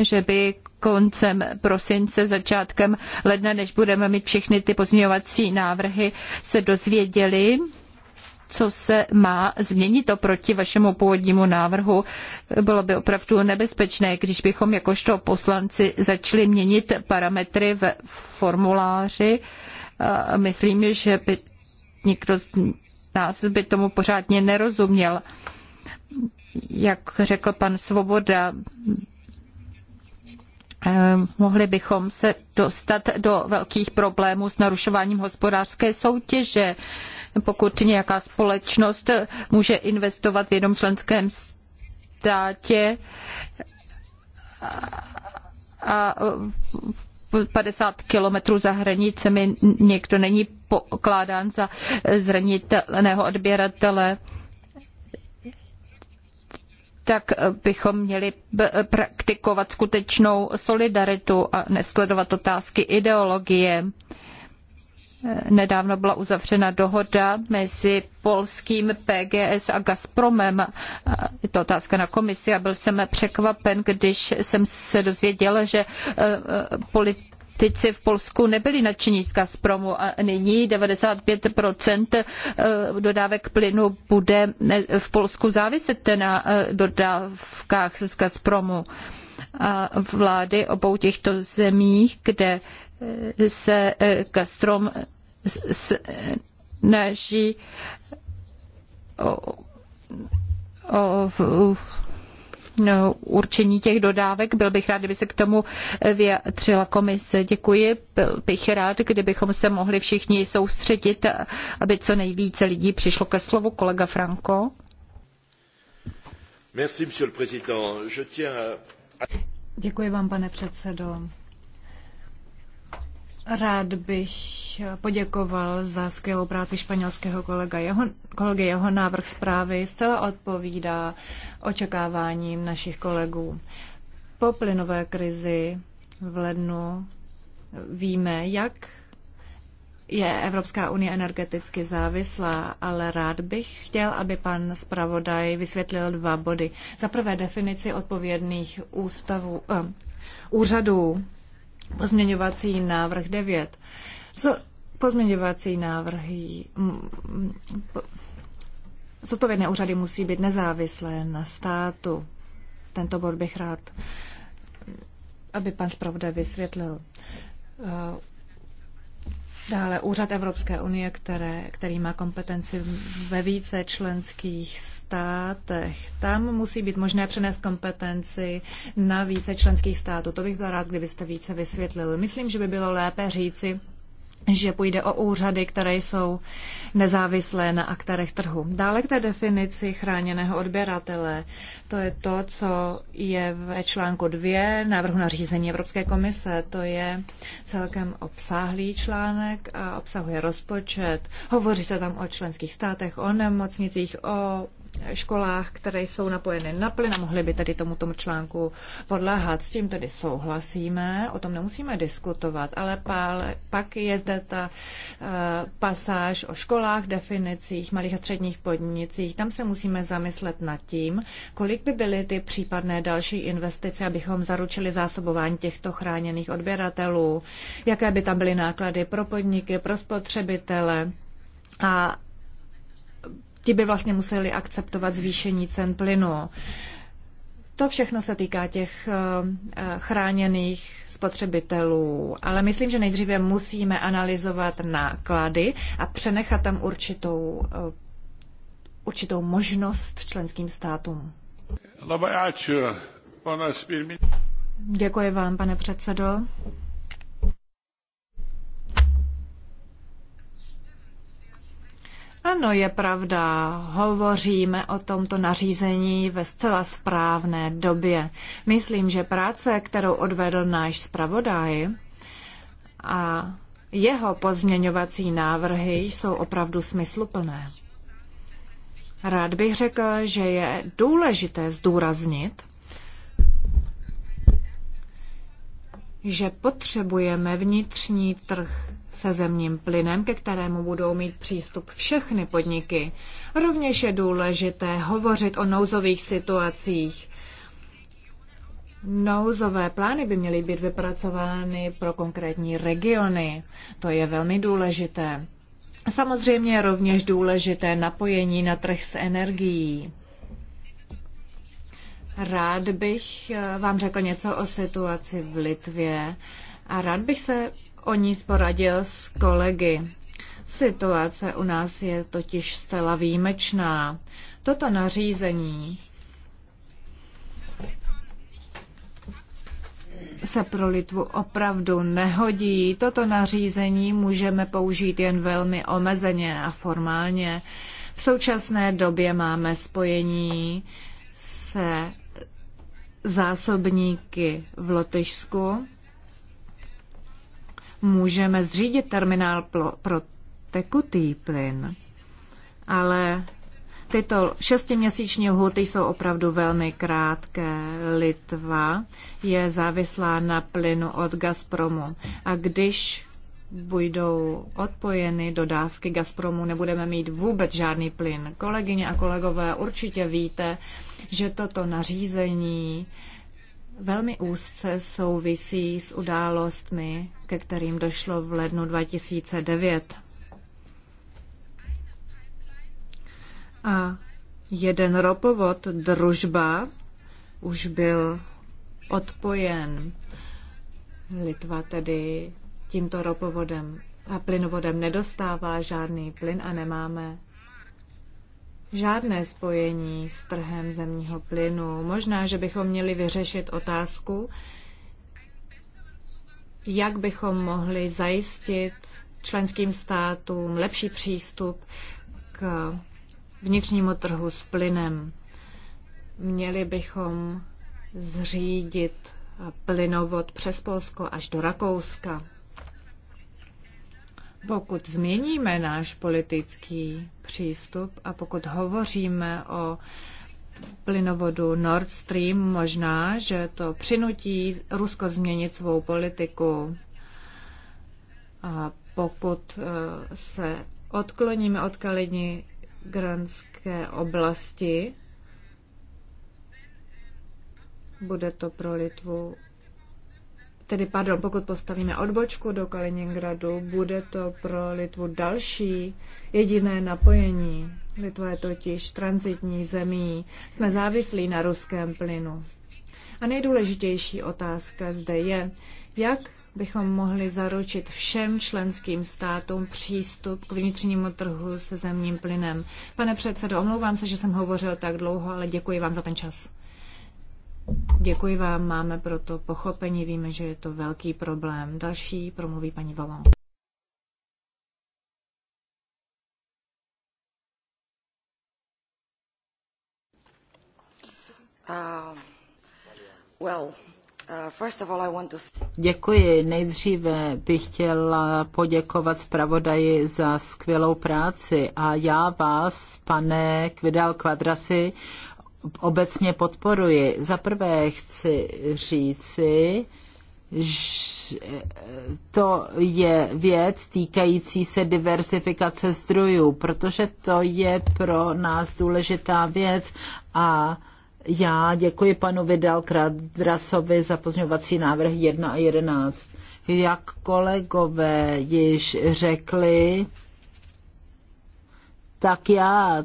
Speaker 4: že by koncem prosince, začátkem ledna, než budeme mít všechny ty pozměňovací návrhy, se dozvěděli, co se má změnit oproti vašemu původnímu návrhu. Bylo by opravdu nebezpečné, když bychom jakožto poslanci začali měnit parametry v formuláři. Myslím, že by nikdo z nás by tomu pořádně nerozuměl. Jak řekl pan Svoboda, eh, mohli bychom se dostat do velkých problémů s narušováním hospodářské soutěže pokud nějaká společnost může investovat v jednom členském státě a 50 kilometrů za hranicemi někdo není pokládán za zranitelného odběratele, tak bychom měli praktikovat skutečnou solidaritu a nesledovat otázky ideologie. Nedávno byla uzavřena dohoda mezi polským PGS a Gazpromem. Je to otázka na komisi a byl jsem překvapen, když jsem se dozvěděl, že eh, eh, politici v Polsku nebyli nadšení z Gazpromu a nyní 95% eh, dodávek plynu bude v Polsku záviset na dodávkách z Gazpromu. A vlády obou těchto zemí, kde se eh, Gazprom snaží o, o, No, určení těch dodávek. Byl bych rád, kdyby se k tomu vyjadřila komise. Děkuji. Byl bych rád, kdybychom se mohli všichni soustředit, aby co nejvíce lidí přišlo ke slovu. Kolega Franco.
Speaker 2: Děkuji vám, pane předsedo. Rád bych poděkoval za skvělou práci španělského kolega. Jeho, kolegy. Jeho návrh zprávy zcela odpovídá očekáváním našich kolegů. Po plynové krizi v lednu víme, jak je Evropská unie energeticky závislá, ale rád bych chtěl, aby pan zpravodaj vysvětlil dva body. Za prvé definici odpovědných ústavů, eh, úřadů Pozměňovací návrh 9. Co pozměňovací návrhy Zodpovědné úřady musí být nezávislé na státu. Tento bod bych rád, aby pan zpravodaj vysvětlil. Eh, dále úřad Evropské unie, které, který má kompetenci ve více členských státech. Tam musí být možné přenést kompetenci na více členských států. To bych byl rád, kdybyste více vysvětlil. Myslím, že by bylo lépe říci, že půjde o úřady, které jsou nezávislé na aktérech trhu. Dále k té definici chráněného odběratele. To je to, co je ve článku 2 návrhu na řízení Evropské komise. To je celkem obsáhlý článek a obsahuje rozpočet. Hovoří se tam o členských státech, o nemocnicích, o školách, které jsou napojeny na plyn a mohly by tedy tomu tomu článku podléhat. S tím tedy souhlasíme, o tom nemusíme diskutovat, ale pál, pak je zde ta uh, pasáž o školách, definicích, malých a středních podnicích. Tam se musíme zamyslet nad tím, kolik by byly ty případné další investice, abychom zaručili zásobování těchto chráněných odběratelů, jaké by tam byly náklady pro podniky, pro spotřebitele a ti by vlastně museli akceptovat zvýšení cen plynu. To všechno se týká těch eh, chráněných spotřebitelů, ale myslím, že nejdříve musíme analyzovat náklady a přenechat tam určitou, eh, určitou možnost členským státům. Děkuji vám, pane předsedo. Ano, je pravda, hovoříme o tomto nařízení ve zcela správné době. Myslím, že práce, kterou odvedl náš zpravodaj a jeho pozměňovací návrhy jsou opravdu smysluplné. Rád bych řekl, že je důležité zdůraznit, že potřebujeme vnitřní trh se zemním plynem, ke kterému budou mít přístup všechny podniky. Rovněž je důležité hovořit o nouzových situacích. Nouzové plány by měly být vypracovány pro konkrétní regiony. To je velmi důležité. Samozřejmě je rovněž důležité napojení na trh s energií. Rád bych eh, vám řekl něco o situaci v Litvě a rád bych se o ní sporadil s kolegy. Situace u nás je totiž zcela výjimečná. Toto nařízení se pro Litvu opravdu nehodí. Toto nařízení můžeme použít jen velmi omezeně a formálně. V současné době máme spojení se zásobníky v Lotyšsku můžeme zřídit terminál pro tekutý plyn, ale tyto šestiměsíční lhuty jsou opravdu velmi krátké. Litva je závislá na plynu od Gazpromu a když budou odpojeny dodávky Gazpromu, nebudeme mít vůbec žádný plyn. Kolegyně a kolegové, určitě víte, že toto nařízení velmi úzce souvisí s událostmi ke kterým došlo v lednu 2009. A jeden ropovod družba už byl odpojen. Litva tedy tímto ropovodem a plynovodem nedostává žádný plyn a nemáme žádné spojení s trhem zemního plynu. Možná, že bychom měli vyřešit otázku, jak bychom mohli zajistit členským státům lepší přístup k vnitřnímu trhu s plynem. Měli bychom zřídit plynovod přes Polsko až do Rakouska. Pokud změníme náš politický přístup a pokud hovoříme o plynovodu Nord Stream možná, že to přinutí Rusko změnit svou politiku. A pokud e, se odkloníme od granské oblasti, bude to pro Litvu tedy pardon, pokud postavíme odbočku do Kaliningradu, bude to pro Litvu další jediné napojení. Litva je totiž transitní zemí. Jsme závislí na ruském plynu. A nejdůležitější otázka zde je, jak bychom mohli zaručit všem členským státům přístup k vnitřnímu trhu se zemním plynem. Pane předsedo, omlouvám se, že jsem hovořil tak dlouho, ale děkuji vám za ten čas. Děkuji vám, máme proto pochopení, víme, že je to velký problém. Další promluví paní Valon. Um, uh,
Speaker 3: Děkuji. Nejdříve bych chtěla poděkovat zpravodaji za skvělou práci a já vás, pane Kvidal Kvadrasi, obecně podporuji. Za prvé chci říci, to je věc týkající se diversifikace zdrojů, protože to je pro nás důležitá věc a já děkuji panu Vidal Kradrasovi za pozměňovací návrh 1 a 11. Jak kolegové již řekli, tak já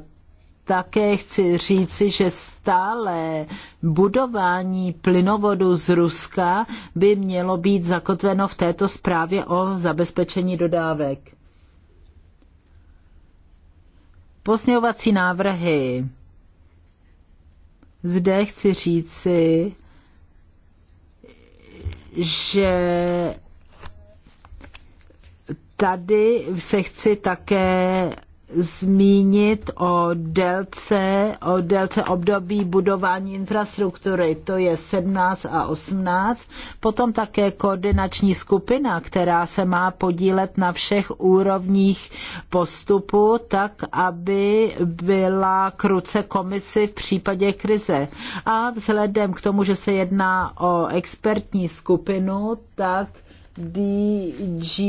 Speaker 3: také chci říci, že stále budování plynovodu z Ruska by mělo být zakotveno v této zprávě o zabezpečení dodávek. Pozměňovací návrhy zde chci říci, že tady se chci také zmínit o délce, o délce období budování infrastruktury, to je 17 a 18, potom také koordinační skupina, která se má podílet na všech úrovních postupu, tak aby byla kruce komisi v případě krize. A vzhledem k tomu, že se jedná o expertní skupinu, tak DG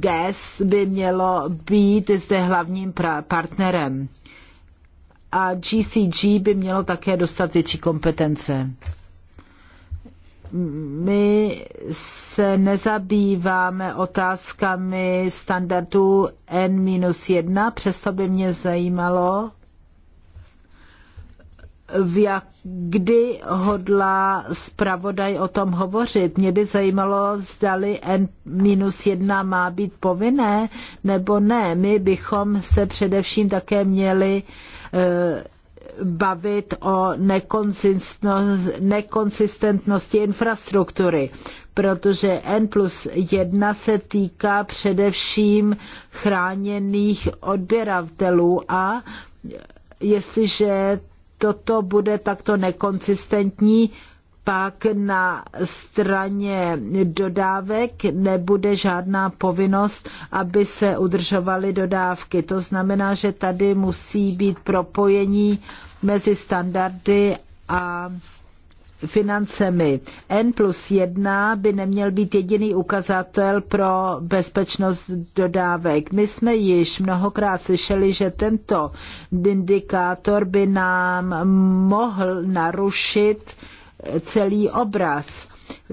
Speaker 3: GES by mělo být zde hlavním partnerem. A GCG by mělo také dostat větší kompetence. My se nezabýváme otázkami standardu N-1, přesto by mě zajímalo, v jak, kdy hodlá zpravodaj o tom hovořit. Mě by zajímalo, zdali N-1 má být povinné nebo ne. My bychom se především také měli e, bavit o nekonsistentnosti infrastruktury, protože N plus 1 se týká především chráněných odběratelů a jestliže toto bude takto nekonsistentní, pak na straně dodávek nebude žádná povinnost, aby se udržovaly dodávky. To znamená, že tady musí být propojení mezi standardy a financemi. N plus 1 by neměl být jediný ukazatel pro bezpečnost dodávek. My jsme již mnohokrát slyšeli, že tento indikátor by nám mohl narušit celý obraz.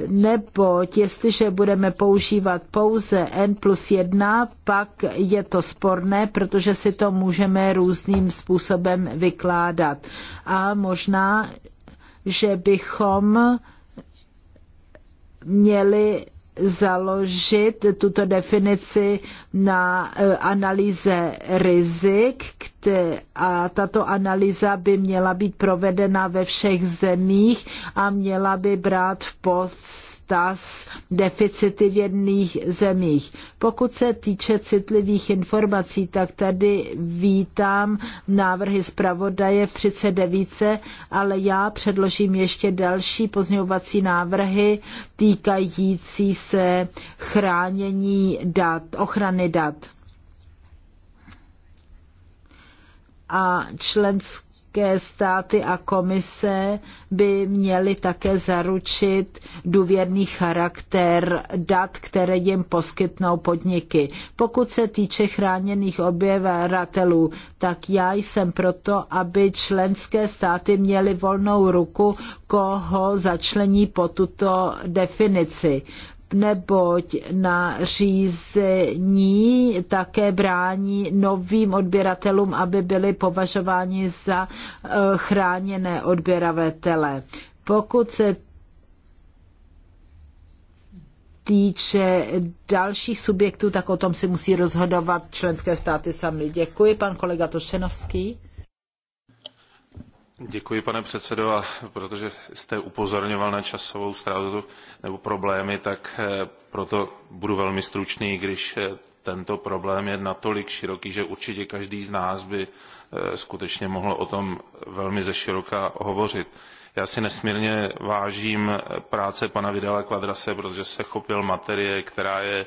Speaker 3: Neboť jestliže budeme používat pouze N plus 1, pak je to sporné, protože si to můžeme různým způsobem vykládat. A možná, že bychom měli založit tuto definici na e, analýze rizik a tato analýza by měla být provedena ve všech zemích a měla by brát v pot s deficity v jedných zemích. Pokud se týče citlivých informací, tak tady vítám návrhy zpravodaje v 39, ale já předložím ještě další pozňovací návrhy týkající se chránění dat, ochrany dat. A členské členské státy a komise by měly také zaručit důvěrný charakter dat, které jim poskytnou podniky. Pokud se týče chráněných objevatelů, tak já jsem proto, aby členské státy měly volnou ruku, koho začlení po tuto definici neboť na řízení také brání novým odběratelům, aby byli považováni za eh, chráněné odběravatele. Pokud se týče dalších subjektů, tak o tom si musí rozhodovat členské státy sami. Děkuji, pan kolega Tošenovský.
Speaker 1: Děkuji, pane předsedo, a protože jste upozorňoval na časovou ztrátu nebo problémy, tak eh, proto budu velmi stručný, když eh, tento problém je natolik široký, že určitě každý z nás by eh, skutečně mohl o tom velmi zeširoka hovořit. Já si nesmírně vážím práce pana Vidala Quadrase, protože se chopil materie, která je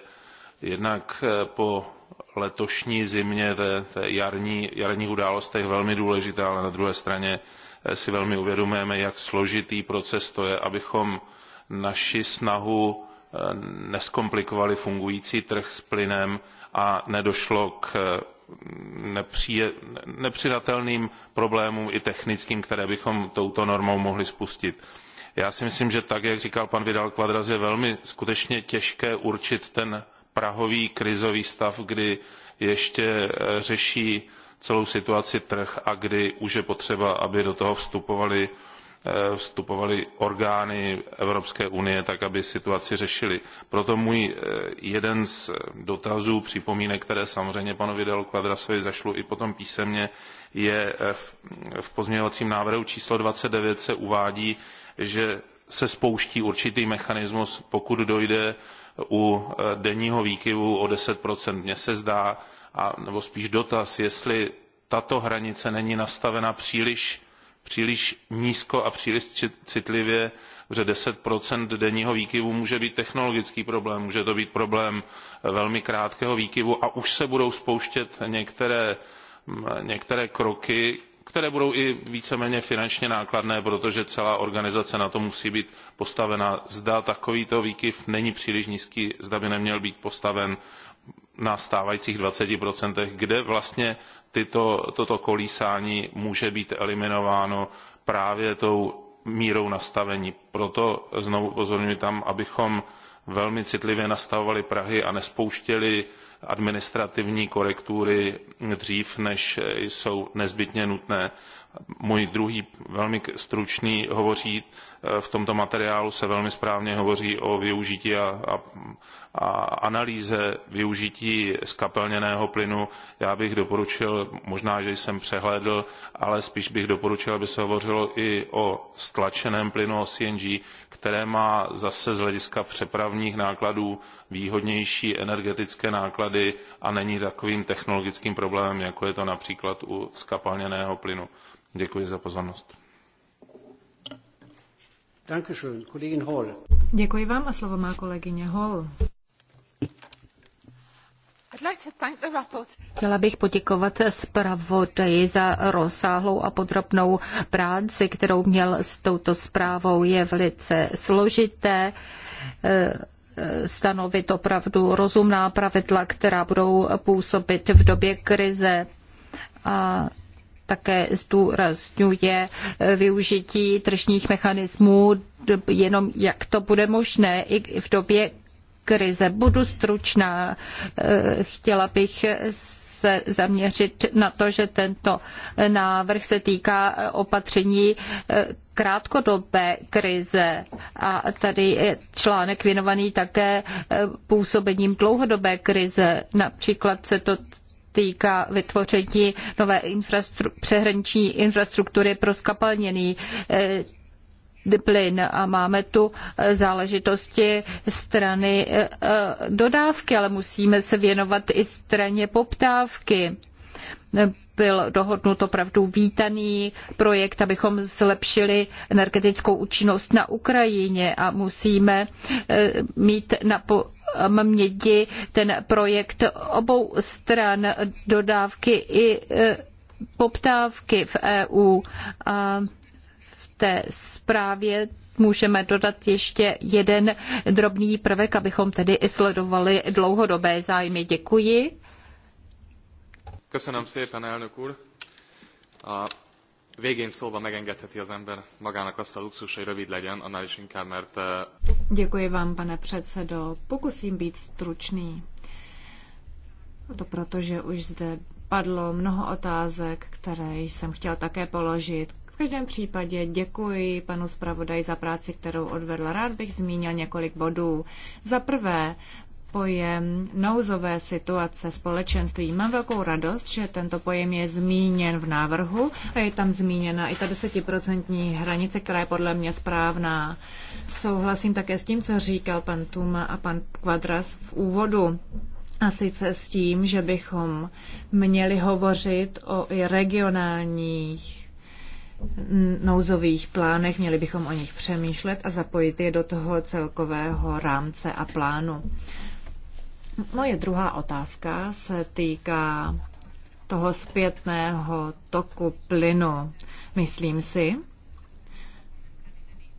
Speaker 1: jednak po letošní zimě, té, té jarní, jarních událostech velmi důležitá, ale na druhé straně si velmi uvědomujeme, jak složitý proces to je, abychom naši snahu eh, neskomplikovali fungující trh s plynem a nedošlo k mm, nepříje, nepřidatelným problémům i technickým, které bychom touto normou mohli spustit. Já si myslím, že tak, jak říkal pan Vidal Quadras, je velmi skutečně těžké určit ten prahový krizový stav, kdy ještě eh, řeší celou situaci trh a kdy už je potřeba, aby do toho vstupovaly eh, orgány Evropské unie tak, aby situaci řešili. Proto můj eh, jeden z dotazů, připomínek, které samozřejmě panu Vidal Kvadrasovi zašlu i potom písemně, je eh, v, v pozměňovacím návrhu číslo 29 se uvádí, že se spouští určitý mechanismus, pokud dojde u denního výkyvu o 10%. Mně se zdá, a, nebo spíš dotaz, jestli tato hranice není nastavena příliš, příliš nízko a příliš citlivě, že 10 denního výkyvu může být technologický problém, může to být problém eh, velmi krátkého výkyvu a už se budou spouštět některé, mm, některé kroky, které budou i víceméně finančně nákladné, protože celá organizace na to musí být postavena. Zda takovýto výkyv není příliš nízký, zda by neměl být postaven na stávajících 20%, kde vlastně tyto, toto kolísání může být eliminováno právě tou mírou nastavení. Proto znovu upozorňuji tam, abychom velmi citlivě nastavovali Prahy a nespouštěli administrativní korektury dřív, než jsou nezbytně nutné. Můj druhý velmi stručný hovoří Eh, v tomto materiálu se velmi správně hovoří o využití a, a, a analýze využití skapelněného plynu. Já bych doporučil, možná, že jsem přehlédl, ale spíš bych doporučil, aby se hovořilo i o stlačeném plynu, o CNG, které má zase z hlediska přepravních nákladů výhodnější energetické náklady a není takovým technologickým problémem, jako je to například u skapalněného plynu. Děkuji za pozornost.
Speaker 2: Dankeschön, kolegyně Hall. Děkuji vám a slovo má kolegyně Hall.
Speaker 4: Chtěla bych poděkovat zpravodaji za rozsáhlou a podrobnou práci, kterou měl s touto zprávou. Je velice složité eh, eh, stanovit opravdu rozumná pravidla, která budou působit v době krize. A také zdůrazňuje využití tržních mechanismů jenom jak to bude možné i v době krize. Budu stručná. Eh, chtěla bych se zaměřit na to, že tento návrh se týká eh, opatření eh, krátkodobé krize a tady je článek věnovaný také působením dlouhodobé krize. Například se to týká vytvoření nové infrastru- přehraniční infrastruktury pro skapalněný eh, plyn a máme tu eh, záležitosti strany eh, dodávky, ale musíme se věnovat i straně poptávky. Byl dohodnut opravdu vítaný projekt, abychom zlepšili energetickou účinnost na Ukrajině a musíme mít na po- mědi ten projekt obou stran dodávky i e, poptávky v EU. A v té zprávě můžeme dodat ještě jeden drobný prvek, abychom tedy i sledovali dlouhodobé zájmy. Děkuji.
Speaker 1: Köszönöm szépen, elnök úr. A végén szóba megengedheti az ember magának azt a luxus, hogy rövid legyen, annál is inkább, mert...
Speaker 2: Děkuji vám, pane předsedo. Pokusím být stručný. A to proto, že už zde padlo mnoho otázek, které jsem chtěl také položit. V každém případě děkuji panu zpravodaji za práci, kterou odvedla. Rád bych zmínil několik bodů. Za prvé, pojem nouzové situace společenství. Mám velkou radost, že tento pojem je zmíněn v návrhu a je tam zmíněna i ta desetiprocentní hranice, která je podle mě správná. Souhlasím také s tím, co říkal pan Tuma a pan Quadras v úvodu. A sice s tím, že bychom měli hovořit o i regionálních nouzových plánech, měli bychom o nich přemýšlet a zapojit je do toho celkového rámce a plánu. Moje druhá otázka se týká toho zpětného toku plynu. Myslím si,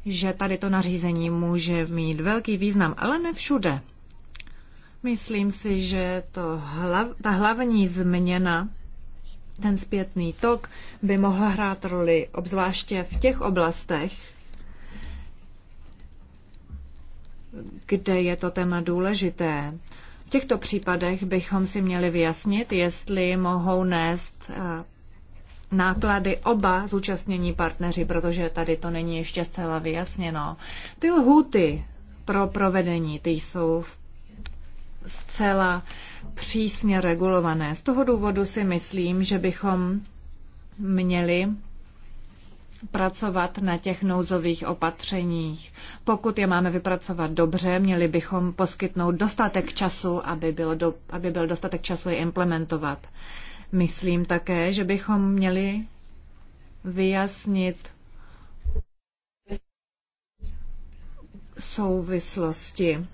Speaker 2: že tady to nařízení může mít velký význam, ale ne všude. Myslím si, že to hlav, ta hlavní změna, ten zpětný tok, by mohla hrát roli, obzvláště v těch oblastech, kde je to téma důležité. V těchto případech bychom si měli vyjasnit, jestli mohou nést eh, náklady oba zúčastnění partneři, protože tady to není ještě zcela vyjasněno. Ty lhuty pro provedení, ty jsou zcela přísně regulované. Z toho důvodu si myslím, že bychom měli pracovat na těch nouzových opatřeních. Pokud je máme vypracovat dobře, měli bychom poskytnout dostatek času, aby, bylo do, aby byl dostatek času je implementovat. Myslím také, že bychom měli vyjasnit souvislosti.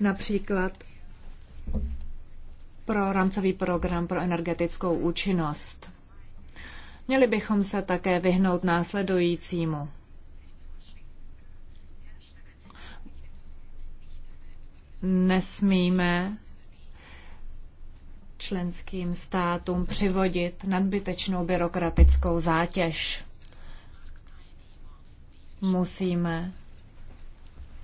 Speaker 2: Například pro rámcový program pro energetickou účinnost Měli bychom se také vyhnout následujícímu. Nesmíme členským státům přivodit nadbytečnou byrokratickou zátěž. Musíme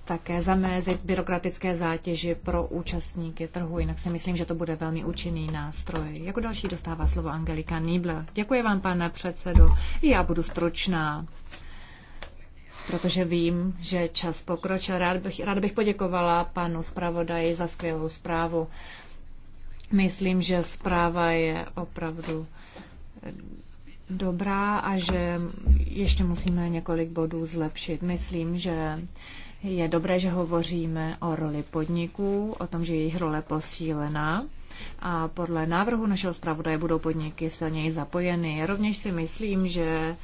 Speaker 2: také zamezit byrokratické zátěži pro účastníky trhu. Jinak si myslím, že to bude velmi účinný nástroj. Jako další dostává slovo Angelika Nýble. Děkuji vám, pane předsedo. Já budu stručná protože vím, že čas pokročil. Rád bych, rád bych poděkovala panu zpravodaji za skvělou zprávu. Myslím, že zpráva je opravdu dobrá a že ještě musíme několik bodů zlepšit. Myslím, že je dobré, že hovoříme o roli podniků, o tom, že jejich role posílená a podle návrhu našeho zpravodaje budou podniky silněji zapojeny. Rovněž si myslím, že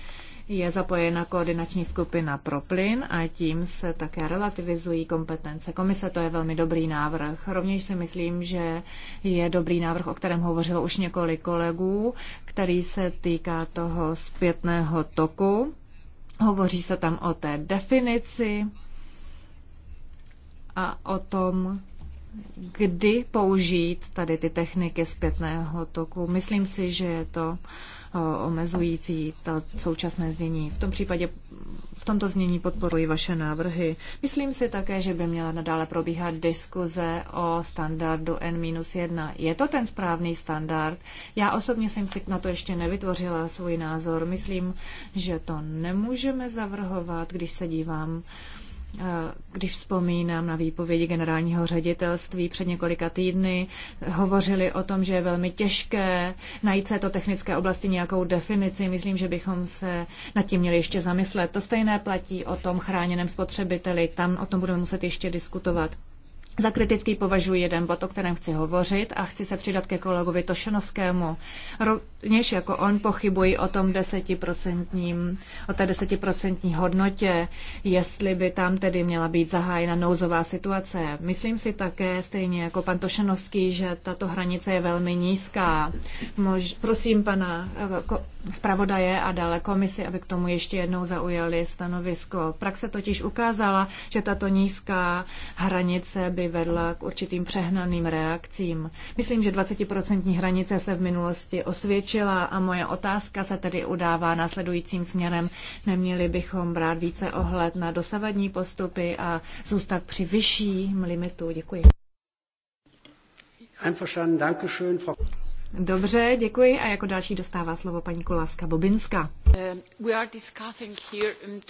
Speaker 2: je zapojena koordinační skupina pro plyn a tím se také relativizují kompetence komise. To je velmi dobrý návrh. Rovněž si myslím, že je dobrý návrh, o kterém hovořilo už několik kolegů, který se týká toho zpětného toku. Hovoří se tam o té definici a o tom, kdy použít tady ty techniky zpětného toku. Myslím si, že je to omezující ta současné znění. V tom případě v tomto znění podporuji vaše návrhy. Myslím si také, že by měla nadále probíhat diskuze o standardu N-1. Je to ten správný standard? Já osobně jsem si na to ještě nevytvořila svůj názor. Myslím, že to nemůžeme zavrhovat, když se dívám uh, Eh, když vzpomínám na výpovědi generálního ředitelství před několika týdny, hovořili o tom, že je velmi těžké najít se to technické oblasti nějakou definici. Myslím, že bychom se nad tím měli ještě zamyslet. To stejné platí o tom chráněném spotřebiteli. Tam o tom budeme muset ještě diskutovat. Za kritický považuji jeden bod, o kterém chci hovořit a chci se přidat ke kolegovi Tošenovskému. Rovněž jako on pochybuji o tom desetiprocentním, o té desetiprocentní hodnotě, jestli by tam tedy měla být zahájena nouzová situace. Myslím si také, stejně jako pan Tošenovský, že tato hranice je velmi nízká. Mož, prosím pana eh, zpravodaje a dále komisi, aby k tomu ještě jednou zaujali stanovisko. Praxe totiž ukázala, že tato nízká hranice by by vedla k určitým přehnaným reakcím. Myslím, že 20% hranice se v minulosti osvědčila a moje otázka se tedy udává následujícím směrem. Neměli bychom brát více ohled na dosavadní postupy a zůstat při vyšším limitu. Děkuji. Dobře, děkuji. A jako další dostává slovo paní Koláska Bobinská. Uh, um,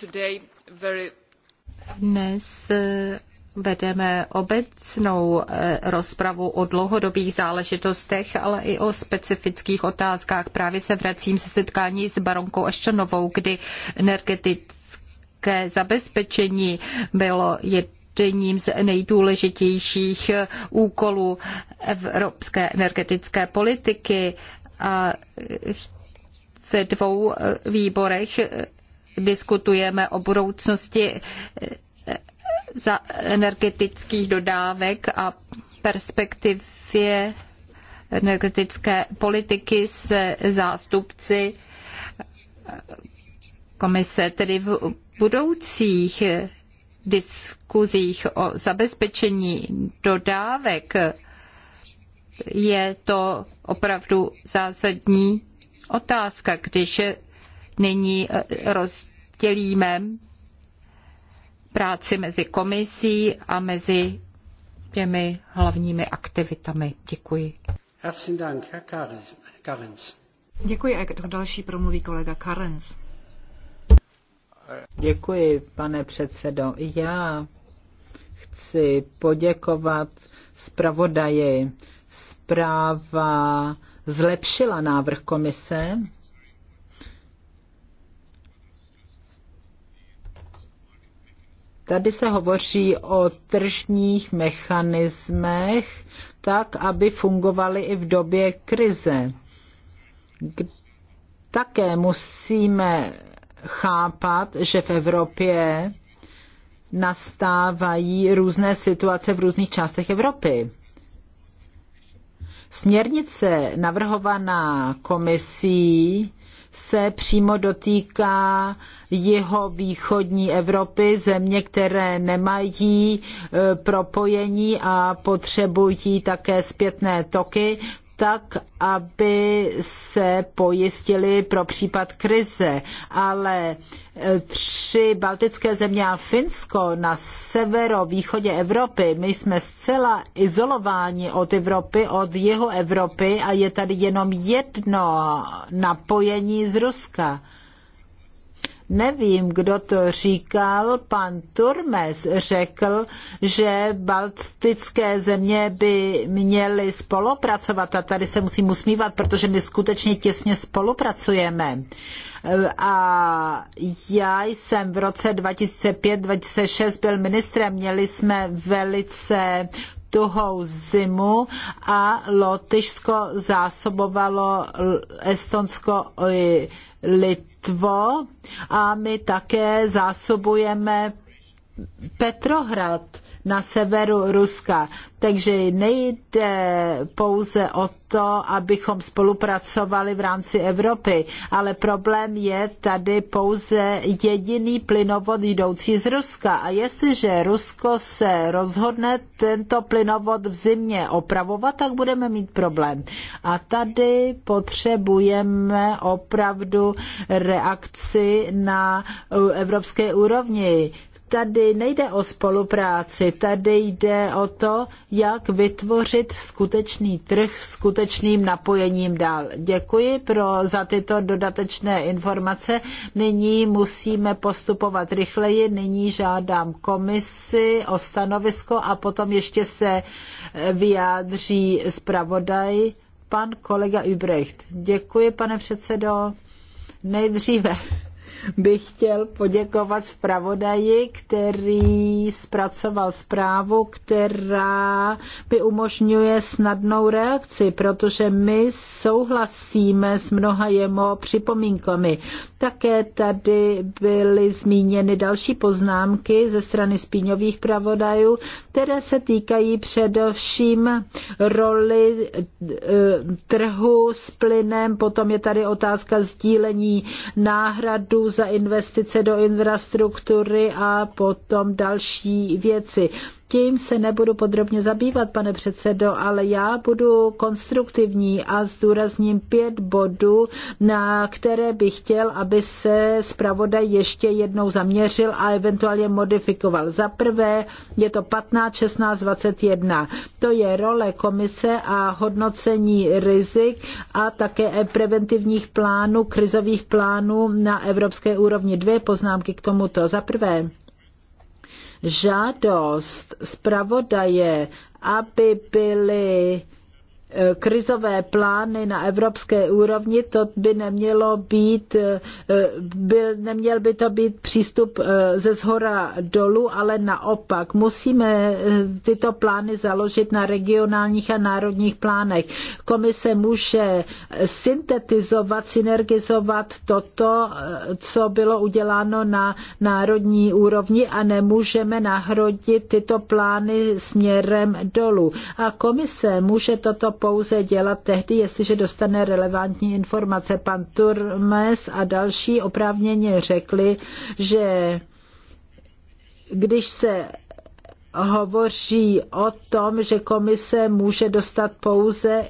Speaker 2: Dnes eh,
Speaker 4: vedeme obecnou eh, rozpravu o dlouhodobých záležitostech, ale i o specifických otázkách. Právě se vracím ze setkání s baronkou Aščanovou, kdy energetické zabezpečení bylo jedním z nejdůležitějších eh, úkolů evropské energetické politiky a eh, ve dvou výborech diskutujeme o budoucnosti za energetických dodávek a perspektivě energetické politiky se zástupci komise, tedy v budoucích diskuzích o zabezpečení dodávek je to opravdu zásadní otázka, když nyní rozdělíme práci mezi komisí a mezi těmi hlavními aktivitami. Děkuji.
Speaker 2: Děkuji. A další promluví kolega Karens.
Speaker 3: Děkuji, pane předsedo. Já chci poděkovat zpravodaji. Zpráva zlepšila návrh komise Tady se hovoří o tržních mechanismech, tak, aby fungovaly i v době krize. Také musíme chápat, že v Evropě nastávají různé situace v různých částech Evropy. Směrnice navrhovaná komisí se přímo dotýká jeho východní Evropy, země, které nemají e, propojení a potřebují také zpětné toky tak, aby se pojistili pro případ krize, ale e, tři baltické země a Finsko na severovýchodě Evropy, my jsme zcela izolováni od Evropy, od jihu Evropy a je tady jenom jedno napojení z Ruska. Nevím, kdo to říkal, pan Turmes řekl, že baltické země by měly spolupracovat a tady se musím usmívat, protože my skutečně těsně spolupracujeme. A já jsem v roce 2005-2006 byl ministrem, měli jsme velice tuhou zimu a Lotyšsko zásobovalo Estonsko i lidstvo a my také zásobujeme Petrohrad na severu Ruska. Takže nejde pouze o to, abychom spolupracovali v rámci Evropy, ale problém je tady pouze jediný plynovod jdoucí z Ruska. A jestliže Rusko se rozhodne tento plynovod v zimě opravovat, tak budeme mít problém. A tady potřebujeme opravdu reakci na evropské úrovni tady nejde o spolupráci, tady jde o to, jak vytvořit skutečný trh s skutečným napojením dál. Děkuji pro, za tyto dodatečné informace. Nyní musíme postupovat rychleji, nyní žádám komisi o stanovisko a potom ještě se eh, vyjádří zpravodaj pan kolega Ubrecht. Děkuji, pane předsedo. Nejdříve bych chtěl poděkovat zpravodaji, který zpracoval zprávu, která by umožňuje snadnou reakci, protože my souhlasíme s mnoha jeho připomínkami. Také tady byly zmíněny další poznámky ze strany spíňových pravodajů, které se týkají především roli e, trhu s plynem, potom je tady otázka sdílení náhradu za investice do infrastruktury a potom další věci tím se nebudu podrobně zabývat, pane předsedo, ale já budu konstruktivní a zdůrazním pět bodů, na které bych chtěl, aby se zpravodaj ještě jednou zaměřil a eventuálně modifikoval. Za prvé je to 15, 16, 21. To je role komise a hodnocení rizik a také preventivních plánů, krizových plánů na evropské úrovni. Dvě poznámky k tomuto. Za prvé, žádost zpravodaje, aby byly krizové plány na evropské úrovni, to by nemělo být, eh, by, neměl by to být přístup eh, ze zhora dolů, ale naopak. Musíme eh, tyto plány založit na regionálních a národních plánech. Komise může syntetizovat, synergizovat toto, co bylo uděláno na národní úrovni a nemůžeme nahrodit tyto plány směrem dolů. A komise může toto pouze dělat tehdy, jestliže dostane relevantní informace. Pan Turmes a další oprávněně řekli, že když se hovoří o tom, že komise může dostat pouze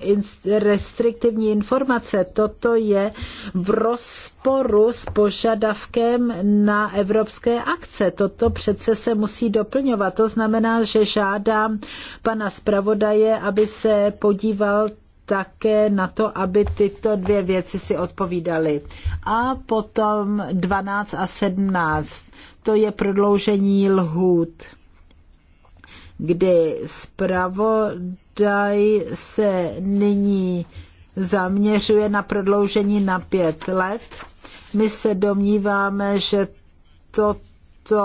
Speaker 3: restriktivní informace. Toto je v rozporu s požadavkem na evropské akce. Toto přece se musí doplňovat. To znamená, že žádám pana zpravodaje, aby se podíval také na to, aby tyto dvě věci si odpovídaly. A potom 12 a 17. To je prodloužení lhůt kdy zpravodaj se nyní zaměřuje na prodloužení na pět let. My se domníváme, že toto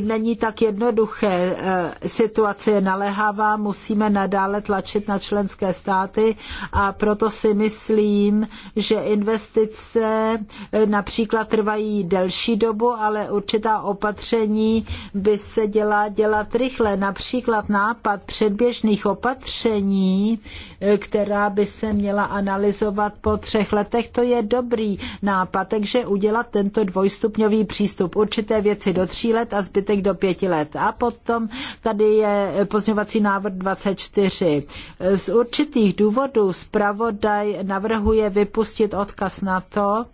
Speaker 3: není tak jednoduché. Eh, situace je naléhavá, musíme nadále tlačit na členské státy a proto si myslím, že investice eh, například trvají delší dobu, ale určitá opatření by se dělá dělat rychle. Například nápad předběžných opatření, eh, která by se měla analyzovat po třech letech, to je dobrý nápad, takže udělat tento dvojstupňový přístup. Určité věci do tří let a zbytek do pěti let. A potom tady je pozměňovací návrh 24. Z určitých důvodů zpravodaj navrhuje vypustit odkaz na to,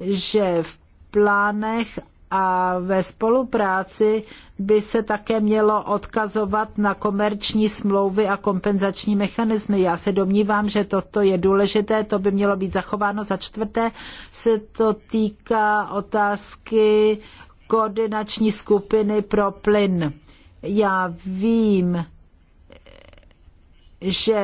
Speaker 3: že v plánech a ve spolupráci by se také mělo odkazovat na komerční smlouvy a kompenzační mechanismy. Já se domnívám, že toto je důležité, to by mělo být zachováno. Za čtvrté se to týká otázky koordinační skupiny pro plyn. Já vím, že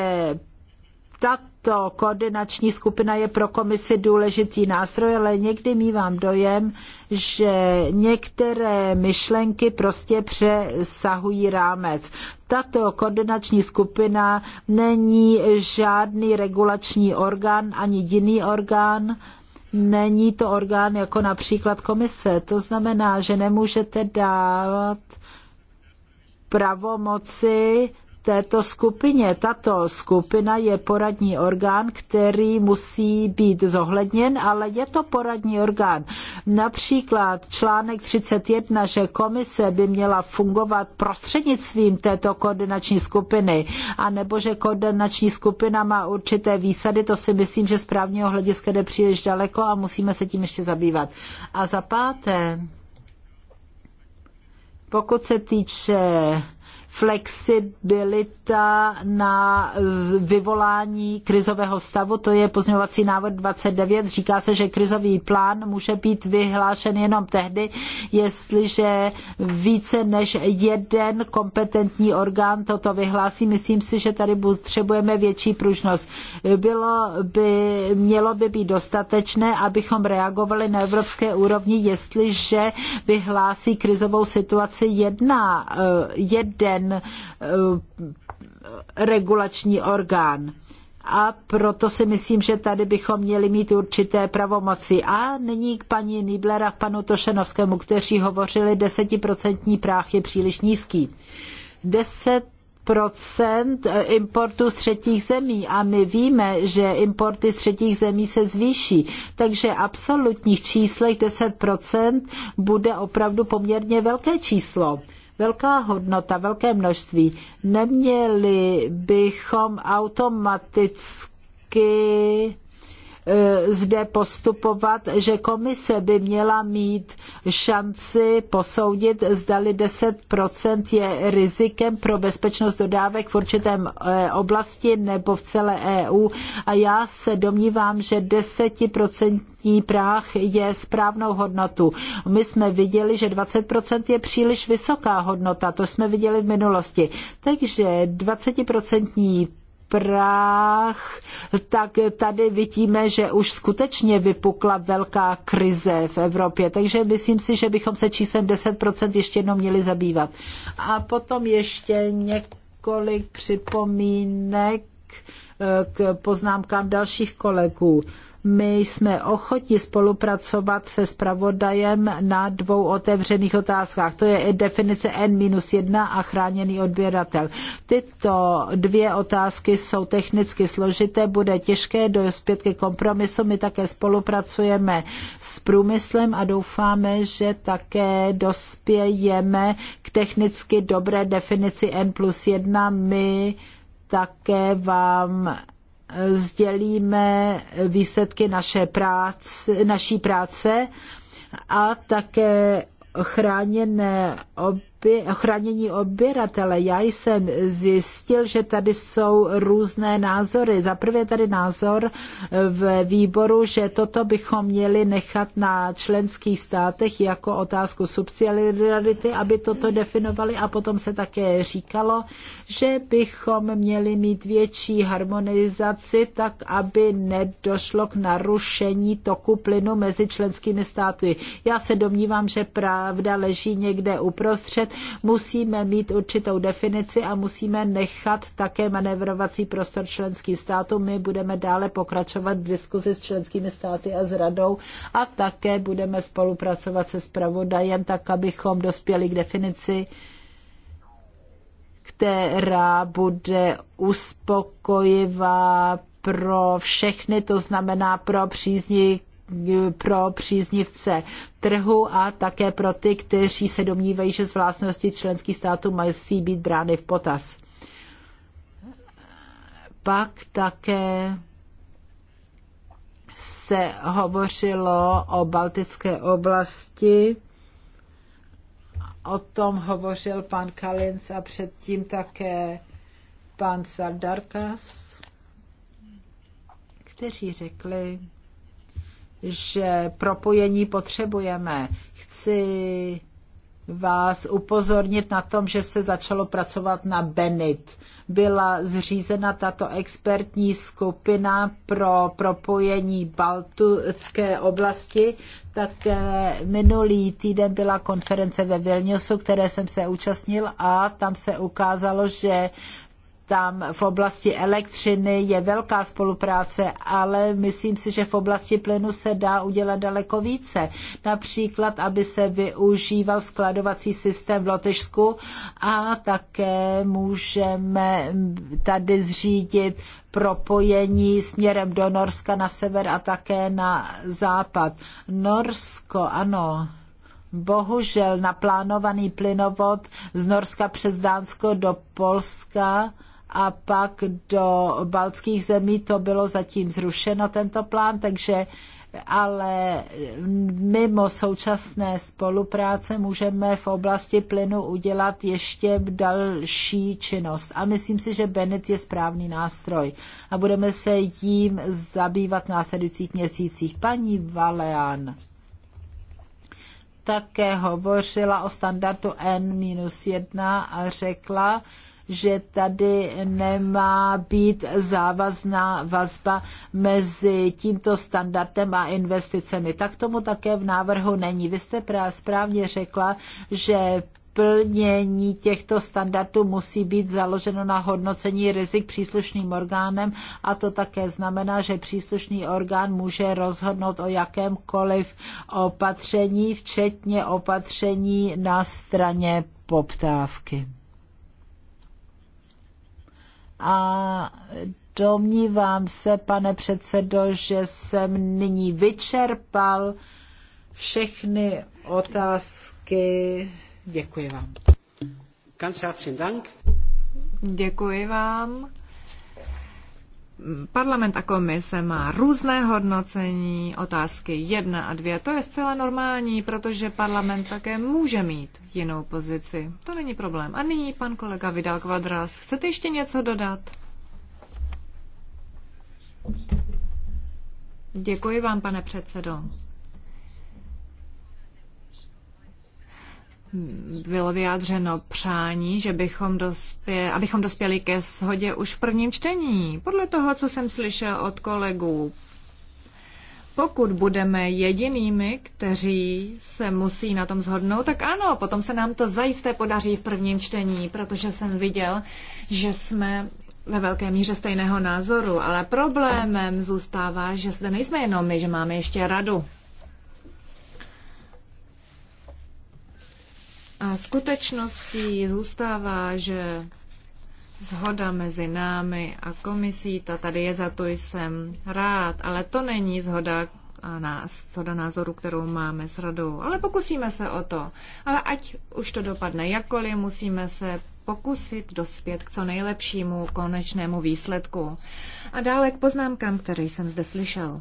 Speaker 3: tato koordinační skupina je pro komisi důležitý nástroj, ale někdy mývám dojem, že některé myšlenky prostě přesahují rámec. Tato koordinační skupina není žádný regulační orgán ani jiný orgán, není to orgán jako například komise. To znamená, že nemůžete dávat pravomoci této skupině. Tato skupina je poradní orgán, který musí být zohledněn, ale je to poradní orgán. Například článek 31, že komise by měla fungovat prostřednictvím této koordinační skupiny, anebo že koordinační skupina má určité výsady, to si myslím, že z právního hlediska jde příliš daleko a musíme se tím ještě zabývat. A za páté, pokud se týče flexibilita na vyvolání krizového stavu, to je pozměňovací návrh 29. Říká se, že krizový plán může být vyhlášen jenom tehdy, jestliže více než jeden kompetentní orgán toto vyhlásí. Myslím si, že tady potřebujeme větší pružnost. Bylo by, mělo by být dostatečné, abychom reagovali na evropské úrovni, jestliže vyhlásí krizovou situaci jedna, eh, jeden ten eh, regulační orgán. A proto si myslím, že tady bychom měli mít určité pravomoci. A nyní k paní Nibler a k panu Tošenovskému, kteří hovořili, desetiprocentní práh je příliš nízký. 10 procent eh, importu z třetích zemí a my víme, že importy z třetích zemí se zvýší, takže absolutních číslech 10 procent bude opravdu poměrně velké číslo velká hodnota, velké množství. Neměli bychom automaticky E, zde postupovat, že komise by měla mít šanci posoudit, zdali 10% je rizikem pro bezpečnost dodávek v určitém e, oblasti nebo v celé EU. A já se domnívám, že 10% práh je správnou hodnotu. My jsme viděli, že 20% je příliš vysoká hodnota, to jsme viděli v minulosti. Takže 20% prach, tak tady vidíme, že už skutečně vypukla velká krize v Evropě. Takže myslím si, že bychom se číslem 10% ještě jednou měli zabývat. A potom ještě několik připomínek eh, k poznámkám dalších kolegů. My jsme ochotni spolupracovat se spravodajem na dvou otevřených otázkách. To je definice N-1 a chráněný odběratel. Tyto dvě otázky jsou technicky složité, bude těžké dospět ke kompromisu. My také spolupracujeme s průmyslem a doufáme, že také dospějeme k technicky dobré definici N plus 1. My také vám sdělíme výsledky naše práce, naší práce a také chráněné ob oby, chránění obyvatele. Já jsem zjistil, že tady jsou různé názory. Za prvé tady názor v výboru, že toto bychom měli nechat na členských státech jako otázku subsidiarity, aby toto definovali a potom se také říkalo, že bychom měli mít větší harmonizaci tak, aby nedošlo k narušení toku plynu mezi členskými státy. Já se domnívám, že pravda leží někde uprostřed 20, musíme mít určitou definici a musíme nechat také manevrovací prostor členských států. My budeme dále pokračovat v diskuzi s členskými státy a s radou a také budeme spolupracovat se zpravodajem, tak abychom dospěli k definici která bude uspokojivá pro všechny, to znamená pro příznivé pro příznivce trhu a také pro ty, kteří se domnívají, že z vlastnosti členských států mají být brány v potaz. Pak také se hovořilo o baltické oblasti. O tom hovořil pan Kalinc a předtím také pan Sardarkas, kteří řekli, že propojení potřebujeme. Chci vás upozornit na tom, že se začalo pracovat na Benit. Byla zřízena tato expertní skupina pro propojení Baltské oblasti. Tak minulý týden byla konference ve Vilniusu, které jsem se účastnil a tam se ukázalo, že tam v oblasti elektřiny je velká spolupráce, ale myslím si, že v oblasti plynu se dá udělat daleko více. Například, aby se využíval skladovací systém v Lotyšsku a také můžeme tady zřídit propojení směrem do Norska na sever a také na západ. Norsko, ano, bohužel naplánovaný plynovod z Norska přes Dánsko do Polska a pak do baltských zemí to bylo zatím zrušeno, tento plán, takže ale mimo současné spolupráce můžeme v oblasti plynu udělat ještě další činnost. A myslím si, že Benet je správný nástroj a budeme se jím zabývat v následujících měsících. Paní Valean také hovořila o standardu N-1 a řekla, že tady nemá být závazná vazba mezi tímto standardem a investicemi. Tak tomu také v návrhu není. Vy jste správně řekla, že plnění těchto standardů musí být založeno na hodnocení rizik příslušným orgánem a to také znamená, že příslušný orgán může rozhodnout o jakémkoliv opatření, včetně opatření na straně poptávky. A domnívám se, pane předsedo, že jsem nyní vyčerpal všechny otázky. Děkuji vám.
Speaker 1: Ganz
Speaker 2: herzlichen Dank. Děkuji vám. Parlament a komise má různé hodnocení, otázky jedna a dvě. To je zcela normální, protože parlament také může mít jinou pozici. To není problém. A nyní pan kolega Vidal Kvadras. Chcete ještě něco dodat? Děkuji vám, pane předsedo. bylo vyjádřeno přání, že bychom dospě, abychom dospěli ke shodě už v prvním čtení. Podle toho, co jsem slyšel od kolegů, pokud budeme jedinými, kteří se musí na tom zhodnout, tak ano, potom se nám to zajisté podaří v prvním čtení, protože jsem viděl, že jsme ve velké míře stejného názoru, ale problémem zůstává, že zde nejsme jenom my, že máme ještě radu. A skutečností zůstává, že zhoda mezi námi a komisí, ta tady je, za to jsem rád, ale to není zhoda a nás, zhoda názoru, kterou máme s radou. Ale pokusíme se o to. Ale ať už to dopadne jakkoliv, musíme se pokusit dospět k co nejlepšímu konečnému výsledku. A dále k poznámkám, které jsem zde slyšel.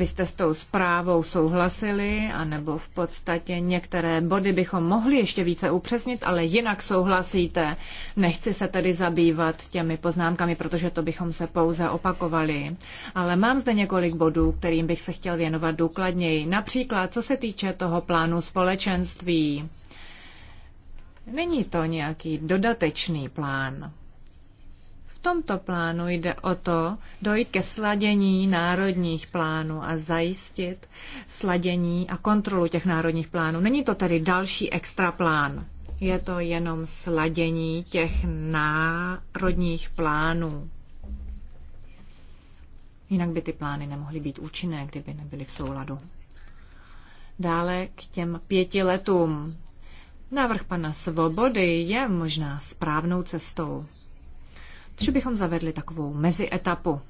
Speaker 2: Vy jste s tou zprávou souhlasili, anebo v podstatě některé body bychom mohli ještě více upřesnit, ale jinak souhlasíte. Nechci se tedy zabývat těmi poznámkami, protože to bychom se pouze opakovali. Ale mám zde několik bodů, kterým bych se chtěl věnovat důkladněji. Například, co se týče toho plánu společenství. Není to nějaký dodatečný plán tomto plánu jde o to dojít ke sladění národních plánů a zajistit sladění a kontrolu těch národních plánů. Není to tedy další extra plán. Je to jenom sladění těch národních plánů. Jinak by ty plány nemohly být účinné, kdyby nebyly v souladu. Dále k těm pěti letům. Návrh pana Svobody je možná správnou cestou že bychom zavedli takovou mezietapu.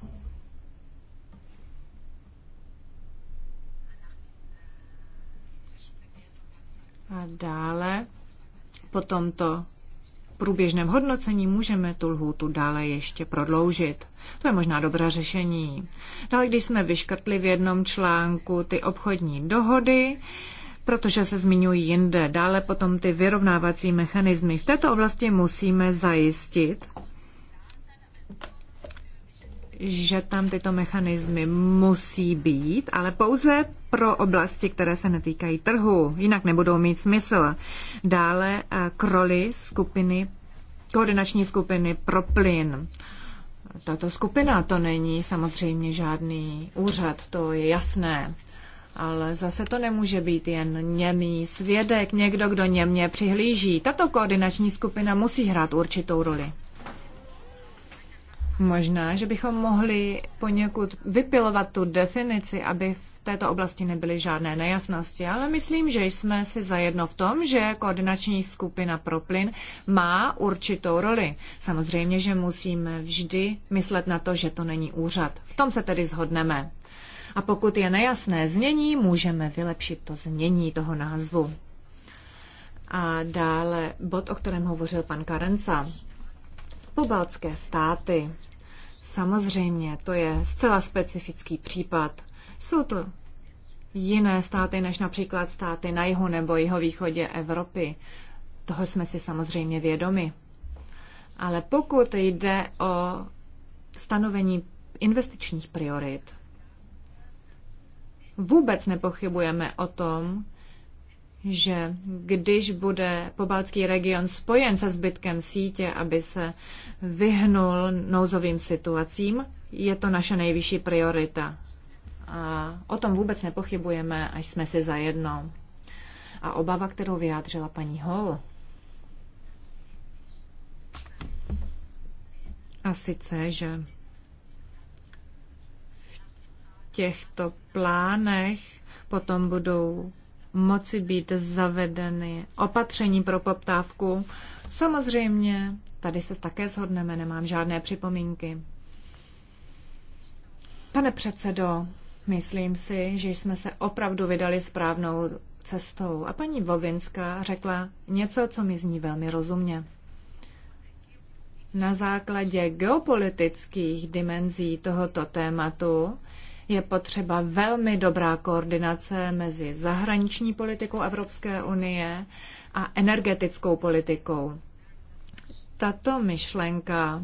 Speaker 2: A dále po tomto průběžném hodnocení můžeme tu lhůtu dále ještě prodloužit. To je možná dobré řešení. Dále, no, když jsme vyškrtli v jednom článku ty obchodní dohody, protože se zmiňují jinde, dále potom ty vyrovnávací mechanismy. V této oblasti musíme zajistit, že tam tyto mechanismy musí být, ale pouze pro oblasti, které se netýkají trhu, jinak nebudou mít smysl. Dále eh, k roli skupiny, koordinační skupiny pro plyn. Tato skupina to není samozřejmě žádný úřad, to je jasné. Ale zase to nemůže být jen němý svědek, někdo, kdo němě přihlíží. Tato koordinační skupina musí hrát určitou roli. Možná, že bychom mohli poněkud vypilovat tu definici, aby v této oblasti nebyly žádné nejasnosti, ale myslím, že jsme si zajedno v tom, že koordinační skupina pro plyn má určitou roli. Samozřejmě, že musíme vždy myslet na to, že to není úřad. V tom se tedy zhodneme. A pokud je nejasné znění, můžeme vylepšit to znění toho názvu. A dále bod, o kterém hovořil pan Karenca. Pobaltské státy. Samozřejmě, to je zcela specifický případ. Jsou to jiné státy než například státy na jihu nebo jihovýchodě Evropy. Toho jsme si samozřejmě vědomi. Ale pokud jde o stanovení investičních priorit, vůbec nepochybujeme o tom, že když bude pobaltský region spojen se zbytkem sítě, aby se vyhnul nouzovým situacím, je to naše nejvyšší priorita. A o tom vůbec nepochybujeme, až jsme si zajedno. A obava, kterou vyjádřila paní Hall, a sice, že v těchto plánech potom budou moci být zavedeny opatření pro poptávku. Samozřejmě, tady se také shodneme, nemám žádné připomínky. Pane předsedo, myslím si, že jsme se opravdu vydali správnou cestou a paní Vovinská řekla něco, co mi zní velmi rozumně. Na základě geopolitických dimenzí tohoto tématu je potřeba velmi dobrá koordinace mezi zahraniční politikou Evropské unie a energetickou politikou. Tato myšlenka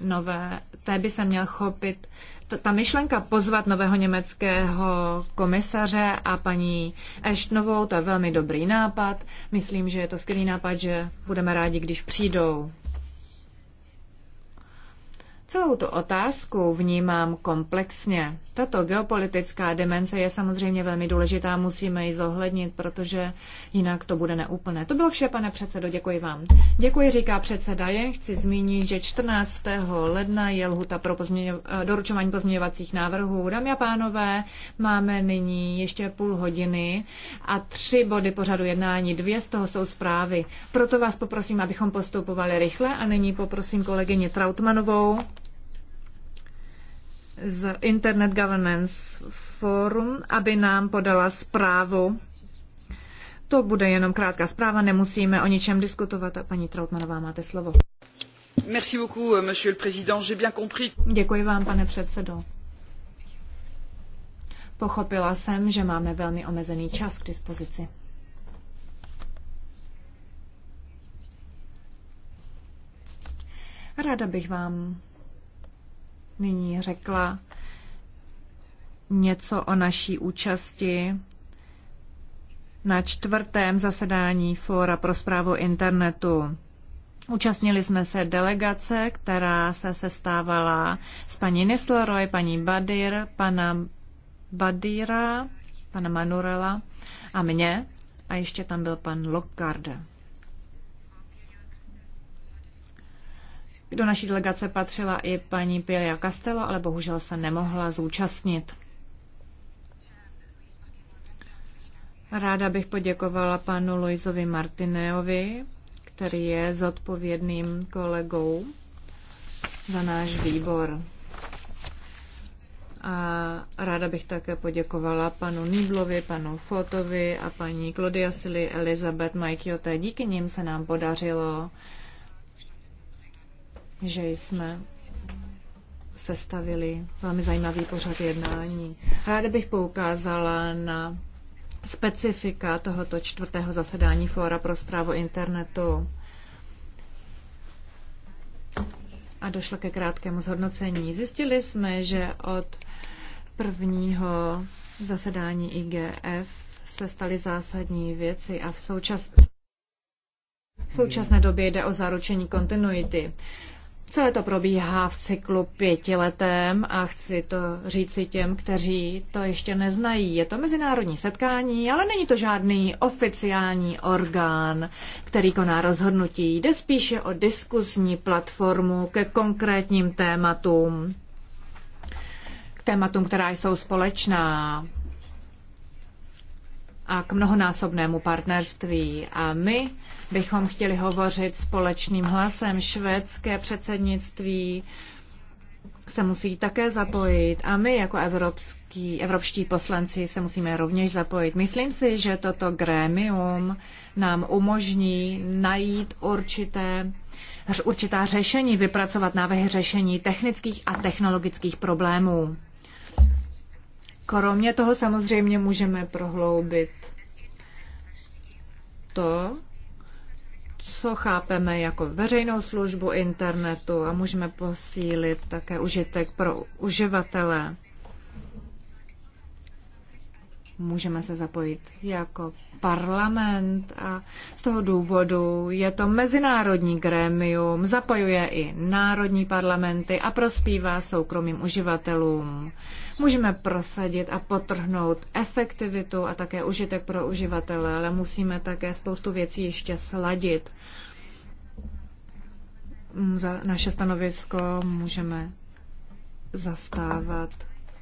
Speaker 2: nové, té by se měl chopit ta myšlenka pozvat nového německého komisaře a paní Eštnovou, to je velmi dobrý nápad. Myslím, že je to skvělý nápad, že budeme rádi, když přijdou. Celou tu otázku vnímám komplexně. Tato geopolitická demence je samozřejmě velmi důležitá, musíme ji zohlednit, protože jinak to bude neúplné. To bylo vše, pane předsedo, děkuji vám. Děkuji, říká předseda. Jen chci zmínit, že 14. ledna je lhuta pro pozměňo- eh, doručování pozměňovacích návrhů. Dámy a pánové, máme nyní ještě půl hodiny a tři body pořadu jednání, dvě z toho jsou zprávy. Proto vás poprosím, abychom postupovali rychle a nyní poprosím kolegyni Trautmanovou, z Internet Governance Forum, aby nám podala zprávu. To bude jenom krátká zpráva, nemusíme o ničem diskutovat. A paní Trautmanová, máte slovo. Merci beaucoup, euh, monsieur le président. J'ai bien compris. Děkuji vám, pane předsedo. Pochopila jsem, že máme velmi omezený čas k dispozici. Ráda bych vám nyní řekla něco o naší účasti na čtvrtém zasedání Fóra pro zprávu internetu. Účastnili jsme se delegace, která se sestávala s paní Nisleroy, paní Badir, pana Badira, pana Manurela a mě. A ještě tam byl pan Lockard. Do naší delegace patřila i paní Pilia Castello, ale bohužel se nemohla zúčastnit. Ráda bych poděkovala panu Loizovi Martineovi, který je zodpovědným kolegou za náš výbor. A ráda bych také poděkovala panu Nýblovi, panu Fotovi a paní Claudia Sili Elizabeth Majkiote. Díky nim se nám podařilo že jsme sestavili velmi zajímavý pořad jednání. Ráda bych poukázala na specifika tohoto čtvrtého zasedání Fóra pro zprávu internetu. A došlo ke krátkému zhodnocení. Zjistili jsme, že od prvního zasedání IGF se staly zásadní věci a v současné v současné době jde o zaručení kontinuity. Celé to probíhá v cyklu pětiletém a chci to říci těm, kteří to ještě neznají. Je to mezinárodní setkání, ale není to žádný oficiální orgán, který koná rozhodnutí. Jde spíše o diskusní platformu ke konkrétním tématům, k tématům, která jsou společná a k mnohonásobnému partnerství. A my bychom chtěli hovořit společným hlasem. Švédské předsednictví se musí také zapojit a my jako evropský, evropští poslanci se musíme rovněž zapojit. Myslím si, že toto grémium nám umožní najít určité, určitá řešení, vypracovat návrhy řešení technických a technologických problémů. Kromě toho samozřejmě můžeme prohloubit to, co chápeme jako veřejnou službu internetu a můžeme posílit také užitek pro uživatele můžeme se zapojit jako parlament a z toho důvodu je to mezinárodní grémium, zapojuje i národní parlamenty a prospívá soukromým uživatelům. Můžeme prosadit a potrhnout efektivitu a také užitek pro uživatele, ale musíme také spoustu věcí ještě sladit. Za naše stanovisko můžeme zastávat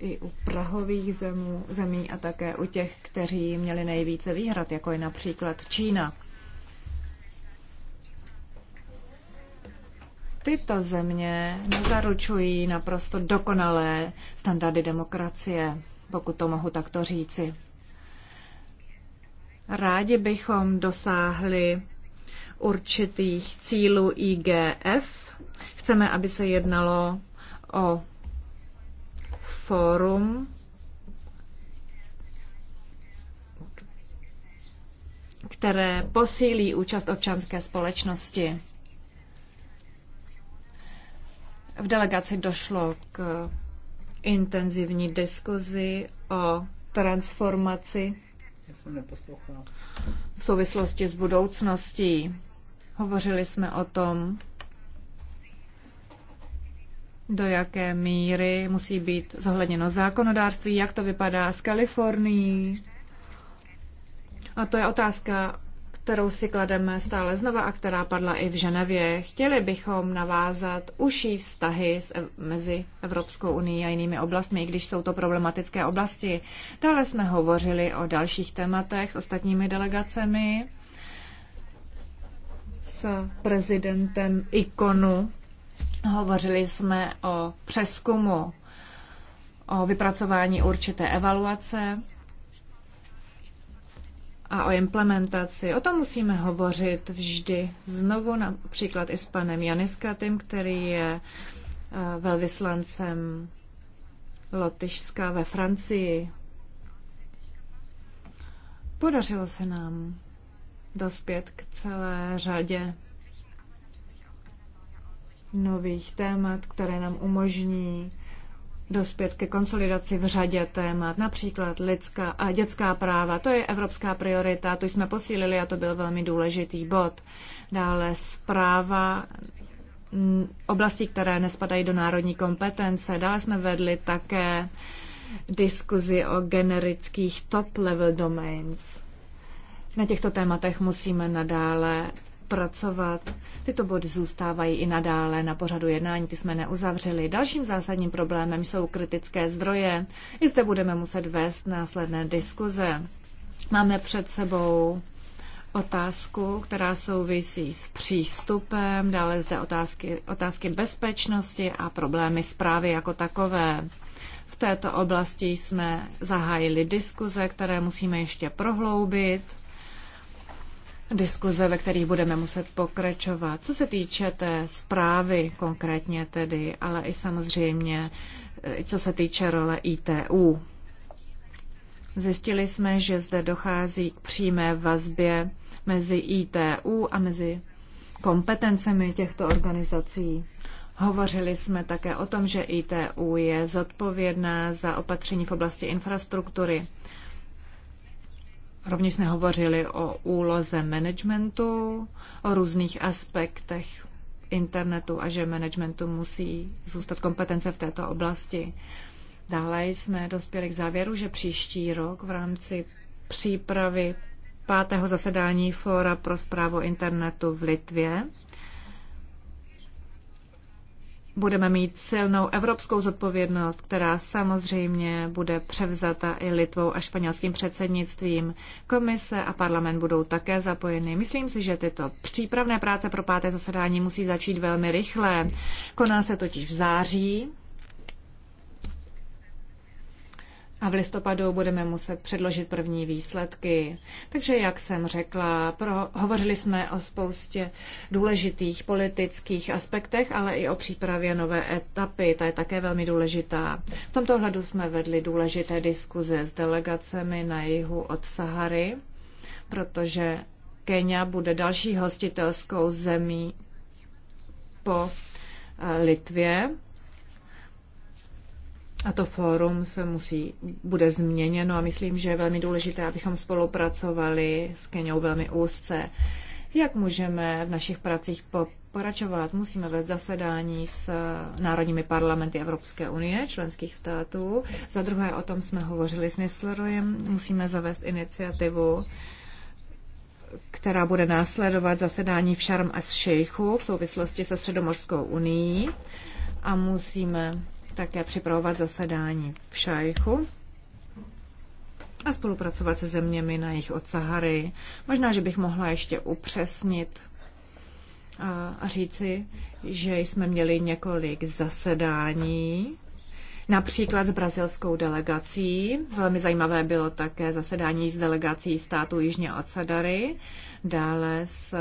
Speaker 2: i u prahových zemů, zemí a také u těch, kteří měli nejvíce výhrad, jako je například Čína. Tyto země nezaručují naprosto dokonalé standardy demokracie, pokud to mohu takto říci. Rádi bychom dosáhli určitých cílů IGF. Chceme, aby se jednalo o fórum, které posílí účast občanské společnosti. V delegaci došlo k intenzivní diskuzi o transformaci v souvislosti s budoucností. Hovořili jsme o tom, do jaké míry musí být zohledněno zákonodárství, jak to vypadá s Kalifornií. A to je otázka, kterou si klademe stále znova a která padla i v Ženevě. Chtěli bychom navázat užší vztahy s, mezi Evropskou unii a jinými oblastmi, i když jsou to problematické oblasti. Dále jsme hovořili o dalších tématech s ostatními delegacemi, s prezidentem IKONu Hovořili jsme o přeskumu, o vypracování určité evaluace a o implementaci. O tom musíme hovořit vždy znovu, například i s panem Janiskatem, který je eh, velvyslancem Lotyšska ve Francii. Podařilo se nám dospět k celé řadě nových témat, které nám umožní dospět ke konsolidaci v řadě témat, například lidská a dětská práva. To je evropská priorita, to jsme posílili a to byl velmi důležitý bod. Dále zpráva oblasti, které nespadají do národní kompetence. Dále jsme vedli také diskuzi o generických top-level domains. Na těchto tématech musíme nadále pracovat. Tyto body zůstávají i nadále na pořadu jednání, ty jsme neuzavřeli. Dalším zásadním problémem jsou kritické zdroje. I zde budeme muset vést následné diskuze. Máme před sebou otázku, která souvisí s přístupem, dále zde otázky, otázky bezpečnosti a problémy zprávy jako takové. V této oblasti jsme zahájili diskuze, které musíme ještě prohloubit diskuze, ve kterých budeme muset pokračovat. Co se týče té zprávy konkrétně tedy, ale i samozřejmě, eh, co se týče role ITU. Zjistili jsme, že zde dochází k přímé vazbě mezi ITU a mezi kompetencemi těchto organizací. Hovořili jsme také o tom, že ITU je zodpovědná za opatření v oblasti infrastruktury. Rovněž jsme hovořili o úloze managementu, o různých aspektech internetu a že managementu musí zůstat kompetence v této oblasti. Dále jsme dospěli k závěru, že příští rok v rámci přípravy pátého zasedání Fóra pro zprávu internetu v Litvě budeme mít silnou evropskou zodpovědnost, která samozřejmě bude převzata i Litvou a španělským předsednictvím. Komise a parlament budou také zapojeny. Myslím si, že tyto přípravné práce pro páté zasedání musí začít velmi rychle. Koná se totiž v září a v listopadu budeme muset předložit první výsledky. Takže, jak jsem řekla, pro, hovořili jsme o spoustě důležitých politických aspektech, ale i o přípravě nové etapy. Ta je také velmi důležitá. V tomto hledu jsme vedli důležité diskuze s delegacemi na jihu od Sahary, protože Kenia bude další hostitelskou zemí po eh, Litvě a to fórum se musí, bude změněno a myslím, že je velmi důležité, abychom spolupracovali s Kenou velmi úzce. Jak můžeme v našich pracích pokračovat, musíme vést zasedání s národními parlamenty Evropské unie, členských států. Za druhé, o tom jsme hovořili s Nistlerojem, musíme zavést iniciativu, která bude následovat zasedání v Šarm a Šejchu v souvislosti se Středomorskou unii a musíme také připravovat zasedání v Šajchu a spolupracovat se zeměmi na jejich od Sahary. Možná, že bych mohla ještě upřesnit a, a říci, že jsme měli několik zasedání, například s brazilskou delegací. Velmi zajímavé bylo také zasedání s delegací států Jižně od Sadary, dále s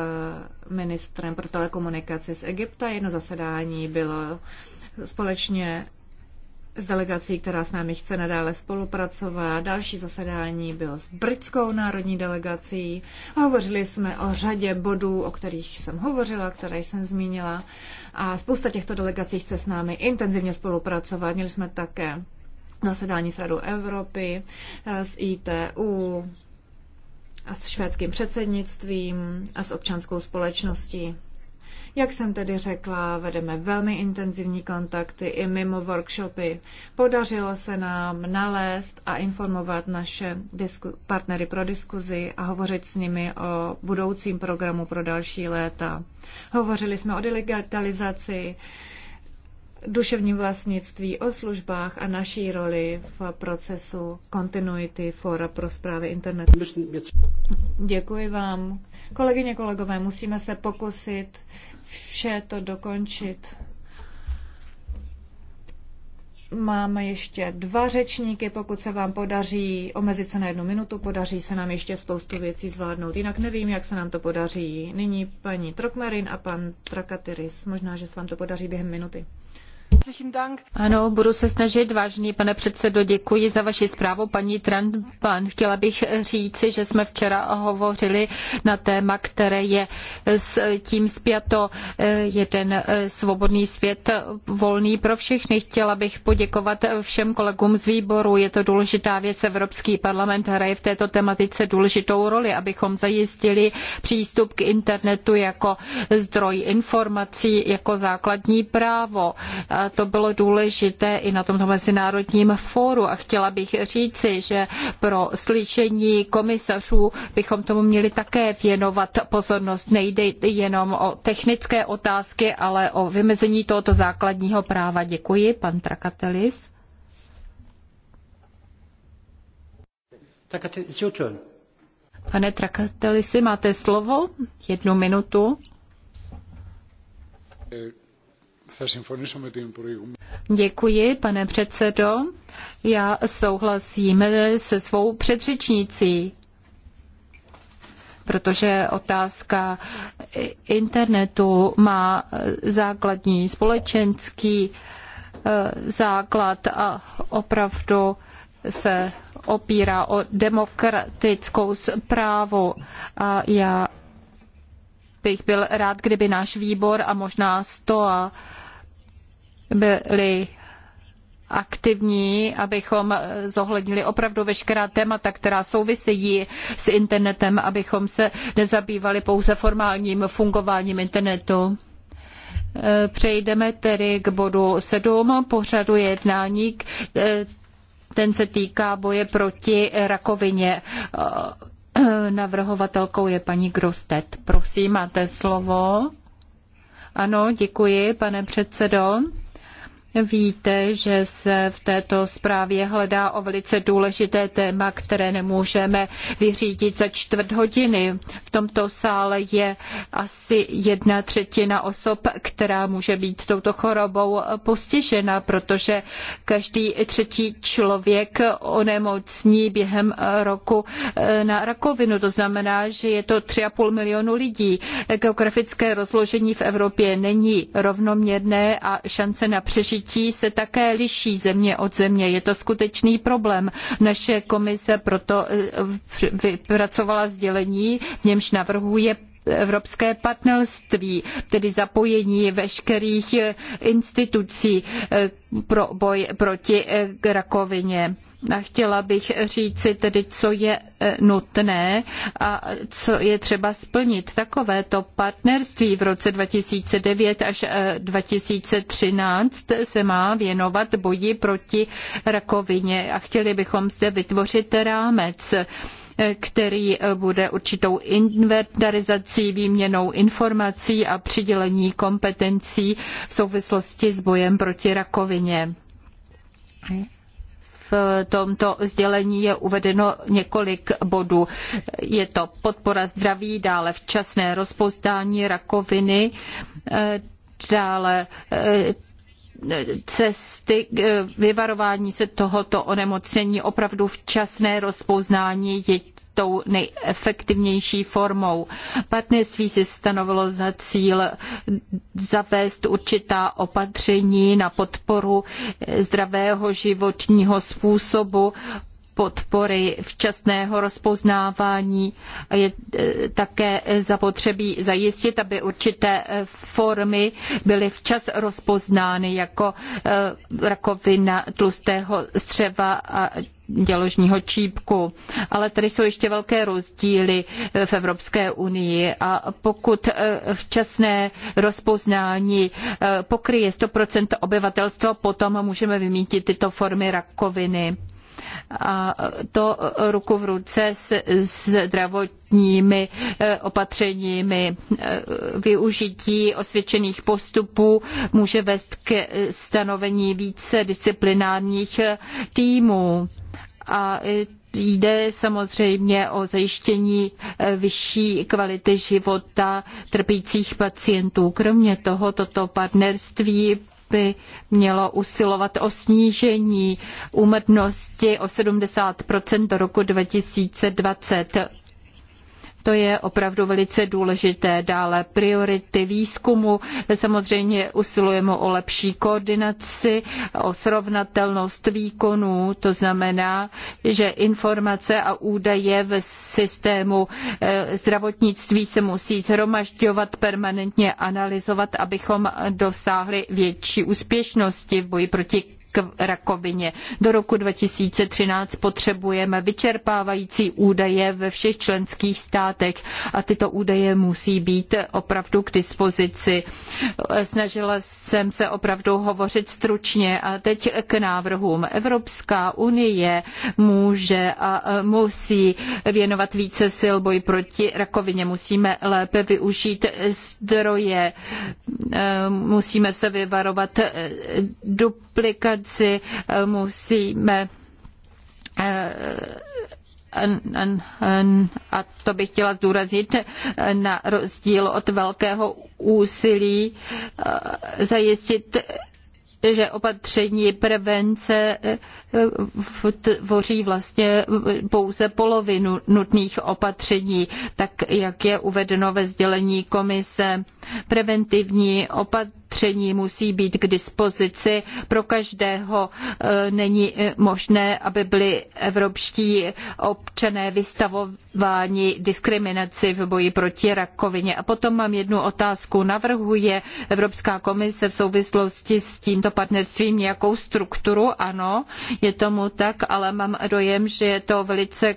Speaker 2: ministrem pro telekomunikaci z Egypta. Jedno zasedání bylo společně s delegací, která s námi chce nadále spolupracovat. Další zasedání bylo s britskou národní delegací. Hovořili jsme o řadě bodů, o kterých jsem hovořila, které jsem zmínila. A spousta těchto delegací chce s námi intenzivně spolupracovat. Měli jsme také zasedání s Radou Evropy, eh, s ITU, a s švédským předsednictvím a s občanskou společností. Jak jsem tedy řekla, vedeme velmi intenzivní kontakty i mimo workshopy. Podařilo se nám nalézt a informovat naše partnery pro diskuzi a hovořit s nimi o budoucím programu pro další léta. Hovořili jsme o digitalizaci, duševním vlastnictví, o službách a naší roli v procesu Continuity Fora pro zprávy internetu. Děkuji vám. Kolegyně, kolegové, musíme se pokusit vše to dokončit. Máme ještě dva řečníky, pokud se vám podaří omezit se na jednu minutu, podaří se nám ještě spoustu věcí zvládnout. Jinak nevím, jak se nám to podaří. Nyní paní Trokmerin a pan Trakateris. Možná, že se vám to podaří během minuty.
Speaker 4: Ano, budu se snažit, vážný pane předsedo, děkuji za vaši zprávu, paní Tranban. Chtěla bych říci, že jsme včera hovořili na téma, které je s tím spjato eh, jeden eh, svobodný svět volný pro všechny. Chtěla bych poděkovat všem kolegům z výboru. Je to důležitá věc. Evropský parlament hraje v této tematice důležitou roli, abychom zajistili přístup k internetu jako zdroj informací, jako základní právo to bylo důležité i na tomto mezinárodním fóru. A chtěla bych říci, že pro slyšení komisařů bychom tomu měli také věnovat pozornost. Nejde jenom o technické otázky, ale o vymezení tohoto základního práva. Děkuji, pan Trakatelis. Pane Trakatelisi, máte slovo? Jednu minutu. Eh, Děkuji, pane předsedo. Já souhlasím se svou předřečnicí, protože otázka internetu má základní společenský eh, základ a opravdu se opírá o demokratickou zprávu. A já bych byl rád, kdyby náš výbor a možná STOA byli aktivní, abychom zohlednili opravdu veškerá témata, která souvisejí s internetem, abychom se nezabývali pouze formálním fungováním internetu. Přejdeme tedy k bodu 7 pořadu jednání. Ten se týká boje proti rakovině. Navrhovatelkou je paní Grostet. Prosím, máte slovo. Ano, děkuji, pane předsedo. Víte, že se v této zprávě hledá o velice důležité téma, které nemůžeme vyřídit za čtvrt hodiny. V tomto sále je asi jedna třetina osob, která může být touto chorobou postižena, protože každý třetí člověk onemocní během roku eh, na rakovinu. To znamená, že je to 3,5 milionu lidí. Geografické rozložení v Evropě není rovnoměrné a šance na přežití dětí se také liší země od země. Je to skutečný problém. Naše komise proto eh, vypracovala sdělení, v němž navrhuje evropské partnerství, tedy zapojení veškerých eh, institucí eh, pro boj proti rakovině. Chtěla bych říci tedy, co je eh, nutné a co je třeba splnit. Takovéto partnerství v roce 2009 až 2013 eh, se má věnovat boji proti rakovině a chtěli bychom zde vytvořit rámec eh, který bude určitou inventarizací, výměnou informací a přidělení kompetencí v souvislosti s bojem proti rakovině. V tomto sdělení je uvedeno několik bodů. Je to podpora zdraví, dále včasné rozpoznání rakoviny, eh, dále eh, cesty k eh, vyvarování se tohoto onemocnění opravdu včasné rozpoznání je tou nejefektivnější formou. Partnerství si stanovilo za cíl zavést určitá opatření na podporu eh, zdravého životního způsobu, podpory včasného rozpoznávání. Je e, také zapotřebí zajistit, aby určité e, formy byly včas rozpoznány jako e, rakovina tlustého střeva a děložního čípku. Ale tady jsou ještě velké rozdíly v Evropské unii a pokud včasné rozpoznání pokryje 100% obyvatelstva, potom můžeme vymítit tyto formy rakoviny. A to ruku v ruce s zdravotními eh, opatřeními. Eh, využití osvědčených postupů může vést ke stanovení více disciplinárních eh, týmů. A jde samozřejmě o zajištění vyšší kvality života trpících pacientů. Kromě toho toto partnerství by mělo usilovat o snížení úmrtnosti o 70 do roku 2020 to je opravdu velice důležité. Dále priority výzkumu. Samozřejmě usilujeme o lepší koordinaci, o srovnatelnost výkonů. To znamená, že informace a údaje v systému eh, zdravotnictví se musí zhromažďovat, permanentně analyzovat, abychom dosáhli větší úspěšnosti v boji proti rakovině. Do roku 2013 potřebujeme vyčerpávající údaje ve všech členských státech a tyto údaje musí být opravdu k dispozici. Snažila jsem se opravdu hovořit stručně a teď k návrhům. Evropská unie může a musí věnovat více sil boj proti rakovině. Musíme lépe využít zdroje, musíme se vyvarovat duplikací věci eh, musíme eh, a to bych chtěla zdůraznit, eh, na rozdíl od velkého úsilí zajistit že opatření prevence tvoří vlastně pouze polovinu nutných opatření, tak jak je uvedeno ve sdělení komise. Preventivní opatření opatření musí být k dispozici pro každého. E, není e, možné, aby byli evropští občané vystavováni diskriminaci v boji proti rakovině. A potom mám jednu otázku. Navrhuje Evropská komise v souvislosti s tímto partnerstvím nějakou strukturu? Ano, je tomu tak, ale mám dojem, že je to velice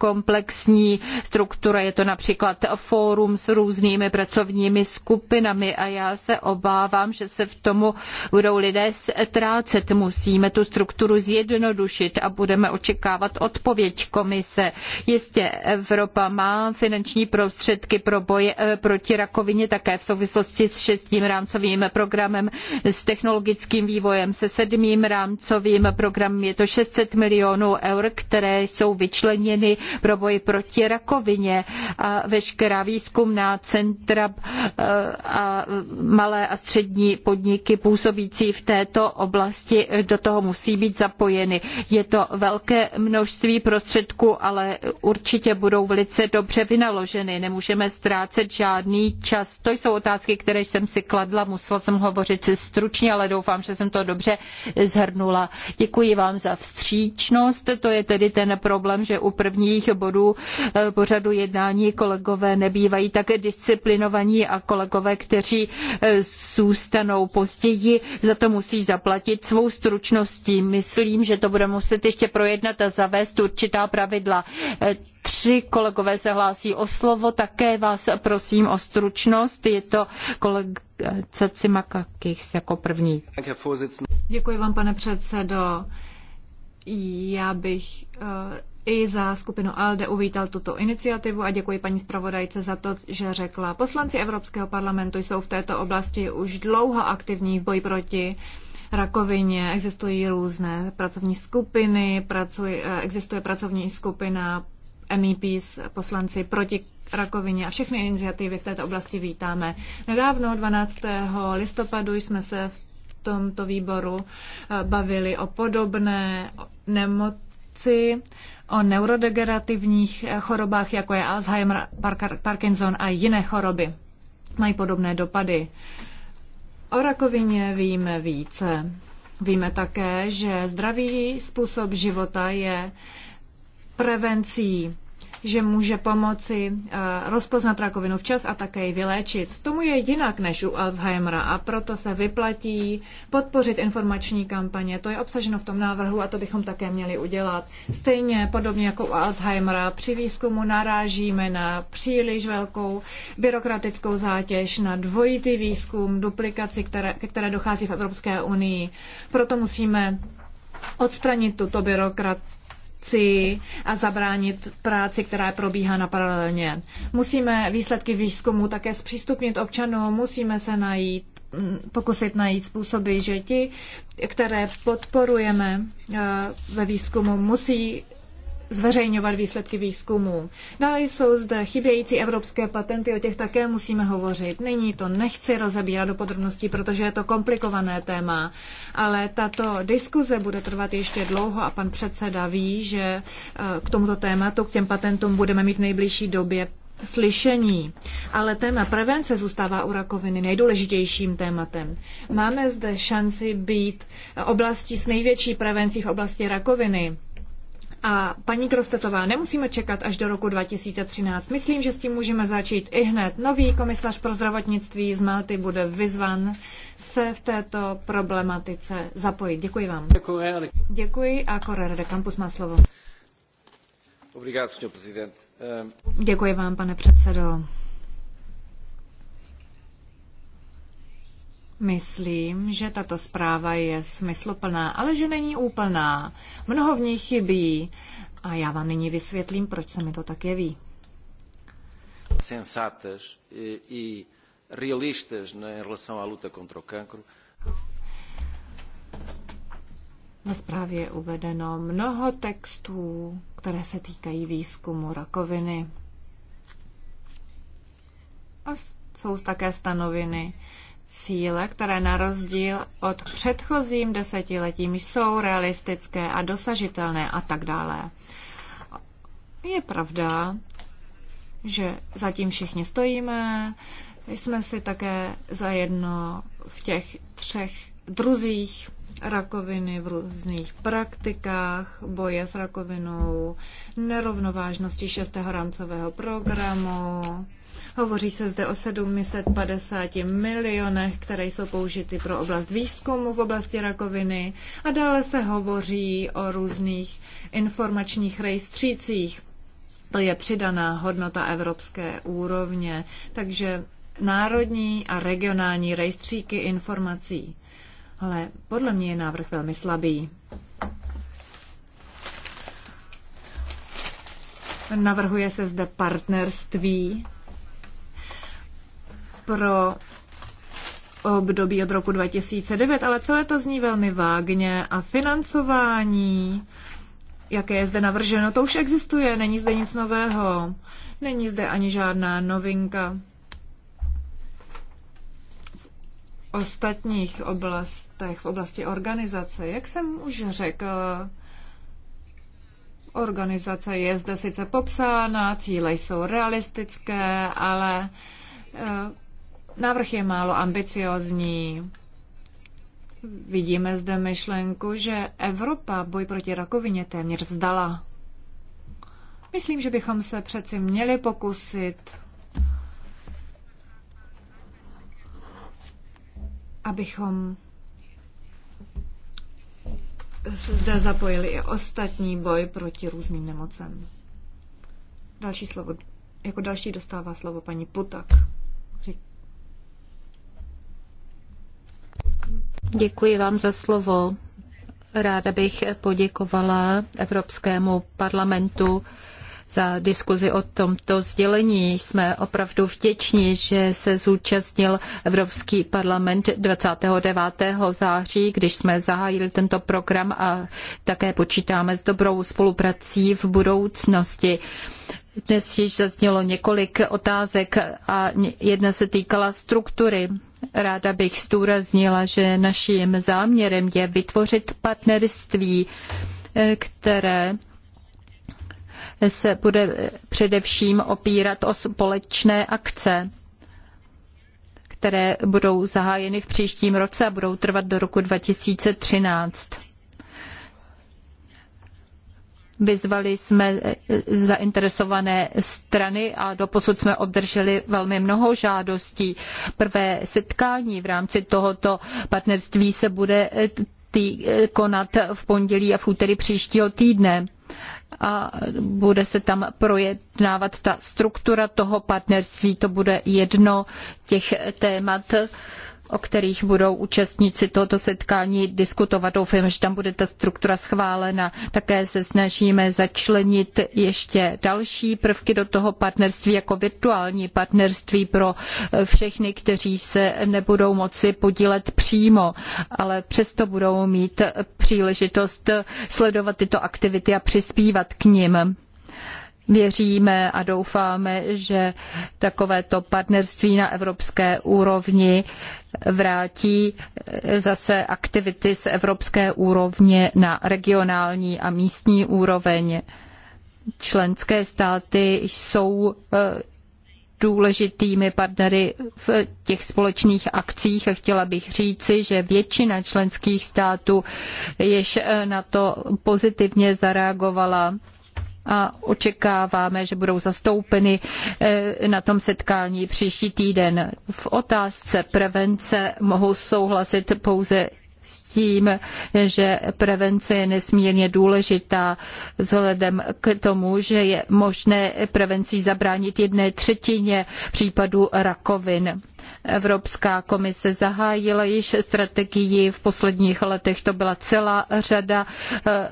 Speaker 4: komplexní struktura. Je to například fórum s různými pracovními skupinami a já se obávám, že se v tomu budou lidé ztrácet. Musíme tu strukturu zjednodušit a budeme očekávat odpověď komise. Jistě Evropa má finanční prostředky pro boj eh, proti rakovině také v souvislosti s šestým rámcovým programem, s technologickým vývojem, se sedmým rámcovým programem. Je to 600 milionů eur, které jsou vyčleněny pro boj proti rakovině a veškerá výzkumná centra eh, a malé a střední podniky působící v této oblasti eh, do toho musí být zapojeny. Je to velké množství prostředků, ale určitě budou velice dobře vynaloženy. Nemůžeme ztrácet žádný čas. To jsou otázky, které jsem si kladla. Musela jsem hovořit stručně, ale doufám, že jsem to dobře zhrnula. Děkuji vám za vstřícnost. To je tedy ten problém, že u první jednotlivých bodů eh, pořadu jednání kolegové nebývají také disciplinovaní a kolegové, kteří eh, zůstanou později, za to musí zaplatit svou stručností. Myslím, že to bude muset ještě projednat a zavést určitá pravidla. Eh, tři kolegové se hlásí o slovo, také vás prosím o stručnost. Je to kolega Cacimakakis jako první.
Speaker 2: Děkuji vám, pane předsedo. Já bych i za skupinu ALDE uvítal tuto iniciativu a děkuji paní zpravodajce za to, že řekla. Poslanci Evropského parlamentu jsou v této oblasti už dlouho aktivní v boji proti rakovině. Existují různé pracovní skupiny, pracuj, eh, existuje pracovní skupina MEPs, poslanci proti rakovině a všechny iniciativy v této oblasti vítáme. Nedávno 12. listopadu jsme se v tomto výboru eh, bavili o podobné nemoci o neurodegenerativních eh, chorobách, jako je Alzheimer, Parkinson a jiné choroby. Mají podobné dopady. O rakovině víme více. Víme také, že zdravý způsob života je prevencí že může pomoci eh, rozpoznat rakovinu včas a také ji vyléčit. Tomu je jinak než u Alzheimera a proto se vyplatí podpořit informační kampaně. To je obsaženo v tom návrhu a to bychom také měli udělat. Stejně podobně jako u Alzheimera při výzkumu narážíme na příliš velkou byrokratickou zátěž, na dvojitý výzkum, duplikaci, které, které dochází v Evropské unii. Proto musíme odstranit tuto byrokratickou korupci a zabránit práci, která probíhá na paralelně. Musíme výsledky výzkumu také zpřístupnit občanům, musíme se najít mm, pokusit najít způsoby, že ti, které podporujeme eh, ve výzkumu, musí zveřejňovat výsledky výzkumů. Dále jsou zde chybějící evropské patenty, o těch také musíme hovořit. Nyní to nechci rozebírat do podrobností, protože je to komplikované téma, ale tato diskuze bude trvat ještě dlouho a pan předseda ví, že eh, k tomuto tématu, k těm patentům budeme mít v nejbližší době slyšení. Ale téma prevence zůstává u rakoviny nejdůležitějším tématem. Máme zde šanci být oblastí s největší prevencí v oblasti rakoviny. A paní Krostetová, nemusíme čekat až do roku 2013. Myslím, že s tím můžeme začít i hned. Nový komisař pro zdravotnictví z Malty bude vyzvan se v této problematice zapojit. Děkuji vám. Děkuji. Děkuji a Korer de Campus má slovo. Děkuji vám, pane předsedo. Myslím, že tato zpráva je smysluplná, ale že není úplná. Mnoho v ní chybí. A já vám nyní vysvětlím, proč se mi to tak jeví.
Speaker 1: Sensatas i e, e realistas em relação à luta contra o cancro.
Speaker 2: zprávě je uvedeno mnoho textů, které se týkají výzkumu rakoviny. A jsou také stanoviny, cíle, které na rozdíl od předchozím desetiletím jsou realistické a dosažitelné a tak dále. Je pravda, že zatím všichni stojíme, jsme si také zajedno v těch třech druzích rakoviny v různých praktikách, boje s rakovinou, nerovnovážnosti šestého rámcového programu, Hovoří se zde o 750 milionech, které jsou použity pro oblast výzkumu v oblasti rakoviny a dále se hovoří o různých informačních rejstřících. To je přidaná hodnota evropské úrovně, takže národní a regionální rejstříky informací. Ale podle mě je návrh velmi slabý. Navrhuje se zde partnerství pro období od roku 2009, ale celé to zní velmi vágně a financování, jaké je zde navrženo, to už existuje, není zde nic nového, není zde ani žádná novinka. V ostatních oblastech, v oblasti organizace, jak jsem už řekl, organizace je zde sice popsána, cíle jsou realistické, ale eh, Návrh je málo ambiciozní. Vidíme zde myšlenku, že Evropa boj proti rakovině téměř vzdala. Myslím, že bychom se přeci měli pokusit, abychom zde zapojili i ostatní boj proti různým nemocem. Další slovo, jako další dostává slovo paní Putak.
Speaker 4: Děkuji vám za slovo. Ráda bych poděkovala Evropskému parlamentu za diskuzi o tomto sdělení. Jsme opravdu vděční, že se zúčastnil Evropský parlament 29. září, když jsme zahájili tento program a také počítáme s dobrou spoluprací v budoucnosti. Dnes již zaznělo několik otázek a jedna se týkala struktury Ráda bych zdůraznila, že naším záměrem je vytvořit partnerství, eh, které se bude především opírat o společné akce, které budou zahájeny v příštím roce a budou trvat do roku 2013. Vyzvali jsme eh, zainteresované strany a doposud jsme obdrželi velmi mnoho žádostí. Prvé setkání v rámci tohoto partnerství se bude eh, tý, eh, konat v pondělí a v úterý příštího týdne a bude se tam projednávat ta struktura toho partnerství. To bude jedno těch témat, o kterých budou účastníci tohoto setkání diskutovat. Doufám, že tam bude ta struktura schválena. Také se snažíme začlenit ještě další prvky do toho partnerství jako virtuální partnerství pro eh, všechny, kteří se nebudou moci podílet přímo, ale přesto budou mít příležitost sledovat tyto aktivity a přispívat k nim. Věříme a doufáme, že takovéto partnerství na evropské úrovni vrátí zase aktivity z evropské úrovně na regionální a místní úroveň. Členské státy jsou eh, důležitými partnery v těch společných akcích a chtěla bych říci, že většina členských států již eh, na to pozitivně zareagovala a očekáváme, že budou zastoupeny eh, na tom setkání příští týden. V otázce prevence mohu souhlasit pouze s tím, že prevence je nesmírně důležitá vzhledem k tomu, že je možné prevencí zabránit jedné třetině případů rakovin. Evropská komise zahájila již strategii v posledních letech, to byla celá řada eh,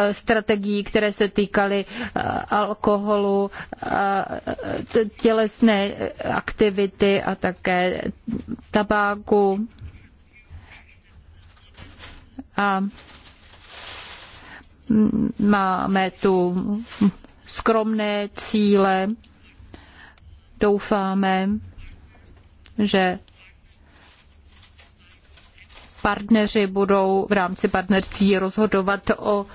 Speaker 4: Eh, strategií, které se týkaly eh, alkoholu, eh, tělesné aktivity a také tabáku. A máme tu skromné cíle. Doufáme, že partneři budou v rámci partnerství rozhodovat o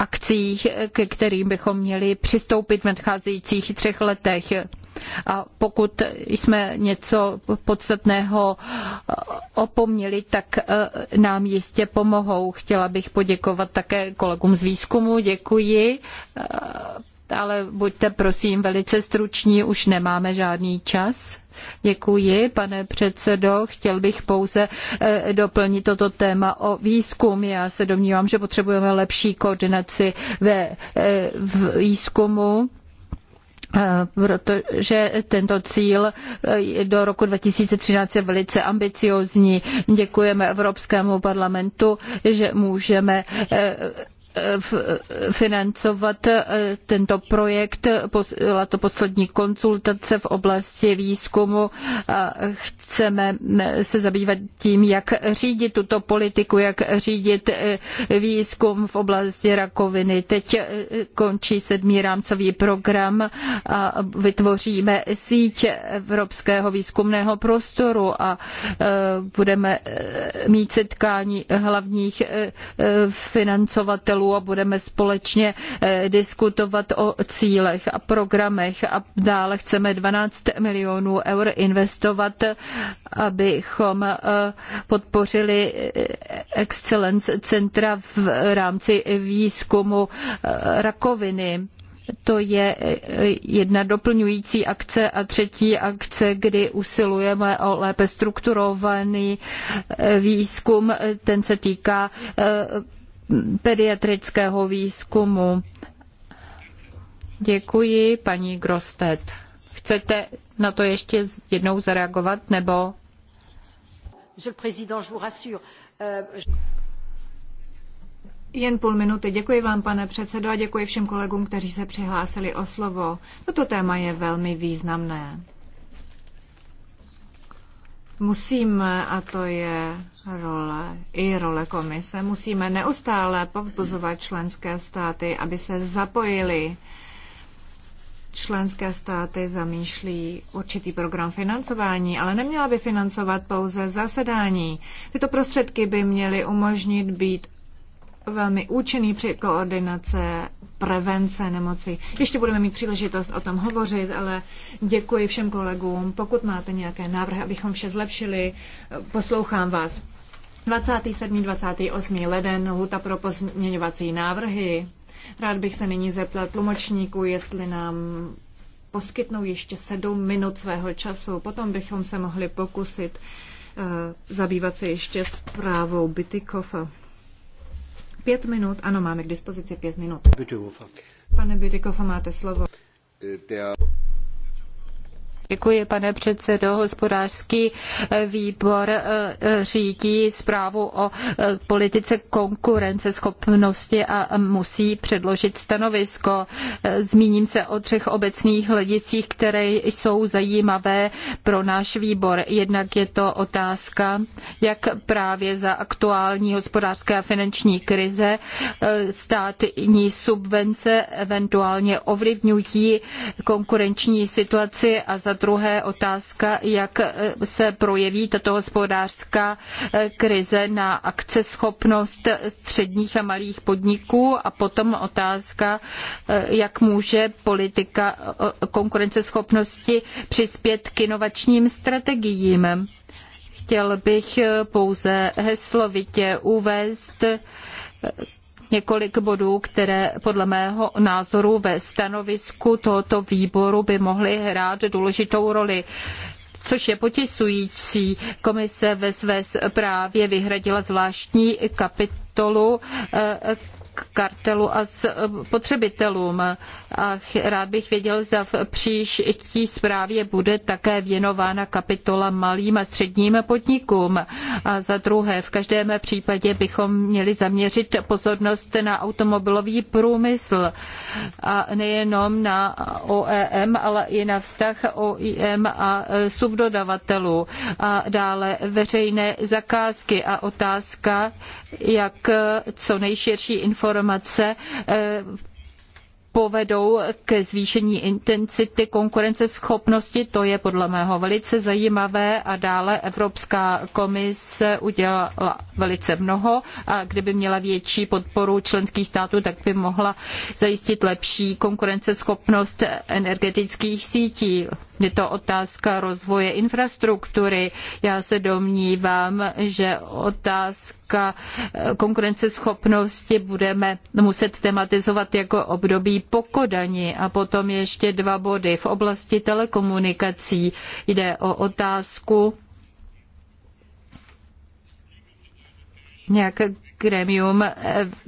Speaker 4: akcích, ke kterým bychom měli přistoupit v nadcházejících třech letech. A pokud jsme něco podstatného opomněli, tak e, nám jistě pomohou. Chtěla bych poděkovat také kolegům z výzkumu. Děkuji. E, ale buďte prosím velice struční, už nemáme žádný čas. Děkuji, pane předsedo. Chtěl bych pouze eh, doplnit toto téma o výzkum. Já se domnívám, že potřebujeme lepší koordinaci ve eh, v výzkumu eh, protože tento cíl do roku 2013 je velice ambiciózní. Děkujeme Evropskému parlamentu, že můžeme Eh, eh, financovat eh, tento projekt. Byla to poslední konzultace v oblasti výzkumu a chceme se zabývat tím, jak řídit tuto politiku, jak řídit výzkum v oblasti rakoviny. Teď končí sedmý rámcový program a vytvoříme síť evropského výzkumného prostoru a budeme mít setkání hlavních financovatelů a budeme společně eh, diskutovat o cílech a programech a dále chceme 12 milionů eur investovat, abychom eh, podpořili eh, Excellence Centra v rámci výzkumu rakoviny. To je jedna doplňující akce a třetí akce, kdy usilujeme o lépe strukturovaný výzkum. Ten se týká pediatrického výzkumu. Děkuji, paní Grostet. Chcete na to ještě
Speaker 2: jednou zareagovat, nebo? Eh, jen půl minuty. Děkuji vám, pane předsedo, a děkuji všem kolegům, kteří se přihlásili o slovo. Toto téma je velmi významné. Musím, a to je role i role komise. Musíme neustále povzbuzovat členské státy, aby se zapojili. Členské státy zamýšlí určitý program financování, ale neměla by financovat pouze zasedání. Tyto prostředky by měly umožnit být velmi účinný při koordinace prevence nemoci. Ještě budeme mít příležitost o tom hovořit, ale děkuji všem kolegům. Pokud máte nějaké návrhy, abychom vše zlepšili, poslouchám vás. 27. 28. leden, lhuta pro pozměňovací návrhy. Rád bych se nyní zeptal tlumočníků, jestli nám poskytnou ještě sedm minut svého času. Potom bychom se mohli pokusit uh, zabývat se ještě zprávou Bitykofa. Pět minut, ano, máme k dispozici pět minut. Pane Bytykova, máte slovo. Eh, Děkuji, pane předsedo.
Speaker 4: Hospodářský eh, výbor eh, řídí zprávu o eh, politice konkurenceschopnosti a musí předložit stanovisko. Zmíním se o třech obecných hlediscích, které jsou zajímavé pro náš výbor. Jednak je to otázka, jak právě za aktuální hospodářské a finanční krize státní subvence eventuálně ovlivňují konkurenční situaci a za druhé otázka, jak eh, se projeví tato hospodářská eh, krize na akceschopnost eh, středních a malých podniků a potom otázka, jak může politika konkurenceschopnosti přispět k inovačním strategiím. Chtěl bych pouze heslovitě uvést, několik bodů, které podle mého názoru ve stanovisku tohoto výboru by mohly hrát důležitou roli což je potěšující. Komise ve své zprávě vyhradila zvláštní kapitolu eh, k kartelu a spotřebitelům. E, a rád bych věděl, zda v příští zprávě bude také věnována kapitola malým a středním podnikům. A za druhé, v každém případě bychom měli zaměřit pozornost na automobilový průmysl a nejenom na OEM, ale i na vztah OIM a e, subdodavatelů a dále veřejné zakázky a otázka, jak e, co nejširší informace informace eh, povedou ke zvýšení intenzity konkurenceschopnosti. To je podle mého velice zajímavé a dále Evropská komise udělala velice mnoho a kdyby měla větší podporu členských států, tak by mohla zajistit lepší konkurenceschopnost energetických sítí. Je to otázka rozvoje infrastruktury. Já se domnívám, že otázka konkurenceschopnosti budeme muset tematizovat jako období po Kodani. A potom ještě dva body. V oblasti telekomunikací jde o otázku nějaké gremium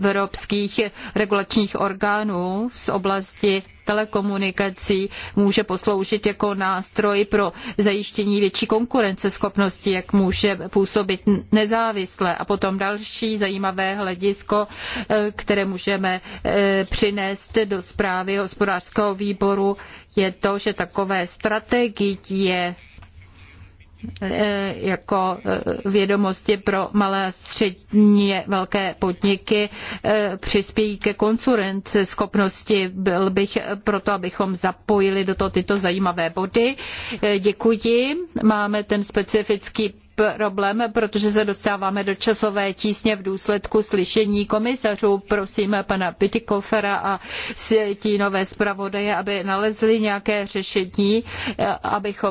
Speaker 4: evropských regulačních orgánů z oblasti telekomunikací může posloužit jako nástroj pro zajištění větší konkurenceschopnosti, jak může působit nezávisle. A potom další zajímavé hledisko, eh, které můžeme eh, přinést do zprávy hospodářského výboru, je to, že takové strategie Eh, jako eh, vědomosti pro malé a středně velké podniky eh, přispějí ke konkurenceschopnosti. schopnosti. Byl bych proto, abychom zapojili do toho tyto zajímavé body. Děkuji. Máme ten specifický problém, protože se dostáváme do časové tísně v důsledku slyšení komisařů. Prosím pana Pitikofera a stínové zpravodaje, aby nalezli nějaké řešení, abychom